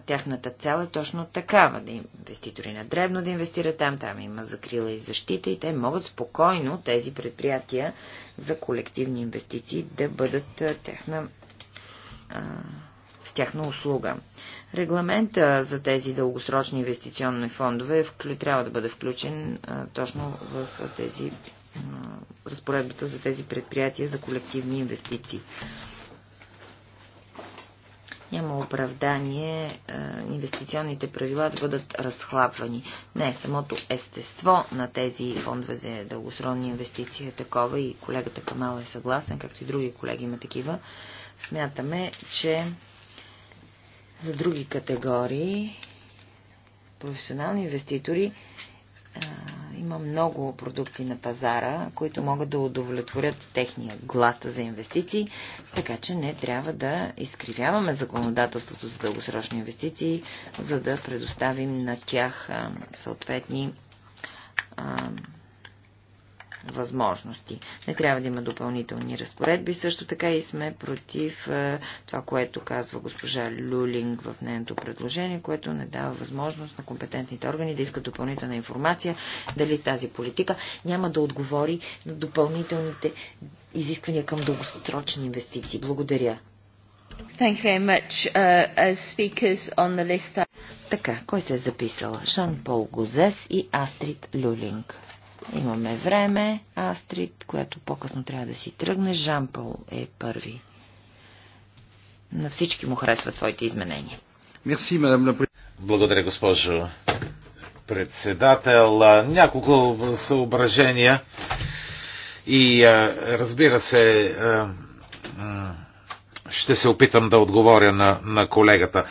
Тяхната цел е точно такава, да инвеститори на дребно да инвестират там, там има закрила и защита и те могат спокойно тези предприятия за колективни инвестиции да бъдат техна, в тяхна услуга. Регламента за тези дългосрочни инвестиционни фондове трябва да бъде включен точно в тези разпоредбата за тези предприятия за колективни инвестиции. Няма оправдание е, инвестиционните правила да бъдат разхлабвани. Не, самото естество на тези фондове за дългосрочни инвестиции е такова и колегата Камал е съгласен, както и други колеги има такива. Смятаме, че за други категории професионални инвеститори е, има много продукти на пазара, които могат да удовлетворят техния глад за инвестиции, така че не трябва да изкривяваме законодателството за дългосрочни инвестиции, за да предоставим на тях съответни възможности. Не трябва да има допълнителни разпоредби. Също така и сме против е, това, което казва госпожа Люлинг в нейното предложение, което не дава възможност на компетентните органи да искат допълнителна информация, дали тази политика няма да отговори на допълнителните изисквания към дългосрочни инвестиции. Благодаря. Thank you very much. Uh, as speakers on the list... Така, кой се е записал? Шан Пол Гозес и Астрид Люлинг. Имаме време. Астрид, която по-късно трябва да си тръгне. Жампъл е първи. На всички му харесват твоите изменения. Мерси, мадам Благодаря, госпожо председател. Няколко съображения и разбира се ще се опитам да отговоря на, на колегата.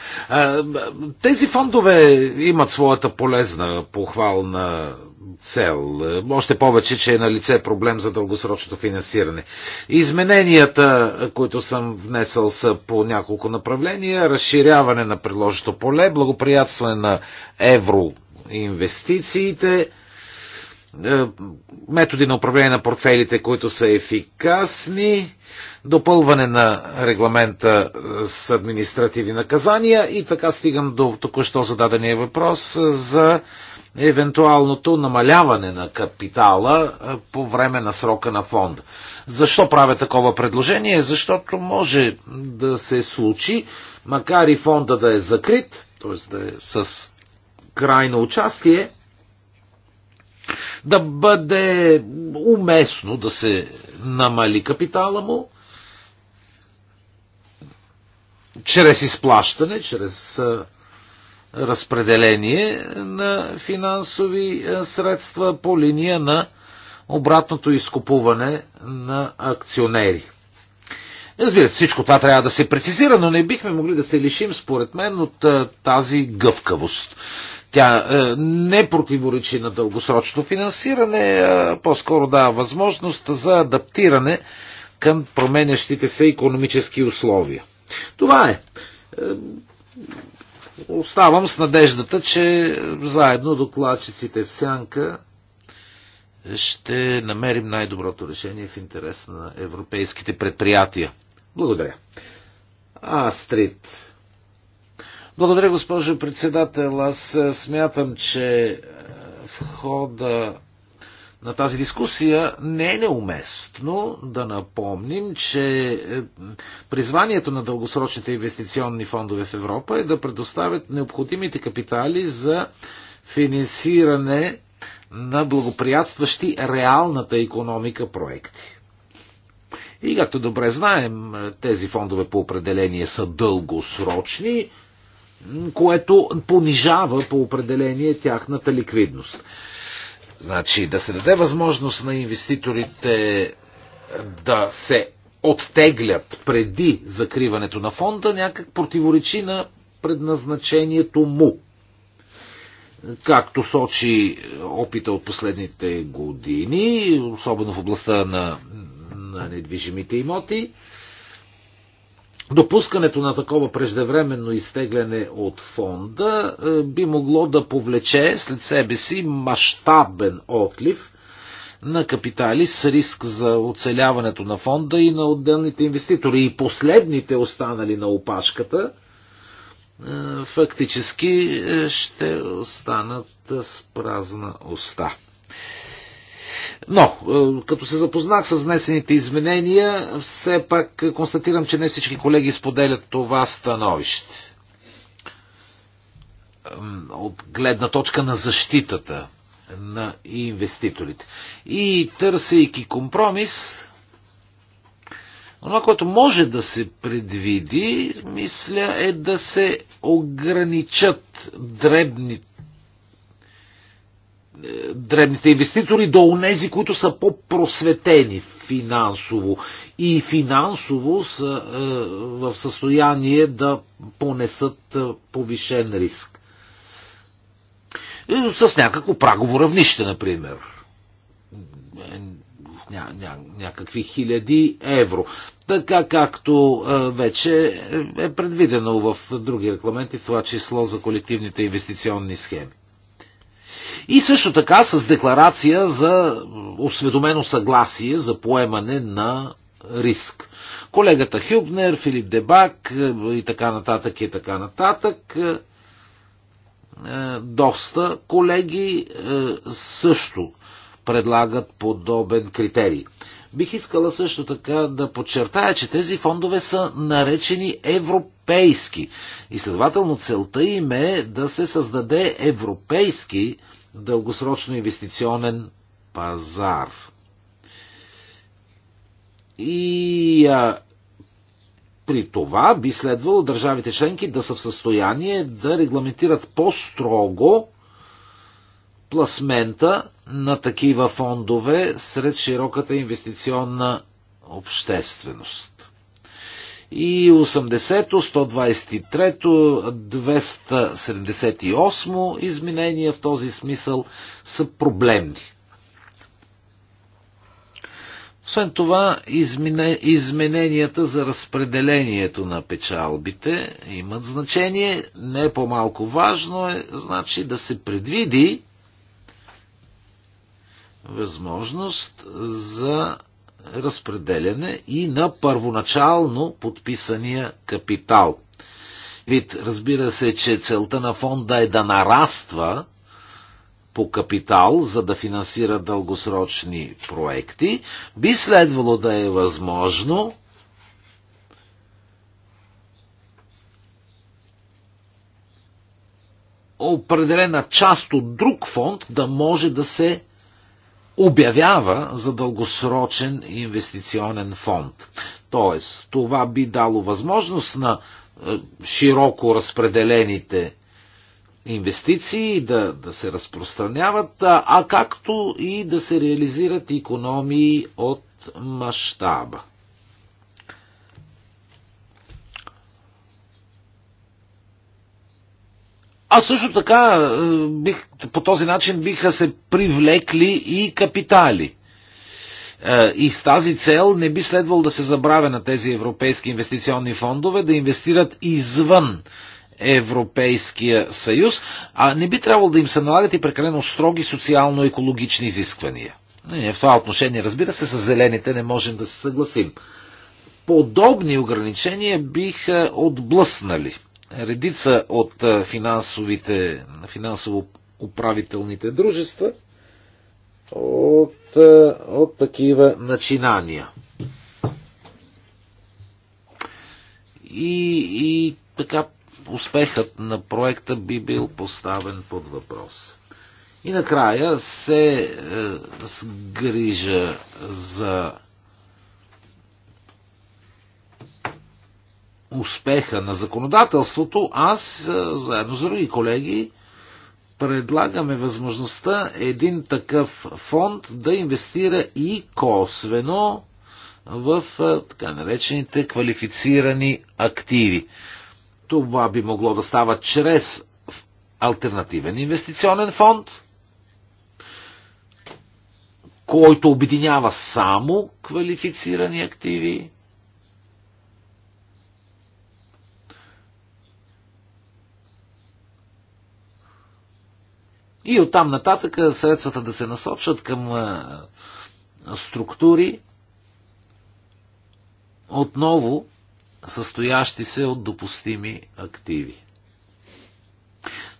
Тези фондове имат своята полезна похвална цел. Още повече, че е на лице проблем за дългосрочното финансиране. Измененията, които съм внесъл са по няколко направления. Разширяване на предложеното поле, благоприятстване на евроинвестициите, инвестициите е, методи на управление на портфелите, които са ефикасни, допълване на регламента с административни наказания и така стигам до току-що зададения въпрос за евентуалното намаляване на капитала е, по време на срока на фонд. Защо правя такова предложение? Защото може да се случи, макар и фонда да е закрит, т.е. да е с крайно участие, да бъде уместно да се намали капитала му чрез изплащане, чрез разпределение на финансови средства по линия на обратното изкупуване на акционери. Разбира се, всичко това трябва да се прецизира, но не бихме могли да се лишим, според мен, от тази гъвкавост. Тя не противоречи на дългосрочно финансиране, а по-скоро дава възможност за адаптиране към променящите се економически условия. Това е. е. Оставам с надеждата, че заедно докладчиците в сянка ще намерим най-доброто решение в интерес на европейските предприятия. Благодаря. Астрид. Благодаря, госпожо председател. Аз смятам, че в хода на тази дискусия не е неуместно да напомним, че е, призванието на дългосрочните инвестиционни фондове в Европа е да предоставят необходимите капитали за финансиране на благоприятстващи реалната економика проекти. И както добре знаем, е, тези фондове по определение са дългосрочни, което понижава по определение тяхната ликвидност. Значи да се даде възможност на инвеститорите да се оттеглят преди закриването на фонда, някак противоречи на предназначението му. Както сочи е, опита от последните години, особено в областта на на недвижимите имоти. Допускането на такова преждевременно изтегляне от фонда е, би могло да повлече след себе си мащабен отлив на капитали с риск за оцеляването на фонда и на отделните инвеститори. И последните останали на опашката е, фактически е, ще останат с празна уста. Но, е, като се запознах с внесените изменения, все пак констатирам, че не всички колеги споделят това становище. От гледна точка на защитата на инвеститорите. И търсейки компромис, това, което може да се предвиди, мисля, е да се ограничат дребните дребните инвеститори до онези, които са по-просветени финансово. И финансово са е, в състояние да понесат е, повишен риск. Е, с някакво прагово равнище, например. Ня, ня, някакви хиляди евро. Така както е, вече е, е предвидено в други рекламенти, в това число за колективните инвестиционни схеми. И също така с декларация за осведомено съгласие за поемане на риск. Колегата Хюбнер, Филип Дебак е, и така нататък и така нататък. Е, е, доста колеги също предлагат подобен критерий. Бих искала също така да подчертая, че тези фондове са наречени европейски. И следователно целта им е да се създаде европейски дългосрочно инвестиционен пазар. И а, при това би следвало държавите членки да са в състояние да регламентират по-строго пласмента на такива фондове сред широката инвестиционна общественост. И 80-то, 123-то, 278-о изменения в този смисъл са проблемни. Освен това, измененията за разпределението на печалбите имат значение. Не по-малко важно е, значи, да се предвиди възможност за разпределяне и на първоначално подписания капитал. Вид, разбира се, че целта на фонда е да нараства по капитал, за да финансира дългосрочни проекти, би следвало да е възможно определена част от друг фонд да може да се обявява за дългосрочен инвестиционен фонд. Тоест, това би дало възможност на е, широко разпределените инвестиции да, да се разпространяват, а както и да се реализират економии от мащаба. А също така е, бих, по този начин биха се привлекли и капитали. Е, и с тази цел не би следвало да се забравя на тези европейски инвестиционни фондове да инвестират извън Европейския съюз, а не би трябвало да им се налагат и прекалено строги социално-екологични изисквания. Не, в това отношение, разбира се, с зелените не можем да се съгласим. Подобни ограничения биха отблъснали редица от финансовите, финансово-управителните дружества от, от такива начинания. И, и така успехът на проекта би бил поставен под въпрос. И накрая се е, сгрижа за успеха на законодателството, аз, е, заедно с други колеги, предлагаме възможността един такъв фонд да инвестира и косвено в е, така наречените квалифицирани активи. Това би могло да става чрез альтернативен инвестиционен фонд, който обединява само квалифицирани активи, И оттам нататък средствата да се насочат към структури, отново състоящи се от допустими активи.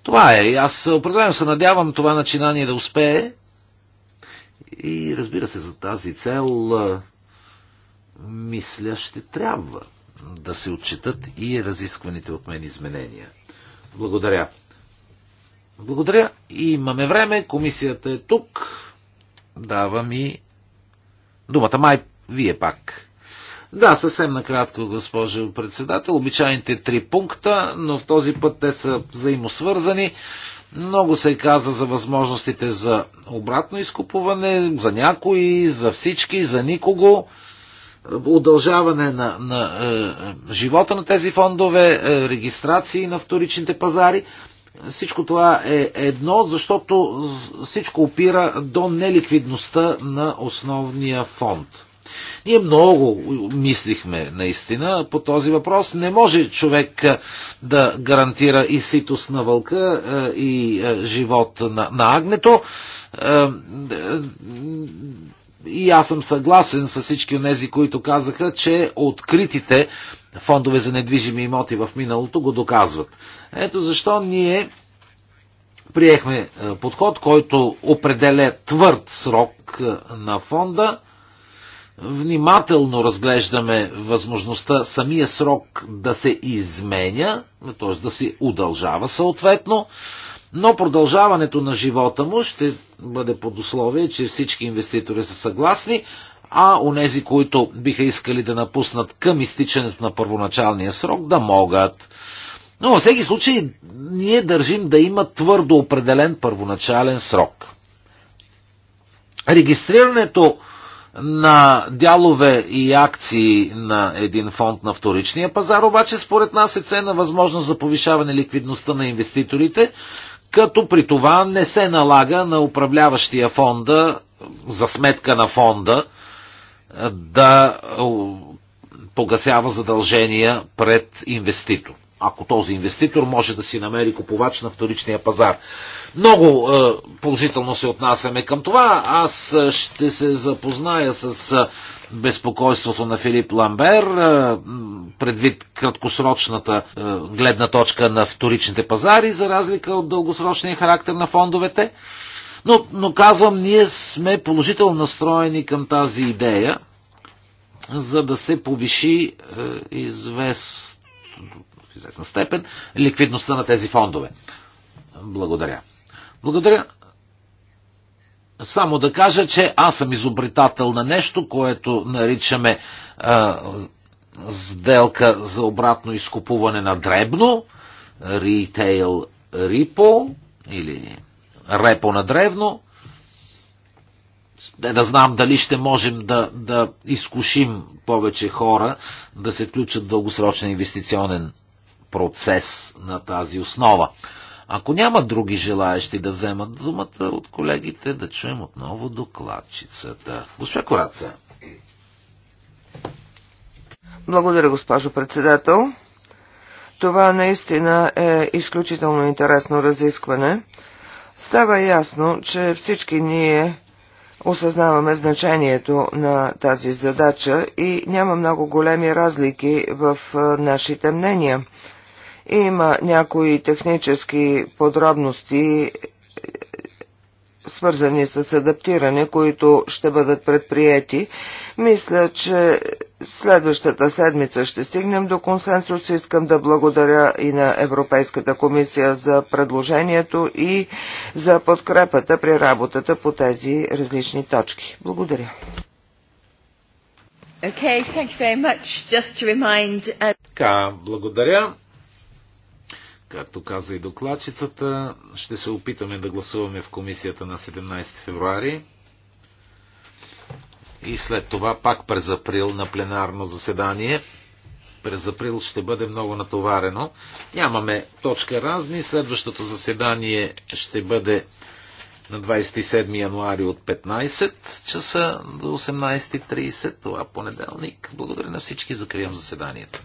Това е. Аз определено се надявам това начинание да успее. И разбира се, за тази цел, мисля, ще трябва да се отчитат и разискваните от мен изменения. Благодаря. Благодаря. Имаме време. Комисията е тук. Давам и думата. Май, вие пак. Да, съвсем накратко, госпожо председател. Обичайните три пункта, но в този път те са взаимосвързани. Много се каза за възможностите за обратно изкупуване, за някои, за всички, за никого. Удължаване на, на е, е, живота на тези фондове, е, регистрации на вторичните пазари. Всичко това е едно, защото всичко опира до неликвидността на основния фонд. Ние много мислихме наистина по този въпрос. Не може човек да гарантира и ситост на вълка, и живот на, на агнето. И аз съм съгласен с всички от тези, които казаха, че откритите фондове за недвижими имоти в миналото го доказват. Ето защо ние приехме е, подход, който определя твърд срок е, на фонда. Внимателно разглеждаме възможността самия срок да се изменя, т.е. да се удължава съответно но продължаването на живота му ще бъде под условие, че всички инвеститори са съгласни, а онези, които биха искали да напуснат към изтичането на първоначалния срок, да могат. Но във всеки случай ние държим да има твърдо определен първоначален срок. Регистрирането на дялове и акции на един фонд на вторичния пазар, обаче според нас е ценна възможност за повишаване ликвидността на инвеститорите, като при това не се налага на управляващия фонда, за сметка на фонда, да погасява задължения пред инвеститор. Ако този инвеститор може да си намери купувач на вторичния пазар. Много е, положително се отнасяме към това. Аз е, ще се запозная с е, безпокойството на Филип Ламбер, предвид краткосрочната гледна точка на вторичните пазари, за разлика от дългосрочния характер на фондовете. Но, но казвам, ние сме положително настроени към тази идея, за да се повиши е, извест, в известна степен ликвидността на тези фондове. Благодаря. Благодаря. Само да кажа, че аз съм изобретател на нещо, което наричаме а, е, сделка за обратно изкупуване на дребно, ритейл рипо или репо на древно. Не да знам дали ще можем да, да изкушим повече хора да се включат в дългосрочен инвестиционен процес на тази основа. Ако няма други желаящи да вземат думата от колегите, да чуем отново докладчицата. Госпожа Кораца. Благодаря, госпожо председател. Това наистина е изключително интересно разискване. Става ясно, че всички ние осъзнаваме значението на тази задача и няма много големи разлики в нашите мнения. Има някои технически подробности, свързани с адаптиране, които ще бъдат предприяти. Мисля, че следващата седмица ще стигнем до консенсус. Искам да благодаря и на Европейската комисия за предложението и за подкрепата при работата по тези различни точки. Благодаря. Okay, thank you very much. Just to remind... Uh, така, благодаря. Както каза и докладчицата, ще се опитаме да гласуваме в комисията на 17 февруари и след това пак през април на пленарно заседание. През април ще бъде много натоварено. Нямаме точка разни. Следващото заседание ще бъде на 27 януари от 15 часа до 18.30, това понеделник. Благодаря на всички, закривам заседанието.